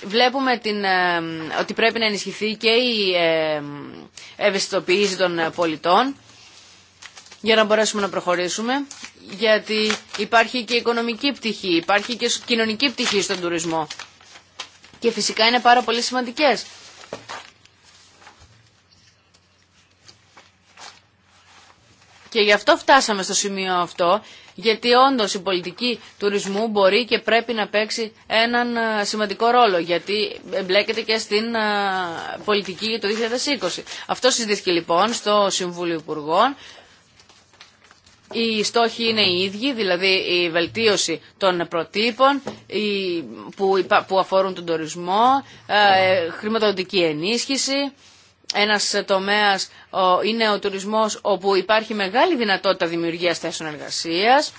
Βλέπουμε την, ε, ότι πρέπει να ενισχυθεί και η ε, ευαισθητοποίηση των πολιτών για να μπορέσουμε να προχωρήσουμε, γιατί υπάρχει και οικονομική πτυχή, υπάρχει και κοινωνική πτυχή στον τουρισμό και φυσικά είναι πάρα πολύ σημαντικές. Και γι' αυτό φτάσαμε στο σημείο αυτό γιατί όντω η πολιτική τουρισμού μπορεί και πρέπει να παίξει έναν ε, σημαντικό ρόλο, γιατί εμπλέκεται και στην ε, πολιτική για το 2020. Αυτό συζητήθηκε λοιπόν στο Συμβούλιο Υπουργών. Οι στόχοι είναι οι ίδιοι, δηλαδή η βελτίωση των προτύπων που αφορούν τον τουρισμό, ε, χρηματοδοτική ενίσχυση, ένας τομέας είναι ο τουρισμός όπου υπάρχει μεγάλη δυνατότητα δημιουργίας θέσεων εργασίας.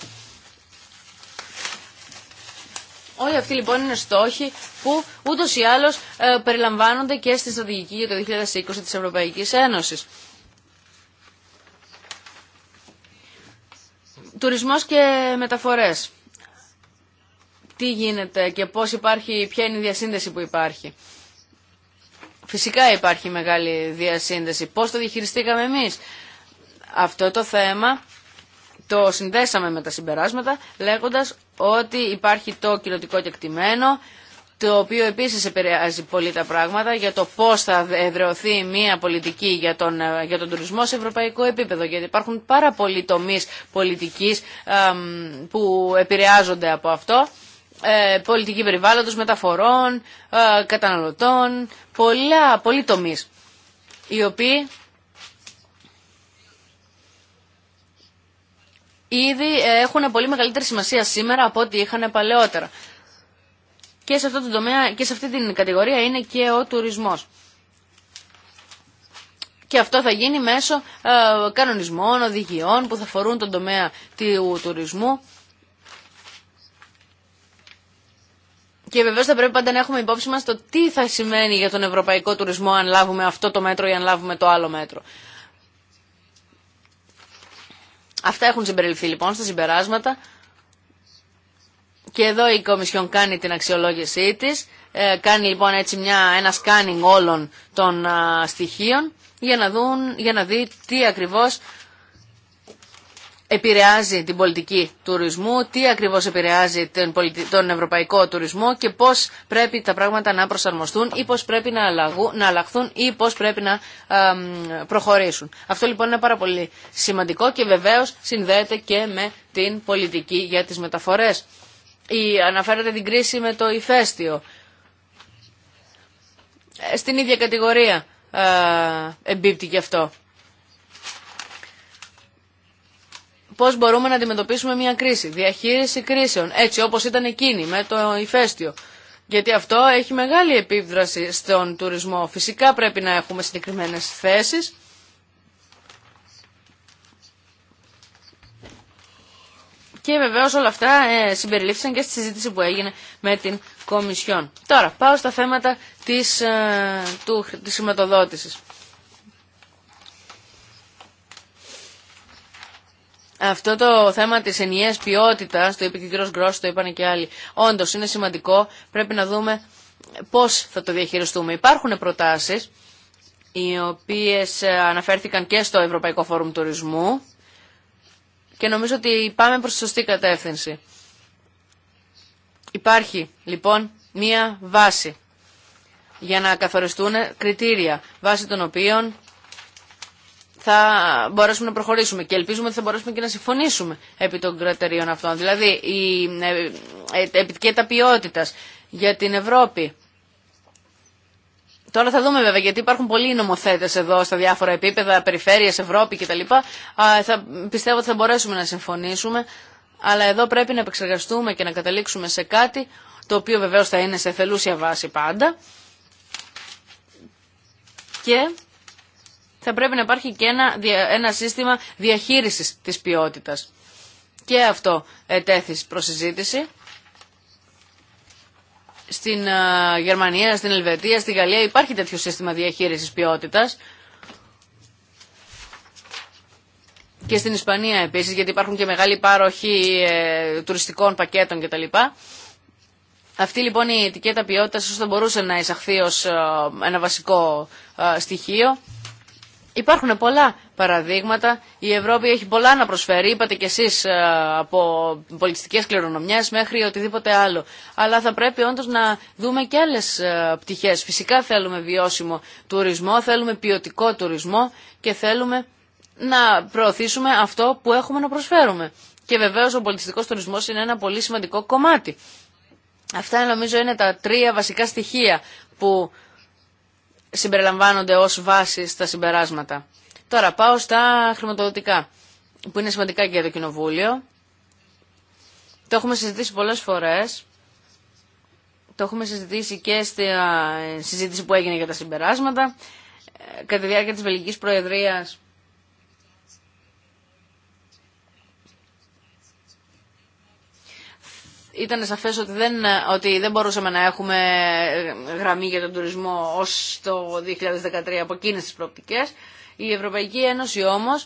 Όλοι αυτοί λοιπόν είναι στόχοι που ούτως ή άλλως ε, περιλαμβάνονται και στη στρατηγική για το 2020 της Ευρωπαϊκής Ένωσης. Τουρισμός και μεταφορές. Τι γίνεται και πώς υπάρχει, ποια είναι η διασύνδεση που υπάρχει. Φυσικά υπάρχει μεγάλη διασύνδεση. Πώς το διαχειριστήκαμε εμείς. Αυτό το θέμα το συνδέσαμε με τα συμπεράσματα λέγοντας ότι υπάρχει το κοινοτικό κεκτημένο το οποίο επίσης επηρεάζει πολύ τα πράγματα για το πώς θα εδρεωθεί μια πολιτική για τον, για τον τουρισμό σε ευρωπαϊκό επίπεδο. Γιατί υπάρχουν πάρα πολλοί τομείς πολιτικής που επηρεάζονται από αυτό ε, πολιτική περιβάλλοντος, μεταφορών, ε, καταναλωτών, πολλά, πολλοί τομείς, οι οποίοι ήδη έχουν πολύ μεγαλύτερη σημασία σήμερα από ό,τι είχαν παλαιότερα. Και σε, αυτό το τομέα, και σε αυτή την κατηγορία είναι και ο τουρισμός. Και αυτό θα γίνει μέσω ε, κανονισμών, οδηγιών που θα φορούν τον τομέα του τουρισμού Και βεβαίω θα πρέπει πάντα να έχουμε υπόψη μα το τι θα σημαίνει για τον ευρωπαϊκό τουρισμό αν λάβουμε αυτό το μέτρο ή αν λάβουμε το άλλο μέτρο. Αυτά έχουν συμπεριληφθεί λοιπόν στα συμπεράσματα. Και εδώ η Κομισιόν κάνει την αξιολόγησή της, ε, κάνει λοιπόν έτσι μια, ένα σκάνινγκ όλων των στοιχείων για να, δουν, για να δει τι ακριβώς επηρεάζει την πολιτική τουρισμού, τι ακριβώς επηρεάζει τον, ευρωπαϊκό τουρισμό και πώς πρέπει τα πράγματα να προσαρμοστούν ή πώς πρέπει να, αλλαγού, να αλλάχθουν ή πώς πρέπει να προχωρήσουν. Αυτό λοιπόν είναι πάρα πολύ σημαντικό και βεβαίως συνδέεται και με την πολιτική για τις μεταφορές. Η, αναφέρεται την κρίση με το ηφαίστειο. Ε, στην ίδια κατηγορία ε, εμπίπτει και αυτό. πώς μπορούμε να αντιμετωπίσουμε μια κρίση. Διαχείριση κρίσεων, έτσι όπως ήταν εκείνη με το ηφαίστειο. Γιατί αυτό έχει μεγάλη επίδραση στον τουρισμό. Φυσικά πρέπει να έχουμε συγκεκριμένες θέσεις. Και βεβαίω όλα αυτά ε, συμπεριλήφθησαν και στη συζήτηση που έγινε με την Κομισιόν. Τώρα πάω στα θέματα της, ε, της Αυτό το θέμα της ενιαίας ποιότητας, το είπε και ο κ. Γκρός, το είπαν και άλλοι, όντως είναι σημαντικό, πρέπει να δούμε πώς θα το διαχειριστούμε. Υπάρχουν προτάσεις, οι οποίες ε, αναφέρθηκαν και στο Ευρωπαϊκό Φόρουμ Τουρισμού και νομίζω ότι πάμε προς τη σωστή κατεύθυνση. Υπάρχει λοιπόν μία βάση για να καθοριστούν κριτήρια βάσει των οποίων θα μπορέσουμε να προχωρήσουμε και ελπίζουμε ότι θα μπορέσουμε και να συμφωνήσουμε επί των κρατερίων αυτών. Δηλαδή η ε, ε, ε, τα ποιότητας για την Ευρώπη. Τώρα θα δούμε βέβαια, γιατί υπάρχουν πολλοί νομοθέτε εδώ στα διάφορα επίπεδα, περιφέρειες, Ευρώπη κτλ. Θα, πιστεύω ότι θα μπορέσουμε να συμφωνήσουμε, αλλά εδώ πρέπει να επεξεργαστούμε και να καταλήξουμε σε κάτι, το οποίο βεβαίω θα είναι σε θελούσια βάση πάντα. Και θα πρέπει να υπάρχει και ένα, ένα σύστημα διαχείρισης της ποιότητας. Και αυτό ετέθη προς Στην ε, Γερμανία, στην Ελβετία, στη Γαλλία υπάρχει τέτοιο σύστημα διαχείρισης ποιότητας. Και στην Ισπανία επίσης, γιατί υπάρχουν και μεγάλοι πάροχοι ε, τουριστικών πακέτων κτλ. Αυτή λοιπόν η ετικέτα ποιότητας όσο θα μπορούσε να εισαχθεί ως ε, ένα βασικό στοιχείο. Υπάρχουν πολλά παραδείγματα. Η Ευρώπη έχει πολλά να προσφέρει, είπατε κι εσείς, ε, από πολιτιστικέ κληρονομιέ μέχρι οτιδήποτε άλλο. Αλλά θα πρέπει όντω να δούμε και άλλε πτυχέ. Φυσικά θέλουμε βιώσιμο τουρισμό, θέλουμε ποιοτικό τουρισμό και θέλουμε να προωθήσουμε αυτό που έχουμε να προσφέρουμε. Και βεβαίω ο πολιτιστικό τουρισμό είναι ένα πολύ σημαντικό κομμάτι. Αυτά νομίζω είναι τα τρία βασικά στοιχεία που συμπεριλαμβάνονται ως βάση στα συμπεράσματα. Τώρα πάω στα χρηματοδοτικά, που είναι σημαντικά και για το Κοινοβούλιο. Το έχουμε συζητήσει πολλές φορές. Το έχουμε συζητήσει και στη ε, συζήτηση που έγινε για τα συμπεράσματα. Ε, κατά τη διάρκεια της Βελγικής Προεδρίας ήταν σαφές ότι δεν, ότι δεν μπορούσαμε να έχουμε γραμμή για τον τουρισμό ως το 2013 από εκείνες τις προοπτικές. Η Ευρωπαϊκή Ένωση όμως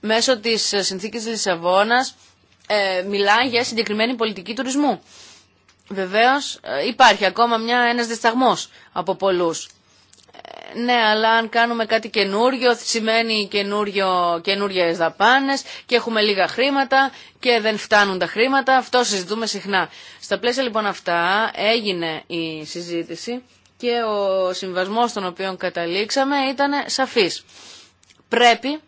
μέσω της συνθήκης της Λισαβόνας ε, μιλά για συγκεκριμένη πολιτική τουρισμού. Βεβαίως ε, υπάρχει ακόμα μια, ένας δισταγμός από πολλούς ναι, αλλά αν κάνουμε κάτι καινούριο, σημαίνει καινούριο, καινούριες δαπάνες και έχουμε λίγα χρήματα και δεν φτάνουν τα χρήματα. Αυτό συζητούμε συχνά. Στα πλαίσια λοιπόν αυτά έγινε η συζήτηση και ο συμβασμός τον οποίο καταλήξαμε ήταν σαφής. Πρέπει,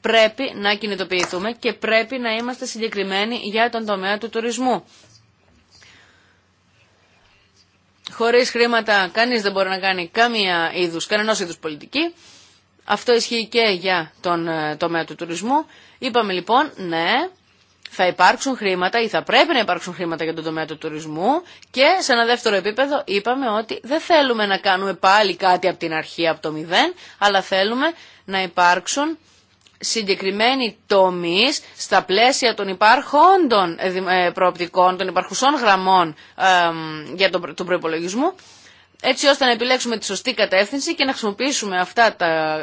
πρέπει να κινητοποιηθούμε και πρέπει να είμαστε συγκεκριμένοι για τον τομέα του τουρισμού. Χωρίς χρήματα κανείς δεν μπορεί να κάνει καμία είδους, κανένας είδους πολιτική. Αυτό ισχύει και για τον ε, τομέα του τουρισμού. Είπαμε λοιπόν, ναι, θα υπάρξουν χρήματα ή θα πρέπει να υπάρξουν χρήματα για τον τομέα του τουρισμού και σε ένα δεύτερο επίπεδο είπαμε ότι δεν θέλουμε να κάνουμε πάλι κάτι από την αρχή, από το μηδέν, αλλά θέλουμε να υπάρξουν συγκεκριμένοι τομής στα πλαίσια των υπάρχοντων ε, ε, προοπτικών, των υπαρχουσών γραμμών για τον προπολογισμό, έτσι ώστε να επιλέξουμε τη σωστή κατεύθυνση και να χρησιμοποιήσουμε αυτά τα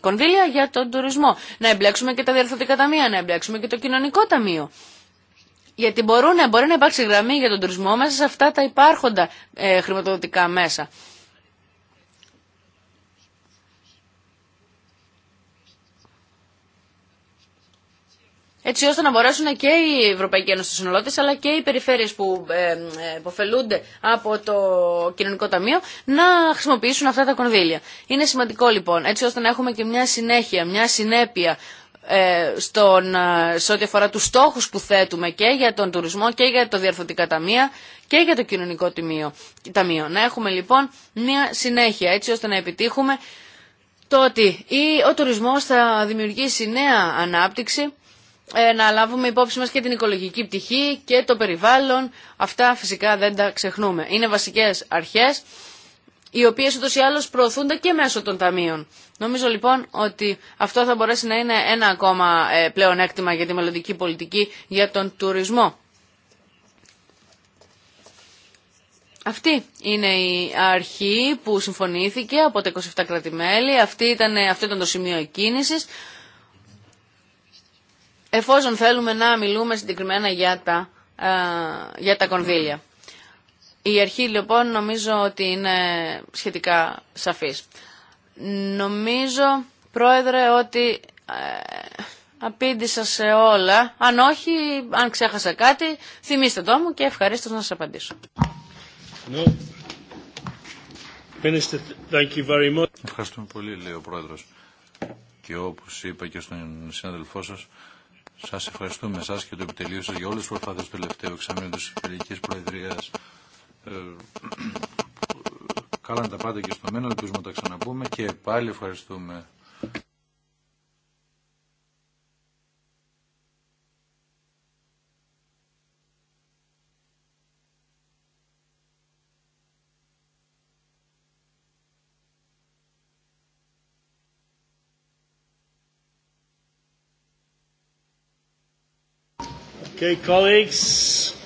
κονδύλια για τον τουρισμό. Να εμπλέξουμε και τα διαρθρωτικά ταμεία, να εμπλέξουμε και το κοινωνικό ταμείο. Γιατί μπορούν, μπορεί να υπάρξει γραμμή για τον τουρισμό μέσα σε αυτά τα υπάρχοντα ε, χρηματοδοτικά μέσα. έτσι ώστε να μπορέσουν και οι Ευρωπαϊκοί Ένωση στο αλλά και οι περιφέρειες που ε, ε, υποφελούνται από το Κοινωνικό Ταμείο να χρησιμοποιήσουν αυτά τα κονδύλια. Είναι σημαντικό λοιπόν, έτσι ώστε να έχουμε και μια συνέχεια, μια συνέπεια ε, στον, σε ό,τι αφορά τους στόχους που θέτουμε και για τον τουρισμό και για το διαρθωτικά ταμεία και για το κοινωνικό ταμείο. Να έχουμε λοιπόν μια συνέχεια έτσι ώστε να επιτύχουμε το ότι ο τουρισμός θα δημιουργήσει νέα ανάπτυξη ε, να λάβουμε υπόψη μας και την οικολογική πτυχή και το περιβάλλον. Αυτά φυσικά δεν τα ξεχνούμε. Είναι βασικές αρχές οι οποίες ούτως ή άλλως προωθούνται και μέσω των ταμείων. Νομίζω λοιπόν ότι αυτό θα μπορέσει να είναι ένα ακόμα ε, πλέον έκτημα για τη μελλοντική πολιτική για τον τουρισμό. Αυτή είναι η αρχή που συμφωνήθηκε από τα 27 κρατημέλη. Αυτή ήταν, ε, αυτό ήταν το σημείο εκκίνησης εφόσον θέλουμε να μιλούμε συγκεκριμένα για τα, ε, για τα κονδύλια. Η αρχή λοιπόν νομίζω ότι είναι σχετικά σαφής. Νομίζω, Πρόεδρε, ότι ε, απήντησα σε όλα. Αν όχι, αν ξέχασα κάτι, θυμήστε το μου και ευχαρίστως να σας απαντήσω. No. Thank you very much. Ευχαριστούμε πολύ, λέει ο Πρόεδρος. Και όπως είπα και στον συνάδελφό σας, σας ευχαριστούμε εσά και το επιτελείο σας για όλες τι προσπάθειε του τελευταίου εξαμήνου τη Υπηρετικής Προεδρία Ε, τα πάντα και στο μέλλον, ελπίζουμε να τα ξαναπούμε και πάλι ευχαριστούμε. Okay, colleagues.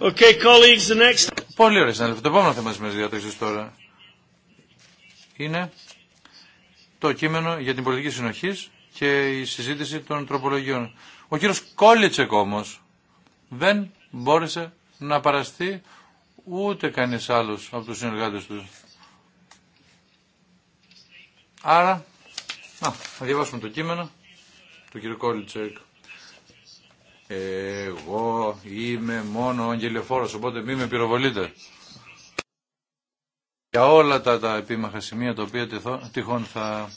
Okay, colleagues, the next... Πολύ ωραία, συνάδελφοι. Το επόμενο θέμα της διάταξης τώρα είναι το κείμενο για την πολιτική συνοχής και η συζήτηση των τροπολογιών. Ο κύριος Κόλιτσεκ όμως δεν μπόρεσε να παραστεί ούτε κανείς άλλος από τους συνεργάτες του. Άρα, να, διαβάσουμε το κείμενο του κύριου Κόλιτσεκ. Εγώ είμαι μόνο αγγελιοφόρος, οπότε μη με πυροβολείτε. Για όλα τα, τα επίμαχα σημεία τα οποία τυχόν θα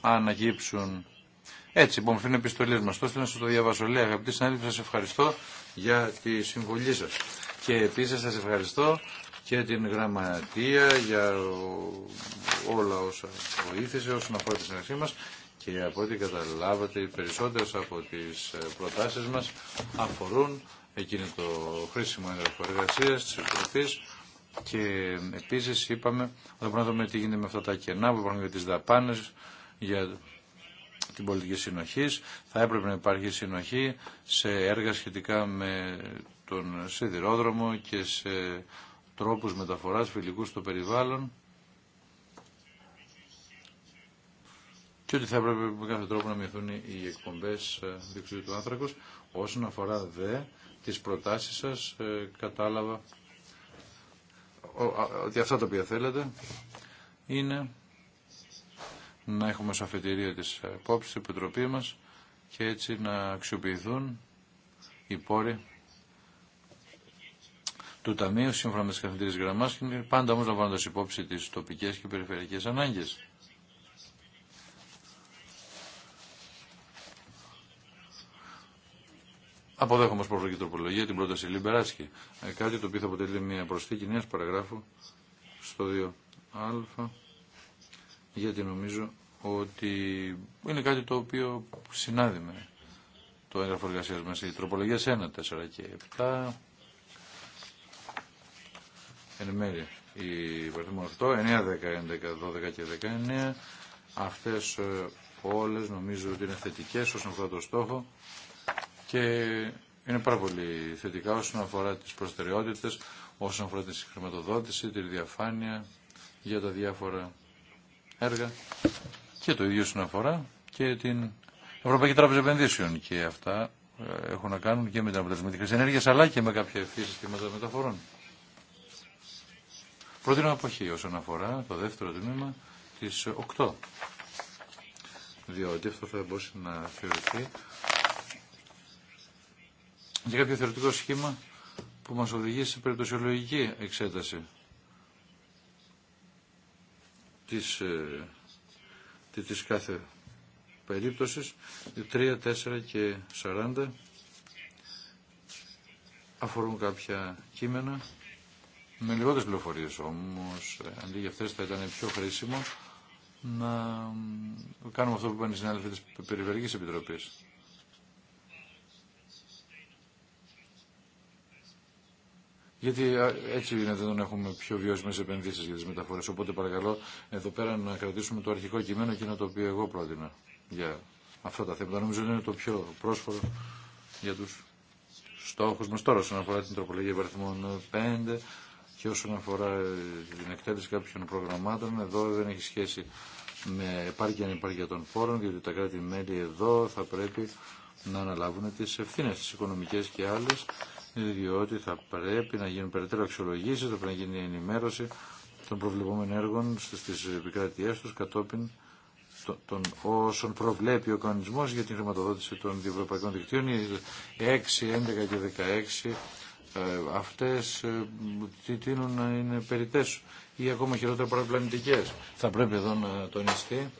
αναγύψουν έτσι, λοιπόν, είναι επιστολή επιστολέ μα. Το να σα το διαβάσω. Λέει, αγαπητοί συνάδελφοι, σα ευχαριστώ για τη συμβολή σα. Και επίση σα ευχαριστώ και την γραμματεία για όλα όσα βοήθησε όσον αφορά τη συνεργασία μα. Και από ό,τι καταλάβατε, οι περισσότερε από τι προτάσει μα αφορούν εκείνο το χρήσιμο έγγραφο εργασία τη Επιτροπή. Και επίση είπαμε, θα πρέπει να δούμε τι γίνεται με αυτά τα κενά που υπάρχουν για τι δαπάνε, για την πολιτική συνοχή. Θα έπρεπε να υπάρχει συνοχή σε έργα σχετικά με τον σιδηρόδρομο και σε τρόπους μεταφοράς φιλικού στο περιβάλλον και ότι θα έπρεπε με κάθε τρόπο να μειωθούν οι εκπομπές ε, διοξειδίου του άνθρακος. Όσον αφορά δε τις προτάσεις σας, ε, κατάλαβα ότι αυτά τα οποία θέλετε είναι να έχουμε ως αφετηρία της υπόψης της Επιτροπή μας και έτσι να αξιοποιηθούν οι πόροι του Ταμείου σύμφωνα με τις καθημερινές γραμμάς και πάντα όμως λαμβάνοντας υπόψη τις τοπικές και περιφερειακές ανάγκες. Αποδέχομαι ως προφορική τροπολογία την πρόταση Λιμπεράσκη. Ε, κάτι το οποίο θα αποτελεί μια προσθήκη νέας παραγράφου στο 2α γιατί νομίζω ότι είναι κάτι το οποίο συνάδει με το έγγραφο εργασία μας. Οι τροπολογία 1, 4 και 7 εν μέρει η βαθμό 8, 9, 10, 11, 12 και 19 αυτές ε, όλες νομίζω ότι είναι θετικές όσον αφορά το στόχο και είναι πάρα πολύ θετικά όσον αφορά τις προστεραιότητες, όσον αφορά τη χρηματοδότηση, τη διαφάνεια για τα διάφορα έργα και το ίδιο συναφορά και την Ευρωπαϊκή Τράπεζα Επενδύσεων και αυτά ε, έχουν να κάνουν και με την αποτελεσματική χρήση ενέργεια αλλά και με κάποια ευθύ συστήματα μεταφορών. Προτείνω αποχή όσον αφορά το δεύτερο τμήμα τη 8. Διότι αυτό θα μπορούσε να θεωρηθεί για κάποιο θεωρητικό σχήμα που μας οδηγεί σε περιπτωσιολογική εξέταση της, ε, της κάθε περίπτωσης 3, 4 και 40 αφορούν κάποια κείμενα με λιγότερες πληροφορίες όμως ε, αντί για αυτές θα ήταν πιο χρήσιμο να κάνουμε αυτό που είπαν οι συνάδελφοι της Περιφερειακής Επιτροπής Γιατί έτσι είναι δεν έχουμε πιο βιώσιμε επενδύσει για τι μεταφορέ. Οπότε παρακαλώ εδώ πέρα να κρατήσουμε το αρχικό κειμένο και το οποίο εγώ πρότεινα για αυτά τα θέματα. Νομίζω ότι είναι το πιο πρόσφορο για του στόχου μα τώρα όσον αφορά την τροπολογία υπαριθμών 5 και όσον αφορά την εκτέλεση κάποιων προγραμμάτων. Εδώ δεν έχει σχέση με επάρκεια ανεπάρκεια των φόρων, διότι τα κράτη-μέλη εδώ θα πρέπει να αναλάβουν τι ευθύνε τι οικονομικέ και άλλε διότι θα πρέπει να γίνουν περαιτέρω αξιολογήσει, θα πρέπει να γίνει ενημέρωση των προβλεπόμενων έργων στι επικράτειέ του κατόπιν των όσων προβλέπει ο κανονισμό για την χρηματοδότηση των διευρωπαϊκών δικτύων, οι 6, 11 και 16, ε, αυτέ ε, τι τείνουν να είναι περιτές ή ακόμα χειρότερα παραπλανητικέ. Θα πρέπει εδώ να τονιστεί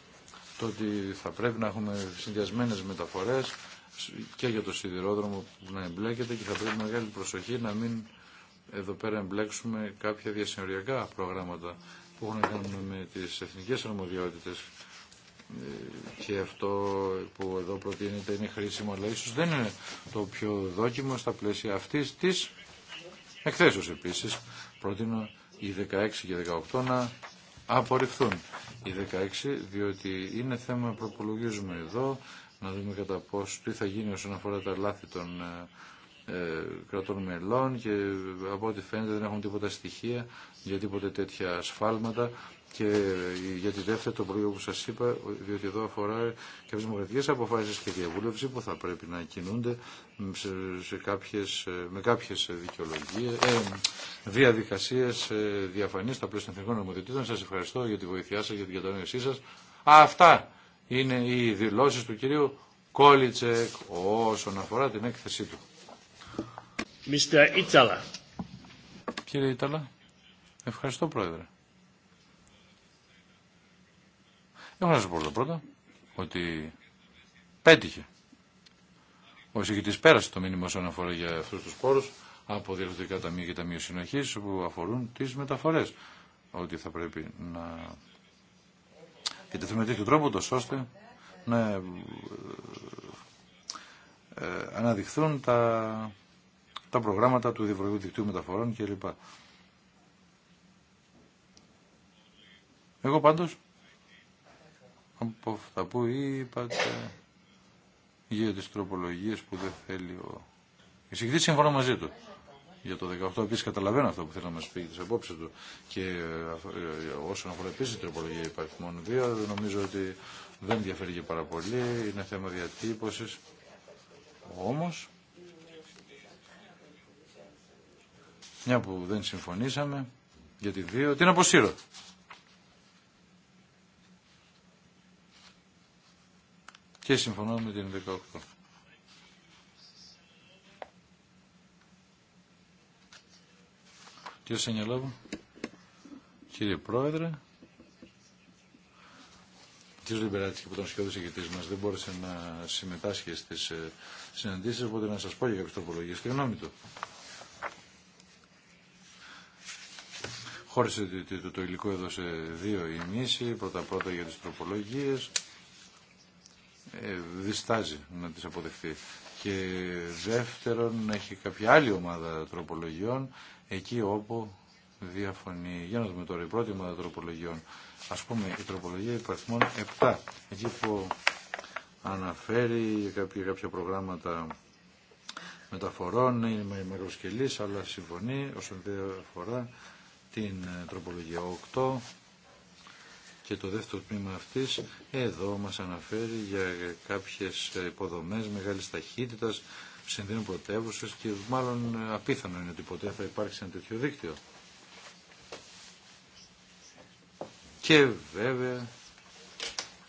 το ότι θα πρέπει να έχουμε συνδυασμένε μεταφορέ και για το σιδηρόδρομο που να εμπλέκεται και θα πρέπει μεγάλη προσοχή να μην εδώ πέρα εμπλέξουμε κάποια διασυνοριακά προγράμματα που έχουν να κάνουν με τις εθνικές αρμοδιότητες ε, και αυτό που εδώ προτείνεται είναι χρήσιμο αλλά ίσως δεν είναι το πιο δόκιμο στα πλαίσια αυτής της εκθέσεως επίσης προτείνω οι 16 και 18 να απορριφθούν οι 16 διότι είναι θέμα προπολογίζουμε εδώ να δούμε κατά πώς τι θα γίνει όσον αφορά τα λάθη των ε, ε, κρατών μελών και από ό,τι φαίνεται δεν έχουν τίποτα στοιχεία για τίποτε τέτοια ασφάλματα και ε, για τη δεύτερη το πρόβλημα που σας είπα, διότι εδώ αφορά και τις δημοκρατικές αποφάσεις και διαβούλευση που θα πρέπει να κινούνται σε, κάποιες, με κάποιες δικαιολογίες, ε, διαδικασίες ε, διαφανείς στα πλαίσια των εθνικών νομοθετήτων. Σας ευχαριστώ για τη βοήθειά σας, για την κατανόησή σας. Α, αυτά είναι οι δηλώσεις του κυρίου Κόλιτσεκ όσον αφορά την έκθεσή του. Mr. Κύριε Ιταλά, ευχαριστώ Πρόεδρε. Έχω να σας πω πρώτα ότι πέτυχε. Ο εισηγητής πέρασε το μήνυμα όσον αφορά για αυτούς τους πόρους από διευθυντικά ταμεία και ταμείο συνοχής που αφορούν τις μεταφορές. Ότι θα πρέπει να με τέτοιο τρόπο τόσο ώστε να ε, ε, αναδειχθούν τα, τα προγράμματα του Διευρωπαϊκού Δικτύου Μεταφορών κλπ. Εγώ πάντως από αυτά που είπατε για τις τροπολογίες που δεν θέλει ο Εσύ συμφωνώ μαζί του για το 18. Επίση, καταλαβαίνω αυτό που θέλω να μα πει τι απόψει του. Και ε, ε, όσον αφορά επίση την τροπολογία υπαριθμών 2, νομίζω ότι δεν διαφέρει και πάρα πολύ. Είναι θέμα διατύπωση. Όμω, μια που δεν συμφωνήσαμε για τη 2, την αποσύρω. Και συμφωνώ με την 18. Κύριε Σενιαλόβου, κύριε Πρόεδρε, κύριε Λιμπεράτη που τον σχεδόν ηγητή μα δεν μπόρεσε να συμμετάσχει στι ε, συναντήσει, οπότε να σα πω για κάποιε τροπολογίε τη γνώμη του. Χώρισε το, το υλικό εδώ σε δύο ημίση, πρώτα-πρώτα για τις τροπολογίες, ε, διστάζει να τις αποδεχτεί. Και δεύτερον έχει κάποια άλλη ομάδα τροπολογιών εκεί όπου διαφωνεί. Για να δούμε τώρα η πρώτη ομάδα τροπολογιών. Ας πούμε η τροπολογία υπαριθμών 7, εκεί που αναφέρει κάποια, κάποια προγράμματα μεταφορών, είναι μεγαλοσκελή, αλλά συμφωνεί όσον αφορά την ε, τροπολογία 8 και το δεύτερο τμήμα αυτής εδώ μας αναφέρει για κάποιες ε, υποδομέ μεγάλη ταχύτητα συνδυνούν πρωτεύουσε και μάλλον ε, απίθανο είναι ότι ποτέ θα υπάρξει ένα τέτοιο δίκτυο. Και βέβαια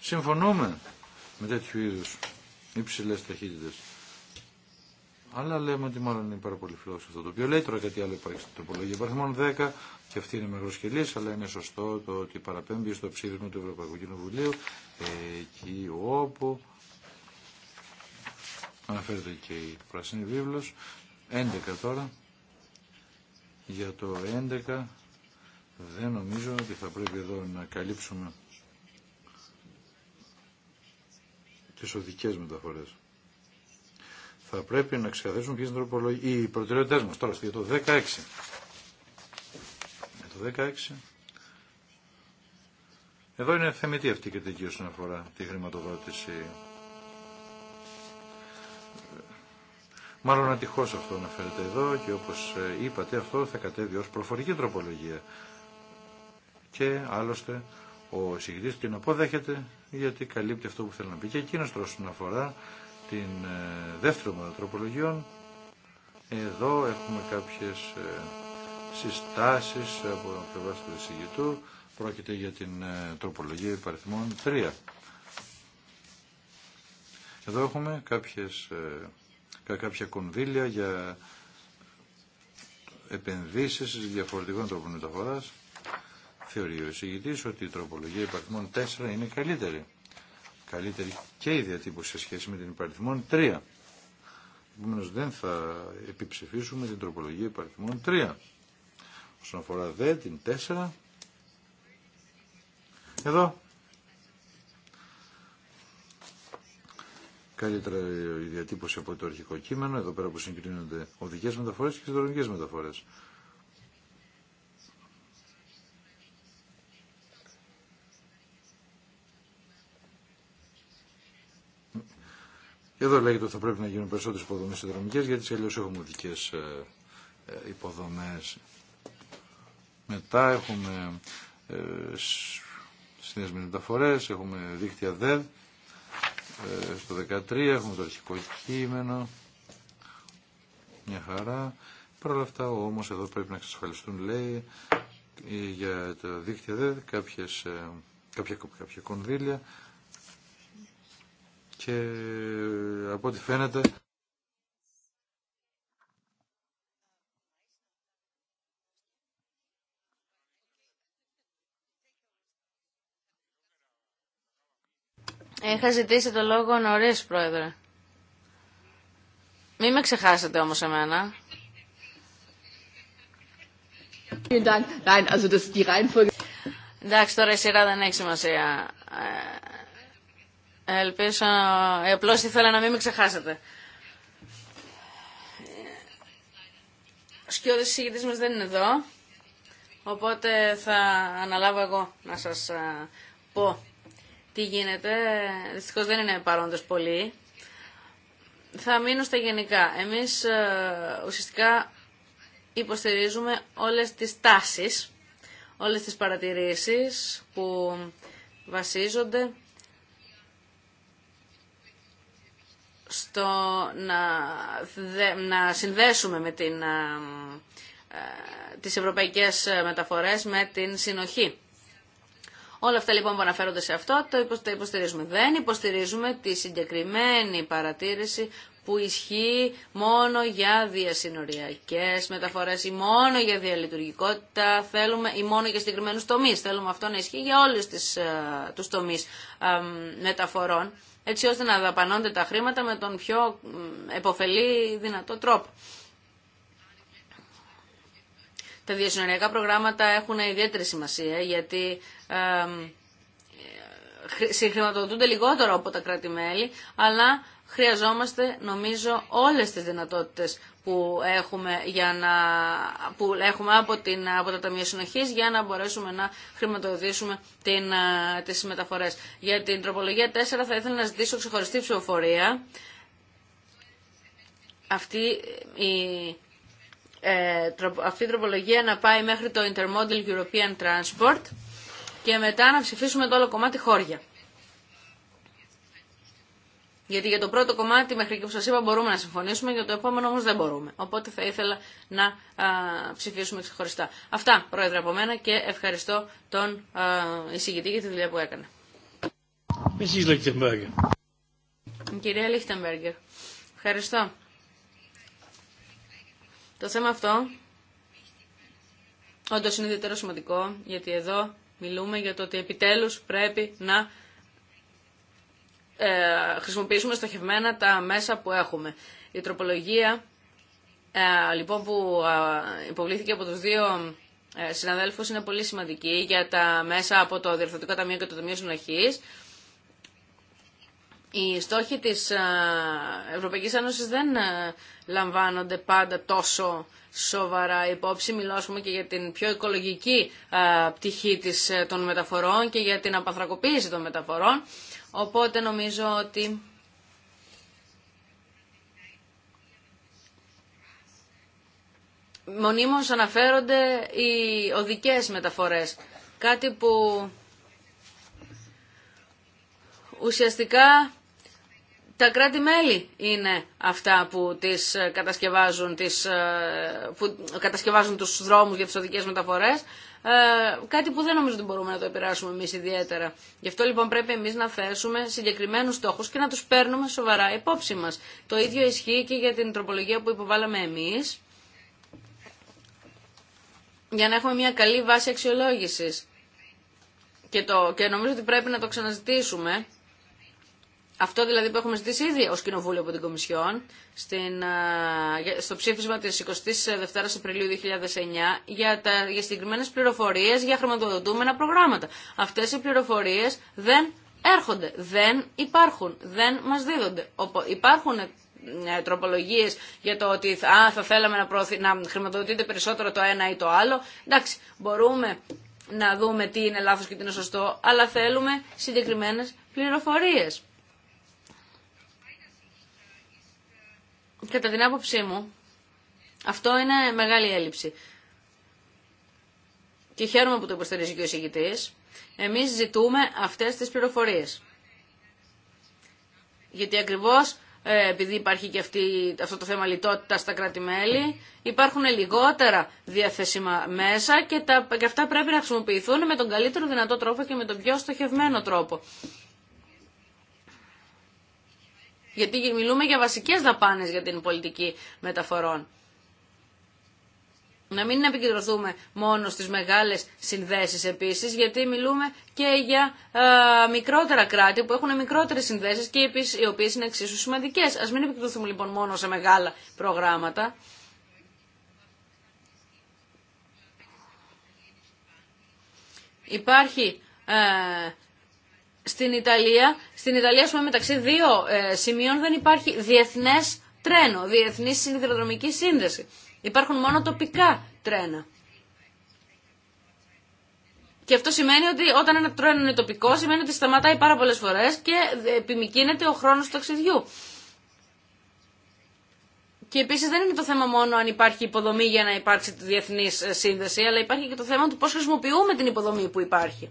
συμφωνούμε με τέτοιου είδου υψηλέ ταχύτητε. Αλλά λέμε ότι μάλλον είναι πάρα πολύ φιλόδοξο αυτό το οποίο λέει. Τώρα κάτι άλλο υπάρχει στην τροπολογία. Υπάρχει μόνο 10 και αυτή είναι σκελή, αλλά είναι σωστό το ότι παραπέμπει στο ψήφισμα του Ευρωπαϊκού Κοινοβουλίου εκεί όπου Αναφέρεται και η πράσινη βίβλος. 11 τώρα. Για το 11 δεν νομίζω ότι θα πρέπει εδώ να καλύψουμε τις οδικές μεταφορές. Θα πρέπει να ξεκαθαρίσουμε ποιες είναι οι προτεραιότητες μας. Τώρα, για το 16. Για το 16. Εδώ είναι θεμητή αυτή η κριτική όσον αφορά τη χρηματοδότηση. Μάλλον ατυχώ αυτό αναφέρεται εδώ και όπως ε, είπατε αυτό θα κατέβει ω προφορική τροπολογία. Και άλλωστε ο συγκριτή την αποδέχεται γιατί καλύπτει αυτό που θέλει να πει. Και εκείνος όσον αφορά την ε, δεύτερη ομάδα τροπολογιών εδώ έχουμε κάποιες ε, συστάσεις από τον πλευρά του συγκριτού Πρόκειται για την τροπολογία υπαριθμών 3. Εδώ έχουμε κάποιες κάποια κονδύλια για επενδύσεις διαφορετικών τρόπων μεταφοράς. Θεωρεί ο εισηγητής ότι η τροπολογία υπαριθμών 4 είναι καλύτερη. Καλύτερη και η διατύπωση σε σχέση με την υπαριθμών 3. Επομένω δεν θα επιψηφίσουμε την τροπολογία υπαριθμών 3. Όσον αφορά δε την 4, εδώ καλύτερα η διατύπωση από το αρχικό κείμενο, εδώ πέρα που συγκρίνονται οδικές μεταφορές και συνδρομικές μεταφορές. Εδώ λέγεται ότι θα πρέπει να γίνουν περισσότερες υποδομές συνδρομικέ γιατί αλλιώ έχουμε οδικέ ε, ε, υποδομές. Μετά έχουμε ε, συνδέσμενε μεταφορές, έχουμε δίκτυα ΔΕΔ ε, στο 13 έχουμε το αρχικό κείμενο. Μια χαρά. Παρ' όλα αυτά όμως εδώ πρέπει να εξασφαλιστούν λέει ε, για τα δίκτυα δε κάποιες, ε, κάποια, κάποια κονδύλια και από ό,τι φαίνεται Ε, είχα ζητήσει το λόγο νωρί, Πρόεδρε. Μην με ξεχάσετε όμω εμένα. Εντάξει, τώρα η σειρά δεν έχει σημασία. Ε, ελπίζω, ε, απλώ ήθελα να μην με ξεχάσετε. Ο σκιώδης συγγητής μας δεν είναι εδώ, οπότε θα αναλάβω εγώ να σας πω τι γίνεται. Δυστυχώ δεν είναι παρόντε πολύ. Θα μείνω στα γενικά. Εμείς ε, ουσιαστικά υποστηρίζουμε όλες τις τάσεις, όλες τις παρατηρήσεις που βασίζονται στο να, να συνδέσουμε με την, ε, ε, τις ευρωπαϊκές μεταφορές με την συνοχή. Όλα αυτά λοιπόν που αναφέρονται σε αυτό το υποστηρίζουμε. Δεν υποστηρίζουμε τη συγκεκριμένη παρατήρηση που ισχύει μόνο για διασυνοριακές μεταφορές ή μόνο για διαλειτουργικότητα θέλουμε, ή μόνο για συγκεκριμένους τομείς. Θέλουμε αυτό να ισχύει για όλους τις, ε, τους τομείς μεταφορών έτσι ώστε να δαπανώνται τα χρήματα με τον πιο εποφελή δυνατό τρόπο. Τα διασυνοριακά προγράμματα έχουν ιδιαίτερη σημασία γιατί συγχρηματοδοτούνται λιγότερο από τα κράτη-μέλη, αλλά χρειαζόμαστε νομίζω όλες τις δυνατότητες που έχουμε, για να, που έχουμε από, την, από τα Ταμεία Συνοχής για να μπορέσουμε να χρηματοδοτήσουμε την, ε, τις μεταφορές. Για την τροπολογία 4 θα ήθελα να ζητήσω ξεχωριστή ψηφοφορία. Αυτή ε, η ε, αυτή η τροπολογία να πάει μέχρι το Intermodal European Transport και μετά να ψηφίσουμε το όλο κομμάτι χώρια. Γιατί για το πρώτο κομμάτι μέχρι και που σας είπα μπορούμε να συμφωνήσουμε, για το επόμενο όμως δεν μπορούμε. Οπότε θα ήθελα να α, ψηφίσουμε ξεχωριστά. Αυτά, Πρόεδρε, από μένα και ευχαριστώ τον α, εισηγητή για τη δουλειά που έκανε. Κυρία Λίχτεμπεργκερ, ευχαριστώ. Το θέμα αυτό όντω είναι ιδιαίτερα σημαντικό, γιατί εδώ μιλούμε για το ότι επιτέλους πρέπει να ε, χρησιμοποιήσουμε στοχευμένα τα μέσα που έχουμε. Η τροπολογία ε, λοιπόν που ε, υποβλήθηκε από τους δύο συναδέλφους είναι πολύ σημαντική για τα μέσα από το Διευθυντικό Ταμείο και το Ταμείο Συνοχής οι στόχοι της Ευρωπαϊκής Ένωσης δεν λαμβάνονται πάντα τόσο σοβαρά υπόψη. Μιλώσουμε και για την πιο οικολογική πτυχή της, ε, των μεταφορών και για την απαθρακοποίηση των μεταφορών. Οπότε νομίζω ότι... Μονίμως αναφέρονται οι οδικές μεταφορές. Κάτι που ουσιαστικά τα κράτη-μέλη είναι αυτά που, τις ε, κατασκευάζουν, τις, ε, που κατασκευάζουν τους δρόμους για τις οδικές μεταφορές. Ε, κάτι που δεν νομίζω ότι μπορούμε να το επηρεάσουμε εμείς ιδιαίτερα. Γι' αυτό λοιπόν πρέπει εμείς να θέσουμε συγκεκριμένους στόχους και να τους παίρνουμε σοβαρά υπόψη μας. Το ίδιο ισχύει και για την τροπολογία που υποβάλαμε εμείς για να έχουμε μια καλή βάση αξιολόγησης. Και, το, και νομίζω ότι πρέπει να το ξαναζητήσουμε αυτό δηλαδή που έχουμε ζητήσει ήδη ως Κοινοβούλιο από την Κομισιόν στην, στο ψήφισμα της 22ης ε, Απριλίου 2009 για, τα, για συγκεκριμένες πληροφορίες για χρηματοδοτούμενα προγράμματα. Αυτές οι πληροφορίες δεν έρχονται, δεν υπάρχουν, δεν μας δίδονται. Υπάρχουν ε, τροπολογίες για το ότι α, θα θέλαμε να, χρηματοδοτείται να χρηματοδοτείτε περισσότερο το ένα ή το άλλο. Εντάξει, μπορούμε να δούμε τι είναι λάθος και τι είναι σωστό, αλλά θέλουμε συγκεκριμένες πληροφορίες. Κατά την άποψή μου, αυτό είναι μεγάλη έλλειψη. Και χαίρομαι που το υποστηρίζει και ο εισηγητής. Εμείς ζητούμε αυτές τις πληροφορίες. Γιατί ακριβώς ε, επειδή υπάρχει και αυτό το θέμα λιτότητα στα κράτη-μέλη, υπάρχουν λιγότερα διαθέσιμα μέσα και, τα, και αυτά πρέπει να χρησιμοποιηθούν με τον καλύτερο δυνατό τρόπο και με τον πιο στοχευμένο τρόπο γιατί μιλούμε για βασικές δαπάνε για την πολιτική μεταφορών. Να μην επικεντρωθούμε μόνο στις μεγάλες συνδέσεις επίσης, γιατί μιλούμε και για ε, μικρότερα κράτη που έχουν μικρότερες συνδέσεις και οι οποίες είναι εξίσου σημαντικές. Ας μην επικεντρωθούμε λοιπόν μόνο σε μεγάλα προγράμματα. Υπάρχει ε, στην Ιταλία, στην Ιταλία μεταξύ δύο ε, σημείων δεν υπάρχει διεθνέ τρένο, διεθνή σιδηροδρομική σύνδεση. Υπάρχουν μόνο τοπικά τρένα. Και αυτό σημαίνει ότι όταν ένα τρένο είναι τοπικό, σημαίνει ότι σταματάει πάρα πολλέ φορέ και επιμηκύνεται ο χρόνο του ταξιδιού. Και επίση δεν είναι το θέμα μόνο αν υπάρχει υποδομή για να υπάρξει διεθνή ε, σύνδεση, αλλά υπάρχει και το θέμα του πώ χρησιμοποιούμε την υποδομή που υπάρχει.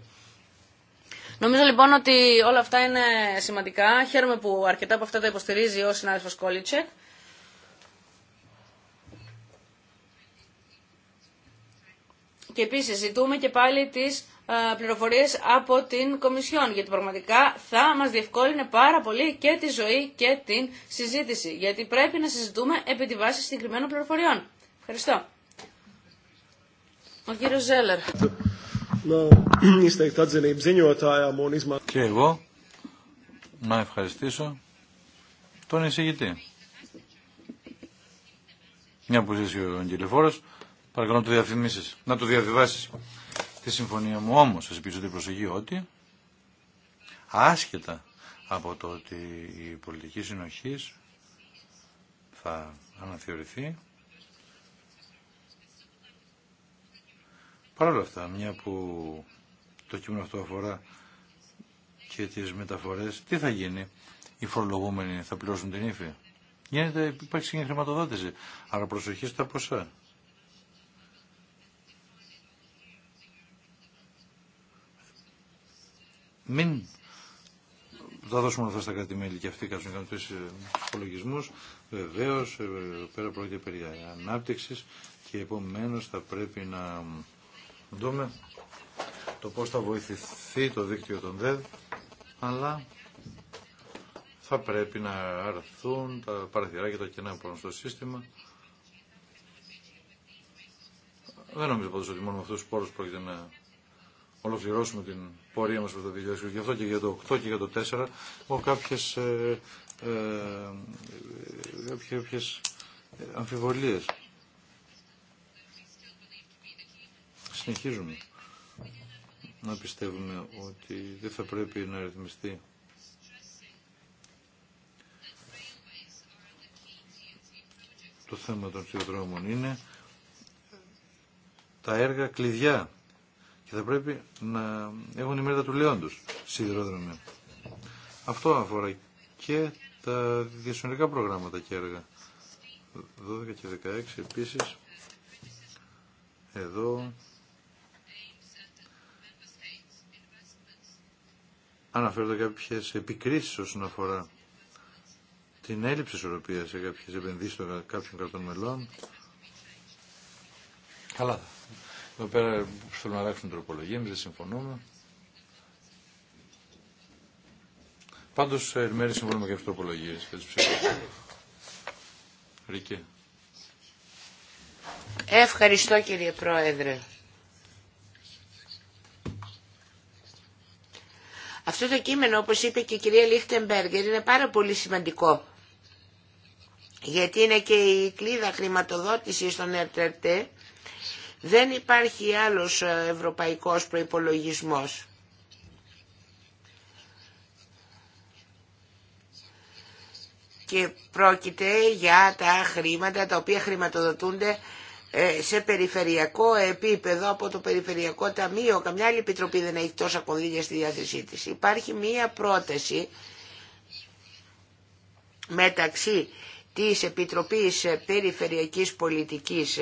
Νομίζω λοιπόν ότι όλα αυτά είναι σημαντικά. Χαίρομαι που αρκετά από αυτά τα υποστηρίζει ο συνάδελφος Κόλιτσεκ. Και επίση ζητούμε και πάλι τι ε, πληροφορίε από την Κομισιόν, γιατί πραγματικά θα μα διευκόλυνε πάρα πολύ και τη ζωή και την συζήτηση, γιατί πρέπει να συζητούμε επί τη βάση συγκεκριμένων πληροφοριών. Ευχαριστώ. Ο κύριο Ζέλερ. Ε, Και εγώ να ευχαριστήσω τον εισηγητή. Μια που ζήσει ο Αγγελεφόρο, παρακαλώ να το διαφημίσεις, να το διαβιβάσεις τη συμφωνία μου. Όμως, σας πείσω την προσοχή ότι άσχετα από το ότι η πολιτική συνοχής θα αναθεωρηθεί Παρ' όλα αυτά, μια που το κείμενο αυτό αφορά και τις μεταφορές, τι θα γίνει, οι φορολογούμενοι θα πληρώσουν την ύφη. Γίνεται, υπάρχει χρηματοδότηση. Αλλά προσοχή στα ποσά. Μην θα δώσουμε αυτά στα κρατη και αυτοί κάνουν του ε, υπολογισμού. Βεβαίω, ε, πέρα πρόκειται περί ανάπτυξη και επομένω θα πρέπει να δούμε το πώς θα βοηθηθεί το δίκτυο των ΔΕΔ, αλλά θα πρέπει να αρθούν τα παραθυρά και τα κενά που στο σύστημα. Δεν νομίζω πάντως ότι μόνο με αυτούς τους πόρους πρόκειται να ολοκληρώσουμε την πορεία μας με το 2020. Γι' αυτό και για το 8 και για το 4 έχω κάποιες, ε, ε κάποιες ε, αμφιβολίες. συνεχίζουμε να πιστεύουμε ότι δεν θα πρέπει να ρυθμιστεί το θέμα των σιδηροδρόμων είναι τα έργα κλειδιά και θα πρέπει να έχουν η μέρα του λεόντος σιδηρόδρομοι. Αυτό αφορά και τα διασυνορικά προγράμματα και έργα. 12 και 16 επίσης εδώ αναφέρονται κάποιες επικρίσεις όσον αφορά την έλλειψη ισορροπία σε κάποιες επενδύσεις των κάποιων κρατών μελών. Καλά. Εδώ πέρα θέλουμε να αλλάξουν τροπολογία, εμείς δεν συμφωνούμε. Πάντως, εν μέρει συμφωνούμε και αυτές τροπολογίες Ευχαριστώ κύριε Πρόεδρε. Αυτό το κείμενο, όπως είπε και η κυρία Λίχτεμπεργκερ, είναι πάρα πολύ σημαντικό. Γιατί είναι και η κλίδα χρηματοδότηση στον ΕΡΤΕΡΤΕ. Δεν υπάρχει άλλος ε, ευρωπαϊκός προϋπολογισμός. Και πρόκειται για τα χρήματα τα οποία χρηματοδοτούνται ε, σε περιφερειακό επίπεδο από το Περιφερειακό Ταμείο. Καμιά άλλη επιτροπή δεν έχει τόσα κονδύλια στη διάθεσή της. Υπάρχει μία πρόταση μεταξύ της Επιτροπής Περιφερειακής Πολιτικής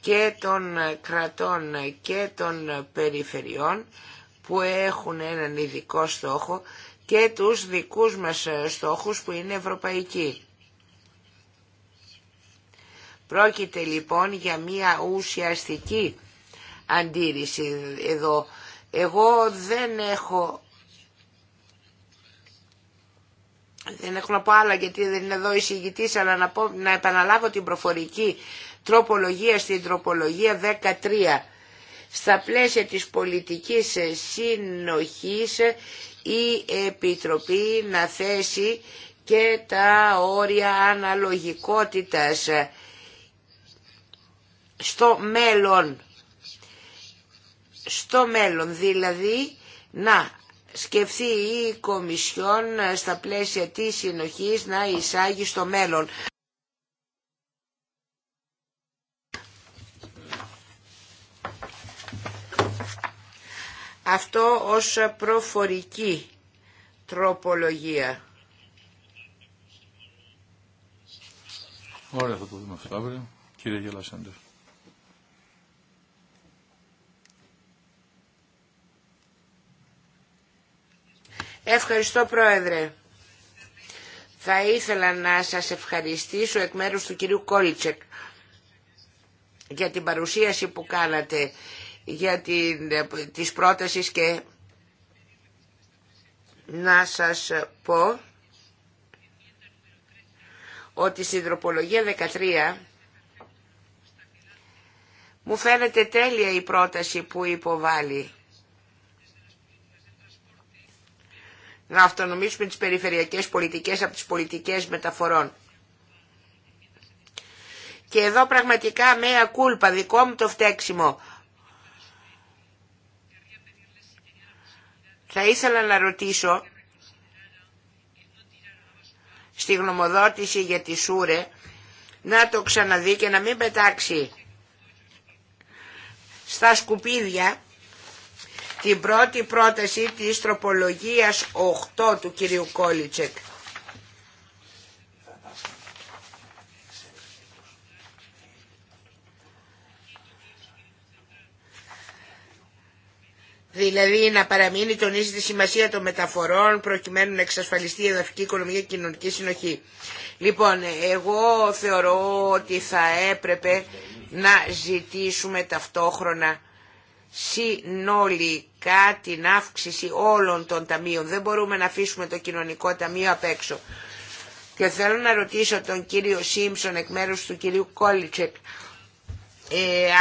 και των κρατών και των περιφερειών που έχουν έναν ειδικό στόχο και τους δικούς μας στόχους που είναι ευρωπαϊκοί. Πρόκειται λοιπόν για μια ουσιαστική αντίρρηση εδώ. Εγώ δεν έχω... Δεν έχω να πω άλλα γιατί δεν είναι εδώ εισηγητής, αλλά να, να επαναλάβω την προφορική τροπολογία στην τροπολογία 13. Στα πλαίσια της πολιτικής συνοχής η Επιτροπή να θέσει και τα όρια αναλογικότητας στο μέλλον. Στο μέλλον δηλαδή να σκεφτεί η Κομισιόν ε, στα πλαίσια της συνοχής να εισάγει στο μέλλον. Αυτό ως προφορική τροπολογία. Ωραία, θα το δούμε αυτό αύριο. Κύριε Γελασάντερ. Ευχαριστώ Πρόεδρε. Θα ήθελα να σας ευχαριστήσω εκ μέρους του κυρίου Κόλτσεκ για την παρουσίαση που κάνατε, για την, τις πρότασεις και να σας πω ότι στην τροπολογία 13 μου φαίνεται τέλεια η πρόταση που υποβάλλει. να αυτονομήσουμε τις περιφερειακές πολιτικές από τις πολιτικές μεταφορών. Και εδώ πραγματικά με ακούλπα, δικό μου το φταίξιμο. Θα ήθελα να ρωτήσω στη γνωμοδότηση για τη Σούρε να το ξαναδεί και να μην πετάξει στα σκουπίδια την πρώτη πρόταση της τροπολογίας 8 του κυρίου Κόλιτσεκ. Δηλαδή να παραμείνει τονίζει τη σημασία των μεταφορών προκειμένου να εξασφαλιστεί η εδαφική οικονομία και κοινωνική συνοχή. Λοιπόν, εγώ θεωρώ ότι θα έπρεπε να ζητήσουμε ταυτόχρονα συνολικά την αύξηση όλων των ταμείων. Δεν μπορούμε να αφήσουμε το κοινωνικό ταμείο απ' έξω. Και θέλω να ρωτήσω τον κύριο Σίμψον εκ μέρους του κυρίου Κόλιτσεκ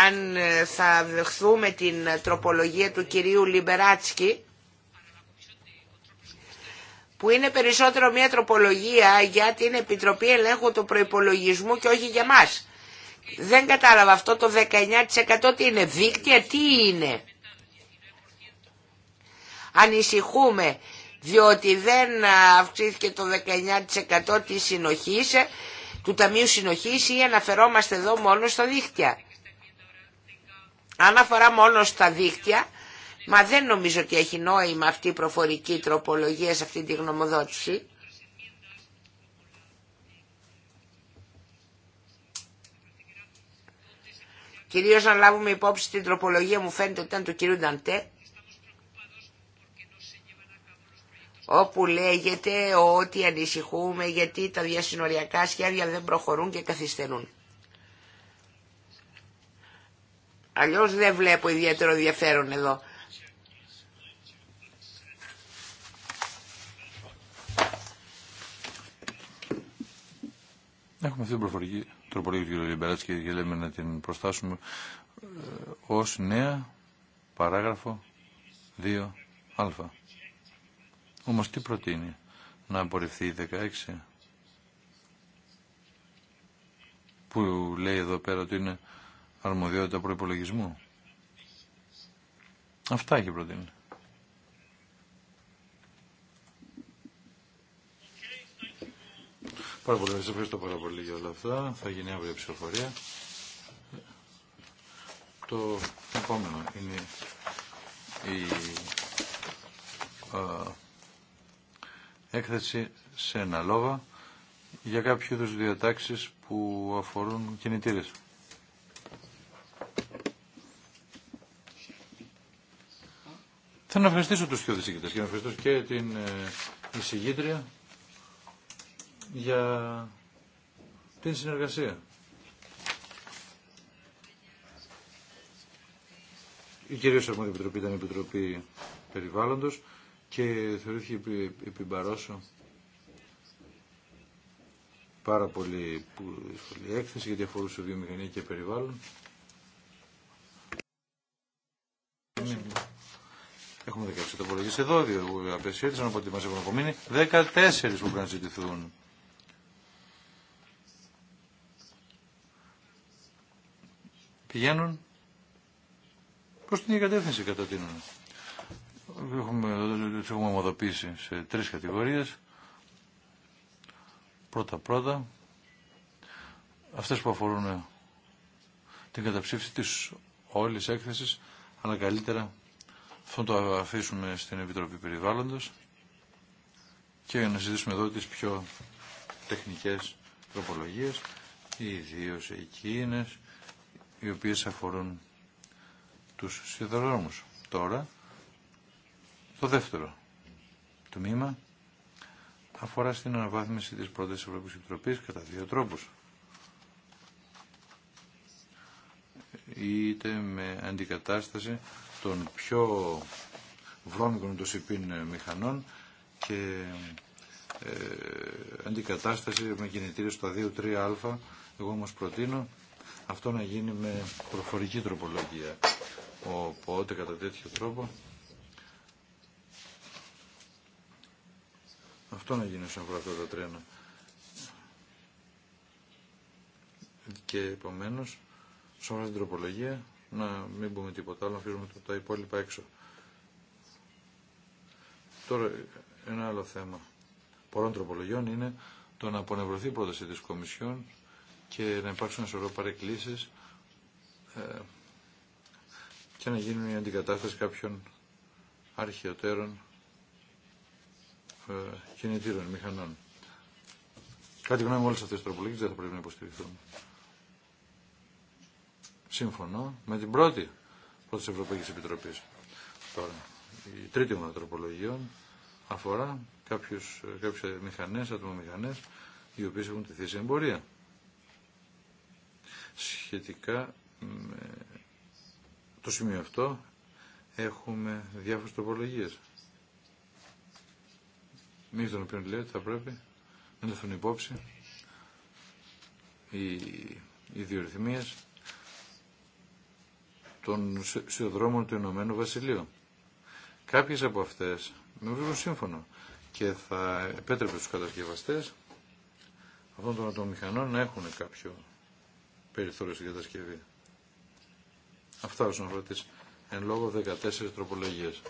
αν ε, θα δεχθούμε την τροπολογία του κυρίου Λιμπεράτσκι που είναι περισσότερο μια τροπολογία για την Επιτροπή Ελέγχου του Προϋπολογισμού και όχι για μας. Δεν κατάλαβα αυτό το 19% τι είναι, δίκτυα τι είναι. Ανησυχούμε διότι δεν αυξήθηκε το 19% της συνοχής, του Ταμείου Συνοχής ή αναφερόμαστε εδώ μόνο στα δίκτυα. Αναφορά μόνο στα δίκτυα, μα δεν νομίζω ότι έχει νόημα αυτή η προφορική τροπολογία σε αυτή τη γνωμοδότηση. Κυρίως να λάβουμε υπόψη την τροπολογία μου φαίνεται ότι ήταν του κυρίου Νταντέ, όπου λέγεται ότι ανησυχούμε γιατί τα διασυνοριακά σχέδια δεν προχωρούν και καθυστερούν. Αλλιώς δεν βλέπω ιδιαίτερο ενδιαφέρον εδώ. Έχουμε αυτή την προφορική τροπολογία του κ. Λιμπεράτης και λέμε να την προστάσουμε ε, ως νέα παράγραφο 2α. Όμω τι προτείνει να απορριφθεί η 16 που λέει εδώ πέρα ότι είναι αρμοδιότητα προπολογισμού. Αυτά έχει προτείνει. Πάρα πολύ. Σας ευχαριστώ πάρα πολύ για όλα αυτά. Θα γίνει αύριο ψηφοφορία. Το επόμενο είναι η α, έκθεση σε ένα λόγο για κάποιου είδου διατάξεις που αφορούν κινητήρες. Θα να ευχαριστήσω τους δύο και να ευχαριστήσω και την ε, εισηγήτρια για την συνεργασία. Η κυρίως αρμόδια επιτροπή ήταν η Επιτροπή Περιβάλλοντος και θεωρήθηκε επί, παρόσο πάρα πολύ πολύ έκθεση γιατί αφορούσε βιομηχανία και περιβάλλον. Έχουμε 16 τοπολογίες εδώ, δύο απεσχέτησαν, οπότε μας έχουν απομείνει 14 που πρέπει να ζητηθούν. πηγαίνουν προ την ίδια κατεύθυνση κατά την Έχουμε, έχουμε ομοδοποιήσει σε τρεις κατηγορίες. Πρώτα-πρώτα, αυτές που αφορούν την καταψήφιση της όλης έκθεσης, αλλά καλύτερα θα το αφήσουμε στην Επιτροπή Περιβάλλοντος και να συζητήσουμε εδώ τις πιο τεχνικές τροπολογίες, ιδίω εκείνες οι οποίες αφορούν τους σιδερόμους. Τώρα, το δεύτερο τμήμα αφορά στην αναβάθμιση της πρώτης Ευρωπαϊκής Επιτροπής κατά δύο τρόπους. Είτε με αντικατάσταση των πιο βρώμικων των μηχανών και ε, αντικατάσταση με κινητήρες στα 2-3α. Εγώ όμως προτείνω αυτό να γίνει με προφορική τροπολογία. Οπότε κατά τέτοιο τρόπο αυτό να γίνει όσον αφορά αυτά τα τρένα. Και επομένω, όσον αφορά την τροπολογία, να μην πούμε τίποτα άλλο, να αφήσουμε τα υπόλοιπα έξω. Τώρα, ένα άλλο θέμα πολλών τροπολογιών είναι το να απονευρωθεί πρόταση της Κομισιόν και να υπάρξουν σωρό παρεκκλήσεις ε, και να γίνουν η αντικατάσταση κάποιων αρχαιοτέρων ε, κινητήρων, μηχανών. Κάτι γνώμη όλες αυτές τις τροπολογίες δεν θα πρέπει να υποστηριχθούν. Σύμφωνο με την πρώτη πρώτη ευρωπαϊκή Ευρωπαϊκή Τώρα, η τρίτη μου τροπολογιών αφορά κάποιους, ε, κάποιες μηχανές, ατομομηχανές, οι οποίες έχουν τεθεί σε εμπορία σχετικά με το σημείο αυτό έχουμε διάφορες τροπολογίες. Μη τον οποίο ότι θα πρέπει να λεφθούν υπόψη οι, οι διορυθμίες των σιωδρόμων του Ηνωμένου Βασιλείου. Κάποιες από αυτές με βρίσκουν σύμφωνο και θα επέτρεπε στους κατασκευαστές αυτών των ατομικανών να έχουν κάποιο περιθώριο στην κατασκευή. Αυτά όσον αφορά τις εν λόγω 14 τροπολογίες.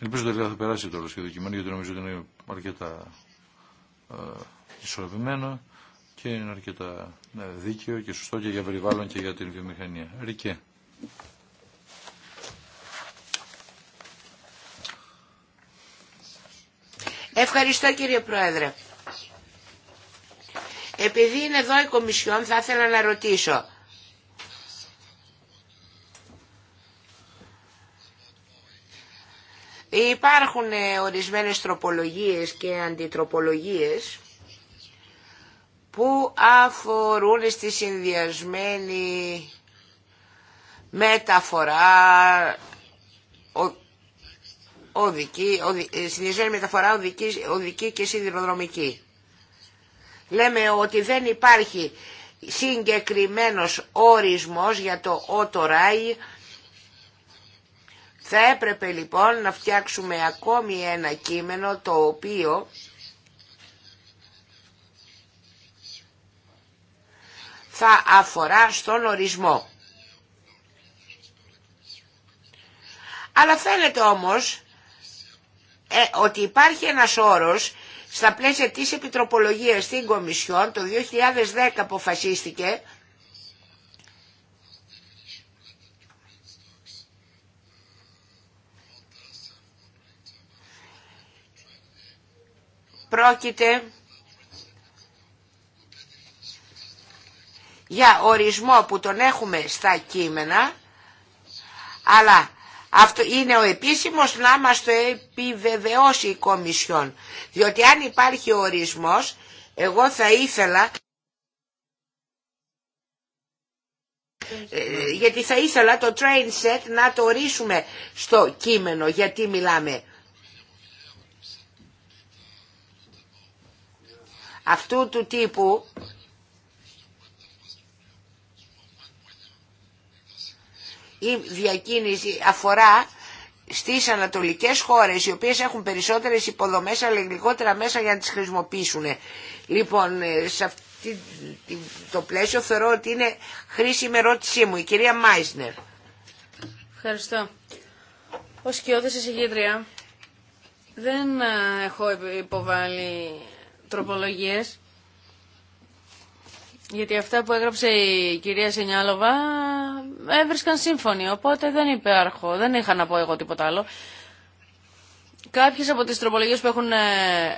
Ελπίζω τελικά θα περάσει το όλο κείμενο γιατί νομίζω ότι είναι αρκετά ε, ισορροπημένο και είναι αρκετά ε, δίκαιο και σωστό και για περιβάλλον και για την βιομηχανία. Ρικέ. Ευχαριστώ κύριε Πρόεδρε. Επειδή είναι εδώ η Κομισιόν θα ήθελα να ρωτήσω. Υπάρχουν ε, ορισμένες τροπολογίες και αντιτροπολογίες που αφορούν στη συνδυασμένη μεταφορά οδική, οδη, ε, συνδυασμένη μεταφορά οδική, οδική και σιδηροδρομική. Λέμε ότι δεν υπάρχει συγκεκριμένος ορισμός για το ότοράι. Θα έπρεπε λοιπόν να φτιάξουμε ακόμη ένα κείμενο το οποίο θα αφορά στον ορισμό. Αλλά φαίνεται όμως ε, ότι υπάρχει ένας όρος στα πλαίσια της Επιτροπολογίας στην Κομισιόν το 2010 αποφασίστηκε πρόκειται για ορισμό που τον έχουμε στα κείμενα αλλά αυτό είναι ο επίσημος να μας το επιβεβαιώσει η Κομισιόν. Διότι αν υπάρχει ορισμός, εγώ θα ήθελα... Ε, γιατί θα ήθελα το train set να το ορίσουμε στο κείμενο γιατί μιλάμε. Αυτού του τύπου η διακίνηση αφορά στις ανατολικές χώρες οι οποίες έχουν περισσότερες υποδομές αλλά λιγότερα μέσα για να τις χρησιμοποιήσουν. Λοιπόν, ε, σε αυτή το πλαίσιο θεωρώ ότι είναι χρήσιμη ερώτησή μου. Η κυρία Μάισνερ. Ευχαριστώ. Ως κοιόδηση εισηγήτρια δεν ε, έχω υποβάλει τροπολογίες γιατί αυτά που έγραψε η κυρία Σενιάλοβα έβρισκαν ε, σύμφωνοι, οπότε δεν υπάρχω, δεν είχα να πω εγώ τίποτα άλλο. Κάποιες από τις τροπολογίες που έχουν ε,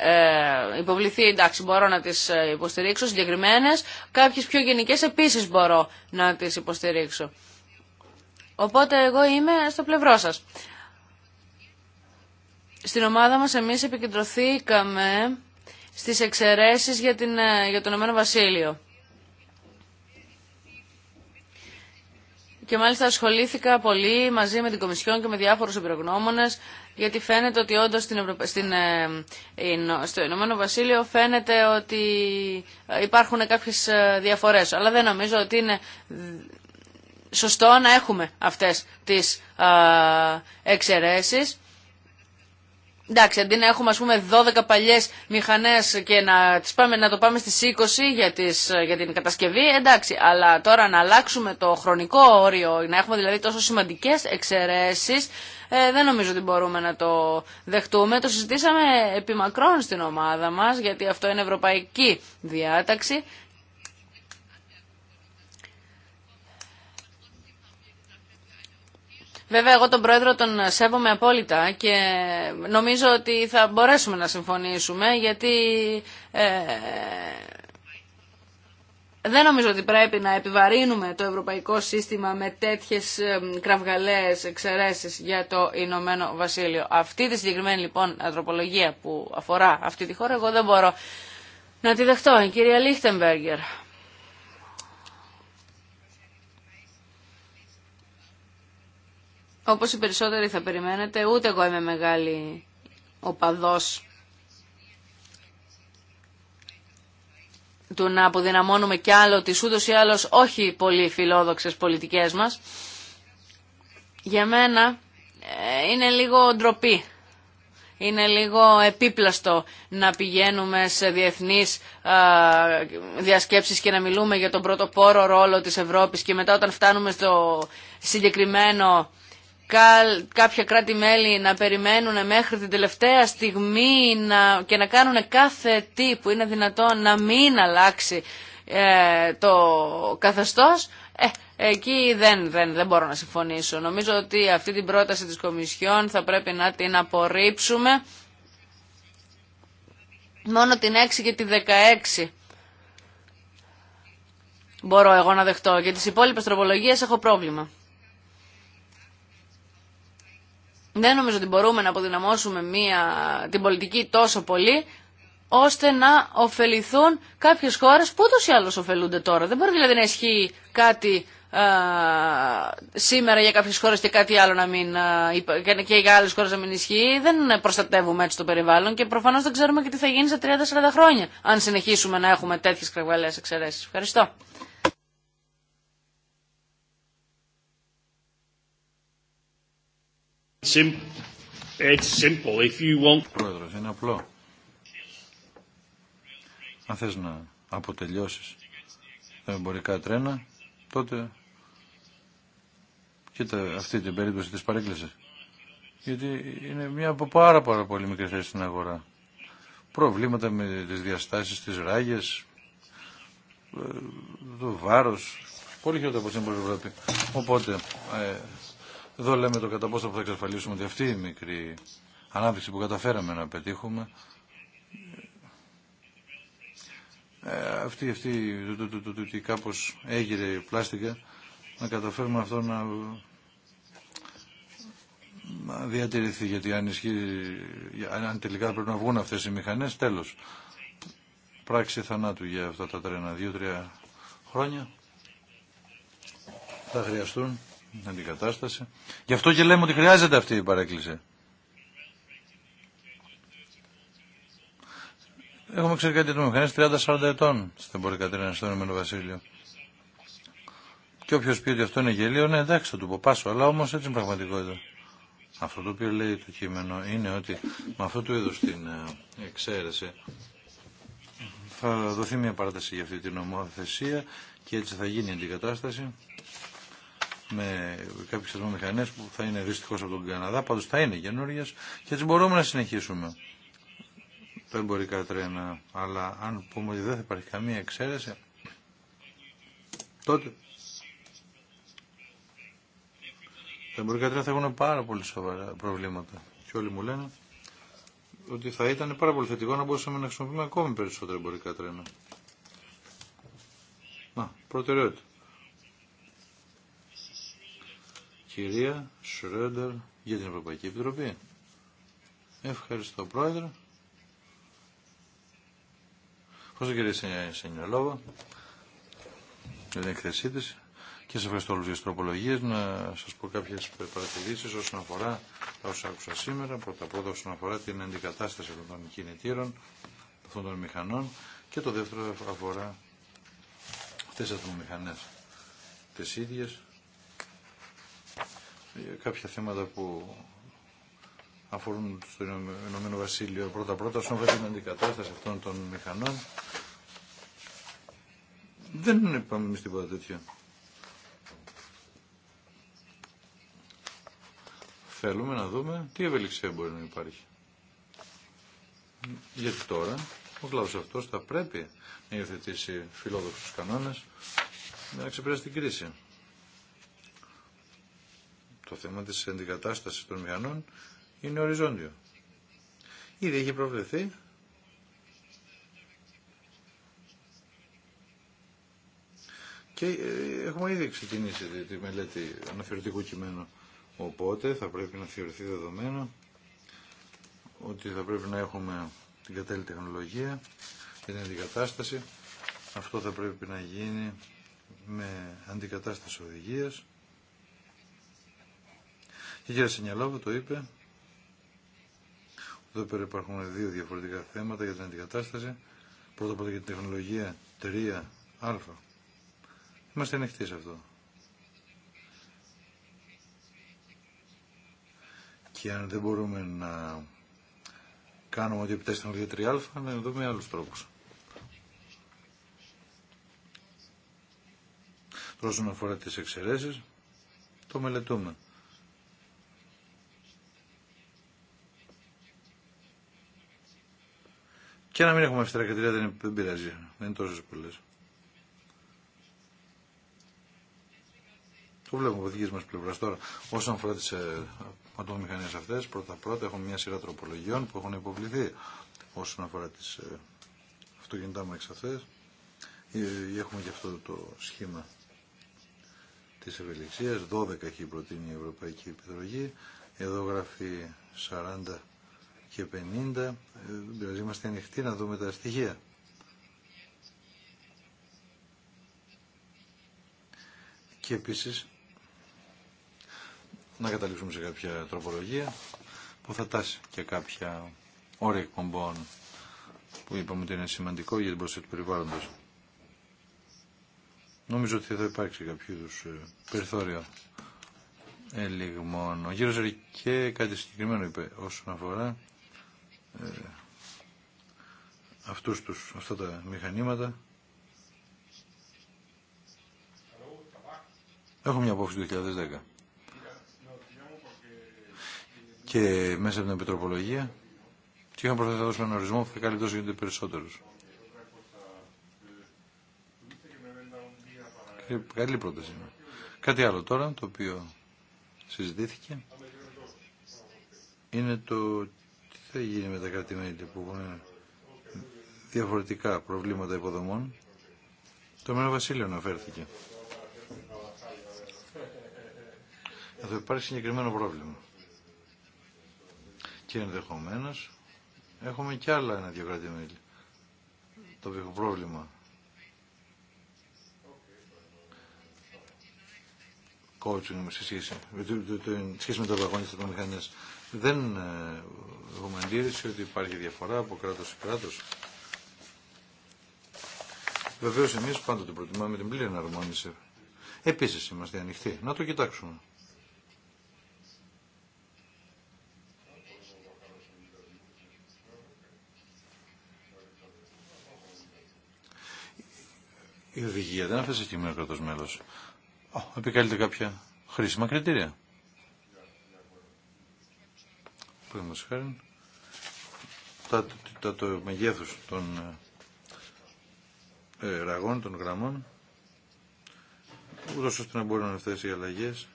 ε, υποβληθεί, εντάξει, μπορώ να τις υποστηρίξω, συγκεκριμένε, κάποιες πιο γενικές επίσης μπορώ να τις υποστηρίξω. Οπότε εγώ είμαι στο πλευρό σας. Στην ομάδα μας εμείς επικεντρωθήκαμε στις εξαιρέσεις για, την, για το Ηνωμένο Βασίλειο. και μάλιστα ασχολήθηκα πολύ μαζί με την Κομισιόν και με διάφορους εμπειρογνώμονες γιατί φαίνεται ότι όντω στην ε, στο Ηνωμένο Βασίλειο φαίνεται ότι ε, υπάρχουν κάποιες ε, διαφορές αλλά δεν νομίζω ότι είναι σωστό να έχουμε αυτές τις εξαιρέσεις Εντάξει, αντί να έχουμε ας πούμε 12 παλιές μηχανές και να, τις πάμε, να το πάμε στις 20 για, τις, για την κατασκευή, εντάξει. Αλλά τώρα να αλλάξουμε το χρονικό όριο, να έχουμε δηλαδή τόσο σημαντικές εξαιρέσεις, ε, δεν νομίζω ότι μπορούμε να το δεχτούμε. Το συζητήσαμε επιμακρών στην ομάδα μας, γιατί αυτό είναι ευρωπαϊκή διάταξη Βέβαια, εγώ τον Πρόεδρο τον σέβομαι απόλυτα και νομίζω ότι θα μπορέσουμε να συμφωνήσουμε γιατί ε, δεν νομίζω ότι πρέπει να επιβαρύνουμε το ευρωπαϊκό σύστημα με τέτοιες ε, κραυγαλαίες εξαιρέσεις για το Ηνωμένο Βασίλειο. Αυτή τη συγκεκριμένη λοιπόν ανθρωπολογία που αφορά αυτή τη χώρα εγώ δεν μπορώ να τη δεχτώ. Η κυρία Λίχτεμπεργκερ. Όπως οι περισσότεροι θα περιμένετε, ούτε εγώ είμαι μεγάλη οπαδός του να αποδυναμώνουμε κι άλλο τις ούτως ή άλλως όχι πολύ φιλόδοξες πολιτικές μας. Για μένα ε, είναι λίγο ντροπή είναι λίγο επίπλαστο να πηγαίνουμε σε διεθνείς διασκέψεις και να μιλούμε για τον πρωτοπόρο ρόλο της Ευρώπης και μετά όταν φτάνουμε στο συγκεκριμένο κάποια κράτη-μέλη να περιμένουν μέχρι την τελευταία στιγμή να, και να κάνουν κάθε τι που είναι δυνατόν να μην αλλάξει ε, το καθεστώς, ε, εκεί δεν, δεν, δεν μπορώ να συμφωνήσω. Νομίζω ότι αυτή την πρόταση της Κομισιόν θα πρέπει να την απορρίψουμε μόνο την 6 και τη 16. Μπορώ εγώ να δεχτώ Για τις υπόλοιπες τροπολογίες έχω πρόβλημα. δεν νομίζω ότι μπορούμε να αποδυναμώσουμε μία, την πολιτική τόσο πολύ ώστε να ωφεληθούν κάποιε χώρε που ούτω ή άλλως ωφελούνται τώρα. Δεν μπορεί δηλαδή να ισχύει κάτι α, σήμερα για κάποιε χώρε και κάτι άλλο να μην, και για άλλε χώρε να μην ισχύει. Δεν προστατεύουμε έτσι το περιβάλλον και προφανώ δεν ξέρουμε και τι θα γίνει σε 30-40 χρόνια αν συνεχίσουμε να έχουμε τέτοιε κρεβαλέ εξαιρέσει. Ευχαριστώ. It's simple. είναι απλό. Αν θες να αποτελειώσεις τα εμπορικά τρένα, τότε κοίτα αυτή την περίπτωση της παρέκκλησης. Γιατί είναι μια από πάρα πάρα πολύ μικρή θέση στην αγορά. Προβλήματα με τις διαστάσεις, τις ράγες, ε, το βάρος, πολύ χειρότερα από την Ευρώπη. Οπότε, ε, εδώ λέμε το κατά πόσο θα εξασφαλίσουμε ότι αυτή η μικρή ανάπτυξη που καταφέραμε να πετύχουμε ε, αυτή, αυτή το, το, το, το, κάπως έγειρε η πλάστικα να καταφέρουμε αυτό να, να διατηρηθεί γιατί αν, ισχύει, αν τελικά πρέπει να βγουν αυτές οι μηχανές τέλος πράξη θανάτου για αυτά τα τρένα δύο-τρία χρόνια θα χρειαστούν αντικατάσταση. Γι' αυτό και λέμε ότι χρειάζεται αυτή η παρέκκληση. Έχουμε Έχουμε ξέρει το μηχανέ 30-40 ετών στην Κατρίνα, στο Ηνωμένο Βασίλειο. Και όποιο πει ότι αυτό είναι γελίο, ναι εντάξει θα του πω πάσο, αλλά όμω έτσι είναι πραγματικότητα. Αυτό το οποίο λέει το κείμενο είναι ότι με αυτό του είδου την ε, εξαίρεση θα δοθεί μια παράταση για αυτή την νομοθεσία και έτσι θα γίνει η αντικατάσταση με κάποιε μηχανές που θα είναι δυστυχώ από τον Καναδά, πάντω θα είναι καινούριε και έτσι μπορούμε να συνεχίσουμε τα εμπορικά τρένα. Αλλά αν πούμε ότι δεν θα υπάρχει καμία εξαίρεση, τότε τα εμπορικά τρένα θα έχουν πάρα πολύ σοβαρά προβλήματα. Και όλοι μου λένε ότι θα ήταν πάρα πολύ θετικό να μπορούσαμε να χρησιμοποιούμε ακόμη περισσότερα εμπορικά τρένα. Να, προτεραιότητα. κυρία Σρέντερ για την Ευρωπαϊκή Επιτροπή. Ευχαριστώ πρόεδρε. Ευχαριστώ κύριε Σενιολόβα για την εκθεσή τη και σε ευχαριστώ όλους για τις τροπολογίες να σα πω κάποιε παρατηρήσει όσον αφορά τα όσα άκουσα σήμερα πρώτα απ' όλα όσον αφορά την αντικατάσταση των κινητήρων αυτών των μηχανών και το δεύτερο αφορά αυτές τις τι τις ίδιες ε, κάποια θέματα που αφορούν στο Ηνωμένο Βασίλειο πρώτα-πρώτα, όσον αφορά την αντικατάσταση αυτών των μηχανών. Δεν είπαμε εμεί τίποτα τέτοιο. Θέλουμε να δούμε τι ευελιξία μπορεί να υπάρχει. Γιατί τώρα ο κλάδο αυτό θα πρέπει να υιοθετήσει φιλόδοξου κανόνε να ξεπεράσει την κρίση. Το θέμα της αντικατάστασης των μηχανών είναι οριζόντιο. Ήδη έχει προβλεφθεί και ε, έχουμε ήδη ξεκινήσει τη μελέτη αναφερτικού κειμένου. Οπότε θα πρέπει να θεωρηθεί δεδομένο ότι θα πρέπει να έχουμε την κατάλληλη τεχνολογία για την αντικατάσταση. Αυτό θα πρέπει να γίνει με αντικατάσταση οδηγίας η κυρία Σινιαλόβου το είπε. Εδώ πέρα υπάρχουν δύο διαφορετικά θέματα για την αντικατάσταση. Πρώτα απ' όλα για την τεχνολογία 3α. Είμαστε ανοιχτοί σε αυτό. Και αν δεν μπορούμε να κάνουμε ότι επιτάσσει τεχνολογία 3α, να δούμε άλλους τρόπους. Τώρα όσον αφορά τις εξαιρέσεις, το μελετούμε. Και να μην έχουμε αυστηρά κριτήρια δεν, δεν πειράζει. Δεν είναι τόσε πολλέ. Το βλέπουμε από δική μα πλευρά τώρα. Όσον αφορά τι ε, ατομομηχανίε αυτέ, πρώτα-πρώτα έχουμε μια σειρά τροπολογιών που έχουν υποβληθεί όσον αφορά τι ε, μα αυτέ. Ε, έχουμε και αυτό το σχήμα τη ευελιξία. 12 έχει προτείνει η Ευρωπαϊκή Επιτροπή. Εδώ γράφει 40 και 50. Ε, δηλαδή είμαστε ανοιχτοί να δούμε τα στοιχεία. Και επίσης να καταλήξουμε σε κάποια τροπολογία που θα τάσει και κάποια όρια εκπομπών που είπαμε ότι είναι σημαντικό για την προσθέτη του περιβάλλοντος. Νομίζω ότι θα υπάρξει κάποιο είδου ε, περιθώριο ελιγμών. Ο κύριος Ρικέ κάτι συγκεκριμένο είπε όσον αφορά ε, αυτούς τους, αυτά τα μηχανήματα. Έχω μια απόφαση του 2010. Και μέσα από την Επιτροπολογία και είχαμε προσθέσει να έναν ορισμό που θα τόσο για περισσότερους. Καλή πρόταση Κάτι άλλο τώρα το οποίο συζητήθηκε είναι το θα γίνει με τα κρατη που έχουν διαφορετικά προβλήματα υποδομών. Το Μέρο Βασίλειο αναφέρθηκε. Εδώ υπάρχει συγκεκριμένο πρόβλημα. Και ενδεχομένω έχουμε και άλλα ένα-δυο Το οποίο πρόβλημα. Coaching σε σχέση, σχέση με το παγόνι μηχανές. Δεν ε, έχουμε αντίρρηση ότι υπάρχει διαφορά από κράτος σε κράτος. Βεβαίω εμεί πάντοτε προτιμάμε την πλήρη εναρμόνιση. Επίση είμαστε ανοιχτοί. Να το κοιτάξουμε. Η οδηγία δεν αφήσει και μένα κράτο μέλο. Επικαλείται κάποια χρήσιμα κριτήρια. που τα, τα, το μεγέθους των ε, ραγών, των γραμμών, ούτως ώστε να μπορούν αυτές οι αλλαγές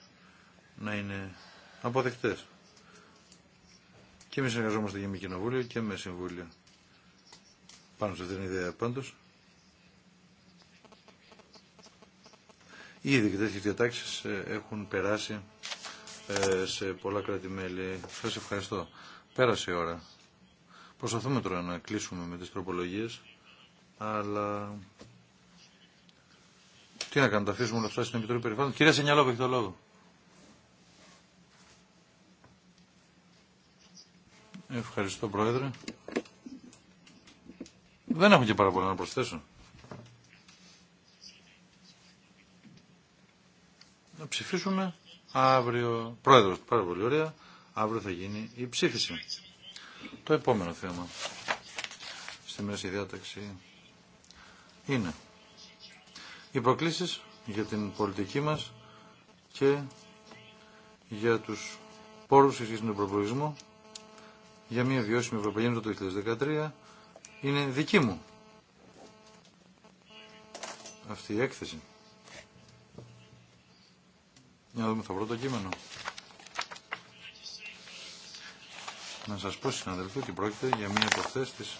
να είναι αποδεκτές. Και εμείς εργαζόμαστε και με κοινοβούλιο και με συμβούλιο. Πάνω σε αυτήν την ιδέα πάντως. Ήδη και τέτοιες διατάξεις ε, έχουν περάσει ε, σε πολλά κράτη-μέλη. Σας ευχαριστώ. Πέρασε η ώρα. Προσπαθούμε τώρα να κλείσουμε με τις τροπολογίες, αλλά... Τι να κάνουμε, τα αφήσουμε όλα αυτά στην Επιτροπή Περιβάλλοντος. Κυρία έχει το λόγο. Ευχαριστώ, Πρόεδρε. Δεν έχω και πάρα πολλά να προσθέσω. Να ψηφίσουμε αύριο, πρόεδρος, πάρα πολύ ωραία, αύριο θα γίνει η ψήφιση. Το επόμενο θέμα στη μέση διάταξη είναι οι προκλήσεις για την πολιτική μας και για τους πόρους και τον προπολογισμό για μια βιώσιμη Ευρωπαϊκή το 2013 είναι δική μου αυτή η έκθεση να δούμε το πρώτο κείμενο. Να σας πω συναδελφοί ότι πρόκειται για μία από αυτές τις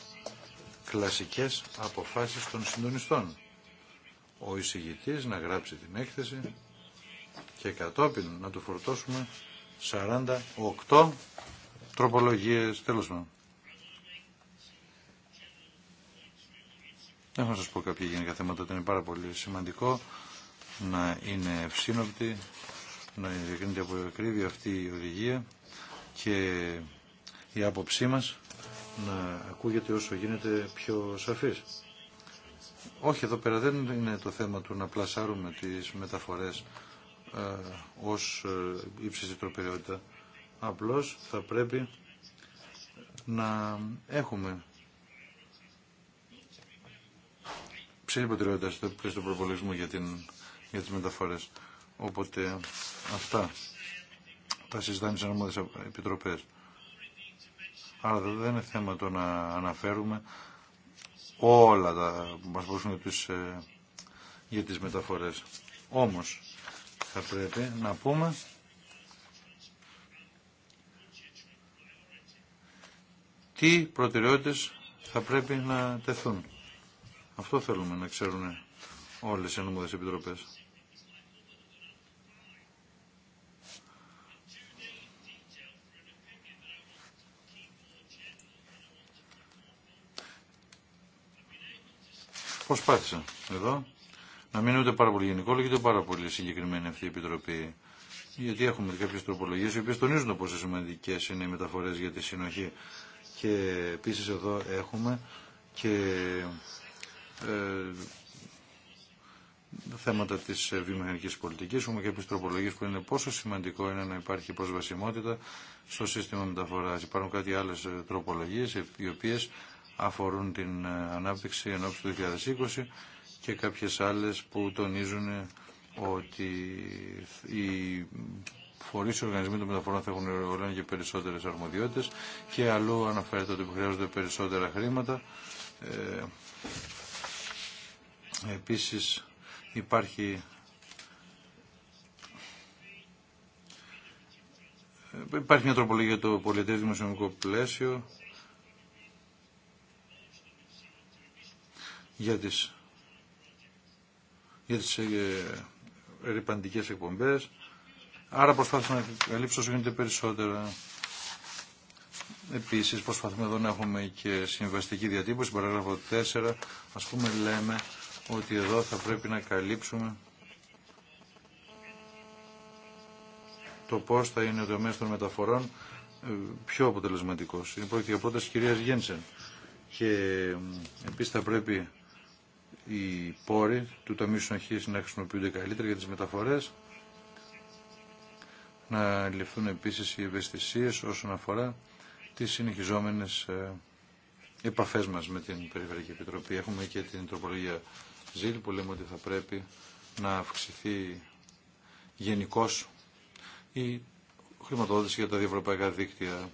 κλασικές αποφάσεις των συντονιστών. Ο εισηγητής να γράψει την έκθεση και κατόπιν να του φορτώσουμε 48 τροπολογίες τέλος πάντων. Έχω να σας πω κάποια γενικά θέματα ότι είναι πάρα πολύ σημαντικό να είναι ευσύνοπτη να διακρίνεται από ακρίβεια αυτή η οδηγία και η άποψή μας να ακούγεται όσο γίνεται πιο σαφής. Όχι, εδώ πέρα δεν είναι το θέμα του να πλασάρουμε τις μεταφορές ε, ως ε, ύψιστη τροπεριότητα. Απλώς θα πρέπει να έχουμε ψηλή στο πλαίσιο του προπολογισμού για, για τις μεταφορές. Οπότε αυτά τα συζητάνε στις αρμόδιε επιτροπές. Άρα δεν είναι θέμα το να αναφέρουμε όλα τα που μας βοηθούν ε, για τις μεταφορές. Όμως θα πρέπει να πούμε τι προτεραιότητες θα πρέπει να τεθούν. Αυτό θέλουμε να ξέρουν όλες οι νομικές επιτροπές. Προσπάθησα εδώ να μην είναι ούτε πάρα πολύ γενικό, και ούτε πάρα πολύ συγκεκριμένη αυτή η Επιτροπή. Γιατί έχουμε κάποιε τροπολογίε οι οποίε τονίζουν πόσο σημαντικέ είναι οι μεταφορέ για τη συνοχή. Και επίση εδώ έχουμε και ε, θέματα τη βιομηχανική πολιτική. Έχουμε κάποιε τροπολογίε που είναι πόσο σημαντικό είναι να υπάρχει προσβασιμότητα στο σύστημα μεταφορά. Υπάρχουν κάτι άλλε τροπολογίε οι οποίε αφορούν την ε, ανάπτυξη εν του 2020 και κάποιες άλλες που τονίζουν ότι οι φορεί και οργανισμοί των μεταφορών θα έχουν όλο και περισσότερε αρμοδιότητε και αλλού αναφέρεται ότι χρειάζονται περισσότερα χρήματα. Ε, Επίση υπάρχει. Ε, υπάρχει μια τροπολογία για το πολιτεύει δημοσιονομικό πλαίσιο για τις, για τις ε, ε, ρηπαντικές εκπομπές. Άρα προσπάθουμε να καλύψω όσο γίνεται περισσότερα. Επίσης προσπαθούμε εδώ να έχουμε και συμβαστική διατύπωση, παράγραφο 4. Ας πούμε λέμε ότι εδώ θα πρέπει να καλύψουμε το πώς θα είναι ο τομέας των μεταφορών ε, πιο αποτελεσματικός. Είναι πρόκειται για πρόταση κυρίας Γένσεν. Και επίσης θα πρέπει οι πόροι του Ταμείου συνοχή να χρησιμοποιούνται καλύτερα για τις μεταφορές, να ληφθούν επίση οι ευαισθησίε όσον αφορά τι συνεχιζόμενες ε, επαφέ μα με την Περιφερειακή Επιτροπή. Έχουμε και την τροπολογία ΖΙΛ που λέμε ότι θα πρέπει να αυξηθεί γενικώ η χρηματοδότηση για τα διευρωπαϊκά δίκτυα.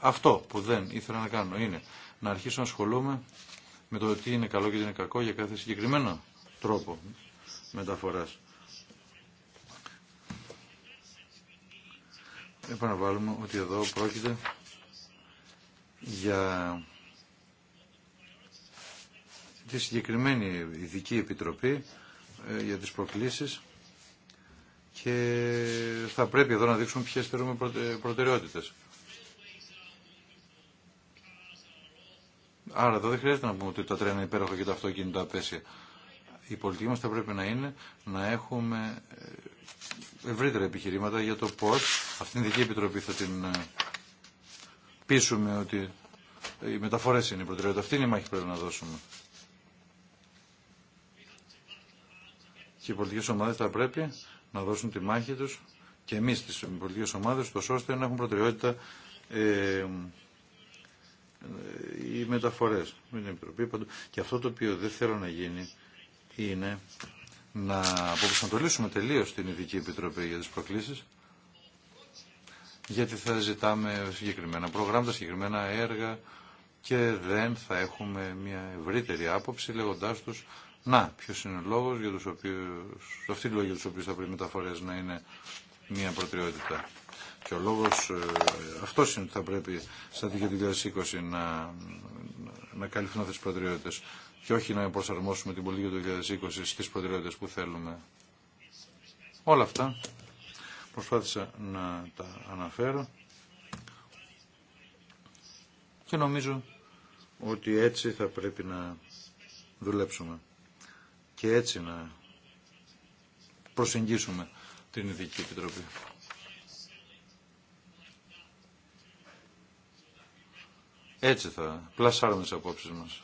Αυτό που δεν ήθελα να κάνω είναι να αρχίσω να ασχολούμαι με το τι είναι καλό και τι είναι κακό για κάθε συγκεκριμένο τρόπο μεταφοράς. Επαναβάλλουμε ότι εδώ πρόκειται για τη συγκεκριμένη ειδική επιτροπή ε, για τις προκλήσεις και θα πρέπει εδώ να δείξουμε ποιες θεωρούμε προτεραιότητες. Άρα εδώ δεν χρειάζεται να πούμε ότι τα τρένα είναι υπέροχα και τα αυτοκίνητα απέσια. Η πολιτική μας θα πρέπει να είναι να έχουμε ε, ευρύτερα επιχειρήματα για το πώς αυτήν την δική επιτροπή θα την ε, πείσουμε ότι οι μεταφορές είναι η προτεραιότητα. Αυτή είναι η μάχη που πρέπει να δώσουμε. Και οι πολιτικές ομάδες θα πρέπει να δώσουν τη μάχη τους και εμείς τις πολιτικές ομάδες, ώστε να έχουν προτεραιότητα ε, ε, οι μεταφορές με την Επιτροπή Και αυτό το οποίο δεν θέλω να γίνει είναι να αποπροσανατολίσουμε τελείως την Ειδική Επιτροπή για τις προκλήσεις γιατί θα ζητάμε συγκεκριμένα προγράμματα, συγκεκριμένα έργα και δεν θα έχουμε μια ευρύτερη άποψη λέγοντάς τους να, ποιος είναι ο λόγος για τους οποίους, αυτή η λόγη για του οποίου θα πρέπει μεταφορές να είναι μια προτεραιότητα. Και ο λόγος ε, αυτός είναι ότι θα πρέπει στα 2020 να, να καλυφθούν αυτές τις προτεραιότητες και όχι να προσαρμόσουμε την πολιτική του 2020 στις προτεραιότητες που θέλουμε. Όλα αυτά προσπάθησα να τα αναφέρω και νομίζω ότι έτσι θα πρέπει να δουλέψουμε και έτσι να προσεγγίσουμε την Ειδική Επιτροπή. Έτσι θα πλασάρουμε τις απόψεις μας.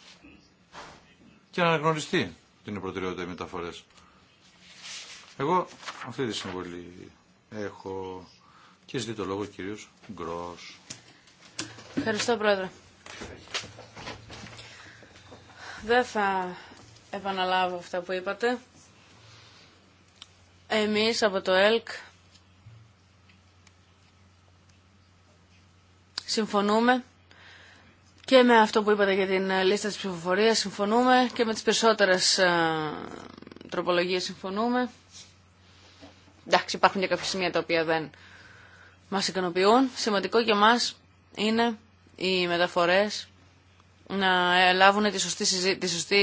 Και να αναγνωριστεί την προτεραιότητα οι μεταφορές. Εγώ αυτή τη συμβολή έχω και ζητεί το λόγο κυρίως Γκρός. Ευχαριστώ πρόεδρε. Δεν θα επαναλάβω αυτά που είπατε. Εμείς από το ΕΛΚ συμφωνούμε και με αυτό που είπατε για την ε, λίστα της ψηφοφορία συμφωνούμε και με τις περισσότερες ε, τροπολογίες συμφωνούμε. Εντάξει, υπάρχουν και κάποια σημεία τα οποία δεν μας ικανοποιούν. Σημαντικό για μας είναι οι μεταφορές να ε, λάβουν τη σωστή, συζή... τη σωστή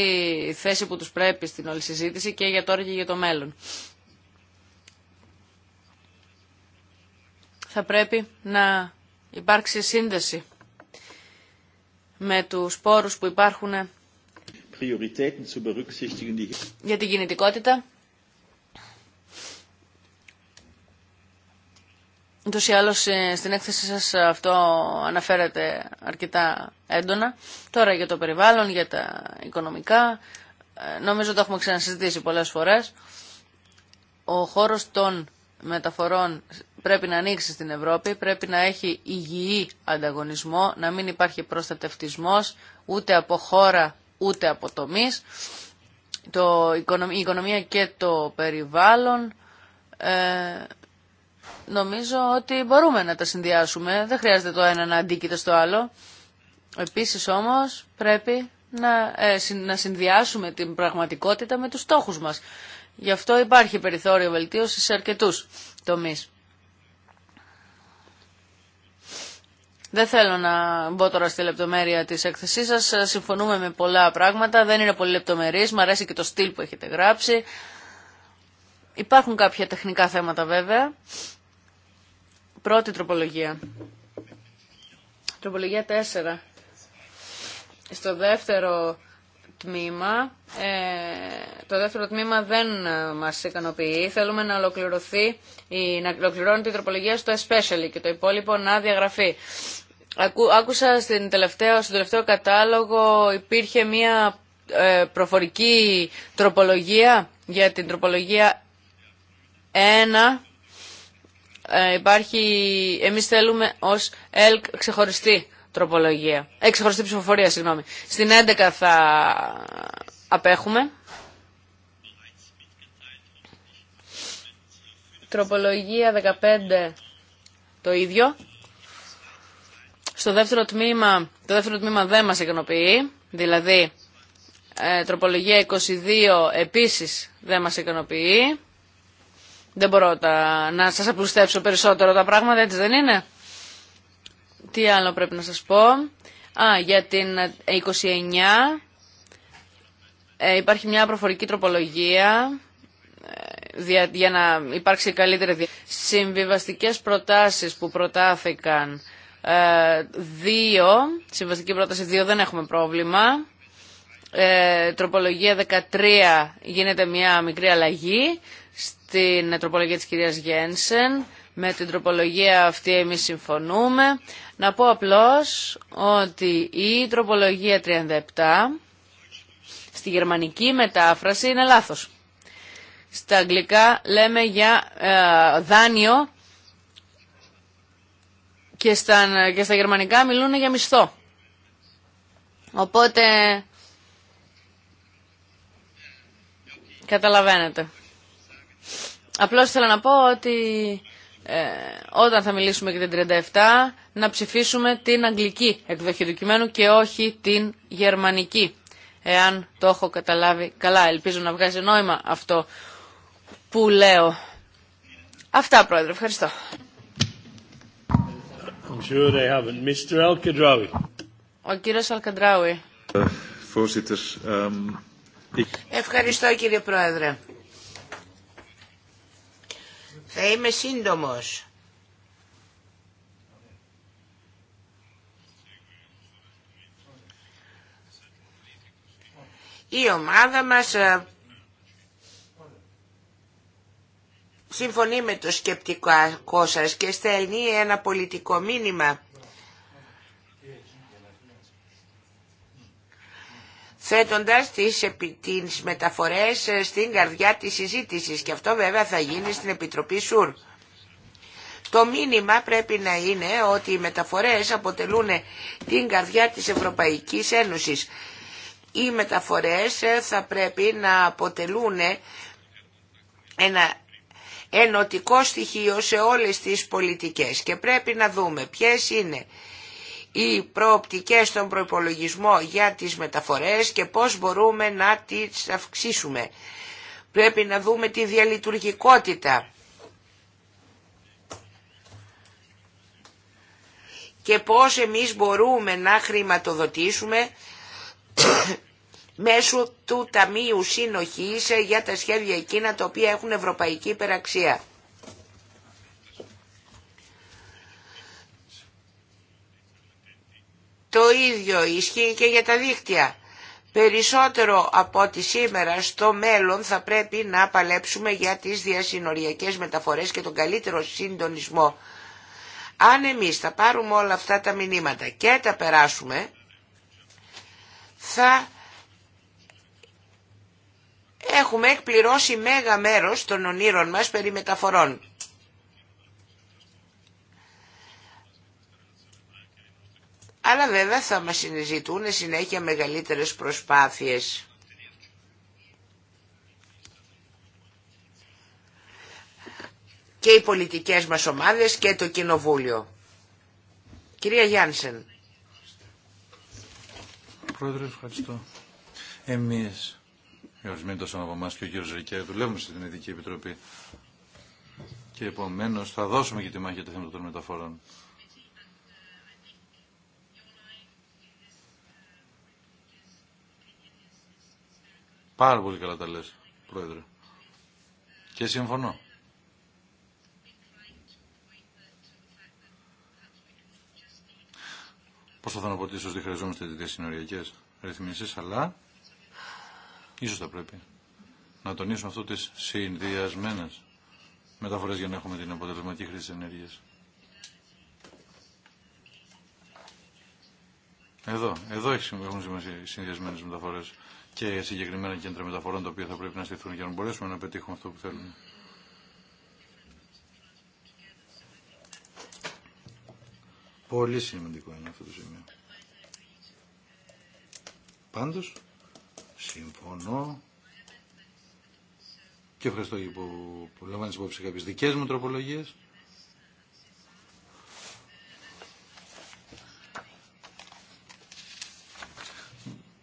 θέση που τους πρέπει στην όλη συζήτηση και για τώρα και για το μέλλον. Θα πρέπει να υπάρξει σύνδεση με τους πόρους που υπάρχουν για την κινητικότητα. Ούτως ή άλλως ε, στην έκθεση σας αυτό αναφέρεται αρκετά έντονα. Τώρα για το περιβάλλον, για τα οικονομικά, ε, νομίζω το έχουμε ξανασυζητήσει πολλές φορές. Ο χώρος των μεταφορών πρέπει να ανοίξει στην Ευρώπη, πρέπει να έχει υγιή ανταγωνισμό, να μην υπάρχει προστατευτισμός ούτε από χώρα ούτε από τομείς. Το, η οικονομία και το περιβάλλον ε, νομίζω ότι μπορούμε να τα συνδυάσουμε. Δεν χρειάζεται το ένα να αντίκειται στο άλλο. Επίσης όμως πρέπει να, ε, να συνδυάσουμε την πραγματικότητα με τους στόχους μας. Γι' αυτό υπάρχει περιθώριο βελτίωση σε αρκετούς τομείς. Δεν θέλω να μπω τώρα στη λεπτομέρεια της έκθεσής σας. Ε, συμφωνούμε με πολλά πράγματα. Δεν είναι πολύ λεπτομερής. Μ' αρέσει και το στυλ που έχετε γράψει. Υπάρχουν κάποια τεχνικά θέματα βέβαια. Πρώτη τροπολογία. Τροπολογία 4. Στο δεύτερο τμήμα, ε, το δεύτερο τμήμα δεν μας ικανοποιεί. Θέλουμε να ολοκληρωθεί, να ολοκληρώνει την τροπολογία στο especially και το υπόλοιπο να διαγραφεί. Άκουσα στην τελευταία, στον τελευταίο κατάλογο υπήρχε μια ε, προφορική τροπολογία για την τροπολογία 1 ε, υπάρχει, εμείς θέλουμε ως ΕΛΚ ξεχωριστή τροπολογία, ε, ξεχωριστή ψηφοφορία, συγγνώμη. Στην 11 θα απέχουμε. Τροπολογία 15 το ίδιο. Στο δεύτερο τμήμα, το δεύτερο τμήμα δεν μας ικανοποιεί, δηλαδή ε, τροπολογία 22 επίσης δεν μας ικανοποιεί. Δεν μπορώ να σας απλουστεύσω περισσότερο τα πράγματα, έτσι δεν είναι. Τι άλλο πρέπει να σας πω. Α, για την 29 ε, υπάρχει μια προφορική τροπολογία ε, για να υπάρξει καλύτερη Συμβιβαστικές προτάσεις που προτάθηκαν 2, ε, συμβαστική πρόταση 2 δεν έχουμε πρόβλημα. Ε, τροπολογία 13 γίνεται μια μικρή αλλαγή στην τροπολογία της κυρίας Γένσεν. Με την τροπολογία αυτή εμείς συμφωνούμε. Να πω απλώς ότι η τροπολογία 37 στη γερμανική μετάφραση είναι λάθος. Στα αγγλικά λέμε για ε, δάνειο και στα, γερμανικά μιλούν για μισθό. Οπότε καταλαβαίνετε. Απλώς θέλω να πω ότι ε, όταν θα μιλήσουμε για την 37 να ψηφίσουμε την αγγλική εκδοχή του κειμένου και όχι την γερμανική. Εάν το έχω καταλάβει καλά. Ελπίζω να βγάζει νόημα αυτό που λέω. Αυτά πρόεδρε. Ευχαριστώ sure they Ο ε, ehm, Ευχαριστώ κύριε Πρόεδρε. Θα είμαι σύντομος. Η ομάδα μας ε, συμφωνεί με το σκεπτικό σας και στέλνει ένα πολιτικό μήνυμα. θέτοντας τις, τις μεταφορές ε, στην καρδιά της συζήτησης και αυτό βέβαια θα γίνει στην Επιτροπή ΣΟΥΡ. Το μήνυμα πρέπει να είναι ότι οι μεταφορές αποτελούν ε, την καρδιά της Ευρωπαϊκής Ένωσης. Οι μεταφορές ε, θα πρέπει να αποτελούν ένα ενωτικό στοιχείο σε όλες τις πολιτικές και πρέπει να δούμε ποιες είναι οι προοπτικές στον προπολογισμό για τις μεταφορές και πώς μπορούμε να τις αυξήσουμε. Πρέπει να δούμε τη διαλειτουργικότητα και πώς εμείς μπορούμε να χρηματοδοτήσουμε μέσω του Ταμείου Συνοχής για τα σχέδια εκείνα τα οποία έχουν ευρωπαϊκή υπεραξία. Το ίδιο ισχύει και για τα δίκτυα. Περισσότερο από ό,τι σήμερα στο μέλλον θα πρέπει να παλέψουμε για τις διασυνοριακές μεταφορές και τον καλύτερο συντονισμό. Αν εμείς θα πάρουμε όλα αυτά τα μηνύματα και τα περάσουμε, θα έχουμε εκπληρώσει μέγα μέρος των ονείρων μας περί μεταφορών. Αλλά βέβαια θα μας συνεζητούν συνέχεια μεγαλύτερες προσπάθειες. Και οι πολιτικές μας ομάδες και το Κοινοβούλιο. Κυρία Γιάνσεν. Πρόεδρε, ευχαριστώ. Εμείς ορισμένοι ε, τόσο από εμά και ο κύριος Ρικέ δουλεύουμε στην Ειδική Επιτροπή και επομένω, θα δώσουμε και τη μάχη για το θέμα των μεταφορών. Πάρα πολύ καλά τα λες, Πρόεδρε. Και συμφωνώ. Πώς θα να πω ότι ίσως δεν χρειαζόμαστε τέτοιες συνοριακές ρυθμίσεις, αλλά Ίσως θα πρέπει να τονίσουμε αυτό τις συνδυασμένες μεταφορές για να έχουμε την αποτελεσματική χρήση ενέργειας. Εδώ, εδώ έχουν σημασία οι συνδυασμένες μεταφορές και συγκεκριμένα κέντρα μεταφορών τα οποία θα πρέπει να στηθούν για να μπορέσουμε να πετύχουμε αυτό που θέλουμε. Πολύ σημαντικό είναι αυτό το σημείο. Πάντως, Συμφωνώ. Και ευχαριστώ που, που λαμβάνει υπόψη κάποιε δικέ μου τροπολογίε.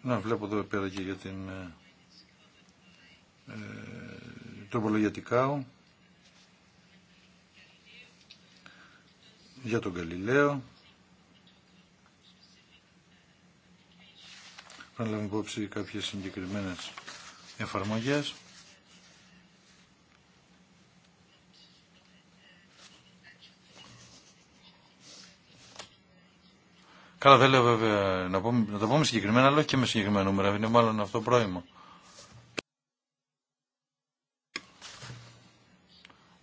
Να βλέπω εδώ πέρα και για την ε, ε τροπολογία Τικάου, για τον Γαλιλαίο. να λάβουμε υπόψη κάποιες συγκεκριμένες εφαρμογές. Καλά δεν λέω βέβαια να, πω, να τα πούμε συγκεκριμένα, αλλά και με συγκεκριμένα νούμερα. Είναι μάλλον αυτό πρόημο.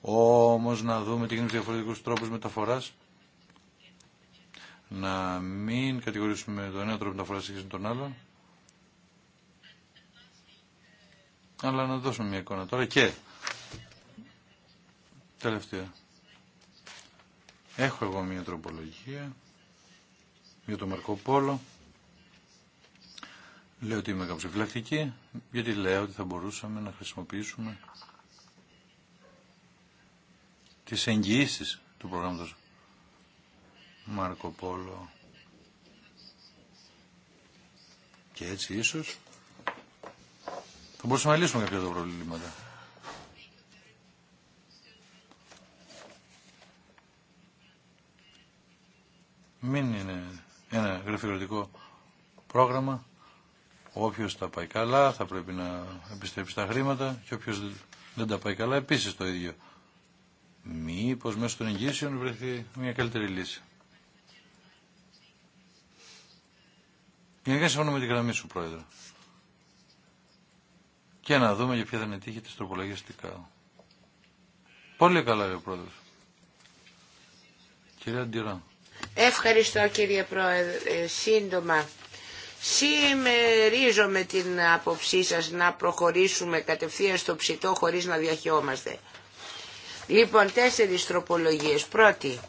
Όμως να δούμε τι γίνεται διαφορετικούς τρόπους μεταφοράς. Να μην κατηγορήσουμε τον ένα τρόπο μεταφοράς και τον άλλο. αλλά να δώσουμε μια εικόνα τώρα και τελευταία. Έχω εγώ μια τροπολογία για το Μαρκοπόλο. Λέω ότι είμαι καψηφυλακτική, γιατί λέω ότι θα μπορούσαμε να χρησιμοποιήσουμε τις εγγυήσει του προγράμματος Μαρκοπόλο Και έτσι ίσως θα μπορούσαμε να λύσουμε κάποια τα προβλήματα. Μην είναι ένα γραφειοκρατικό πρόγραμμα. Όποιο τα πάει καλά θα πρέπει να επιστρέψει τα χρήματα και όποιο δεν τα πάει καλά επίση το ίδιο. Μήπω μέσω των εγγύσεων βρεθεί μια καλύτερη λύση. Γενικά συμφωνώ με την γραμμή σου, Πρόεδρε και να δούμε για ποια θα είναι τύχη της τροπολογίας Πολύ καλά λέει ο Κυρία Ντυρά. Ευχαριστώ κύριε Πρόεδρε. Ε, σύντομα. με την άποψή σας να προχωρήσουμε κατευθείαν στο ψητό χωρίς να διαχειόμαστε. Λοιπόν, τέσσερις τροπολογίες. Πρώτη,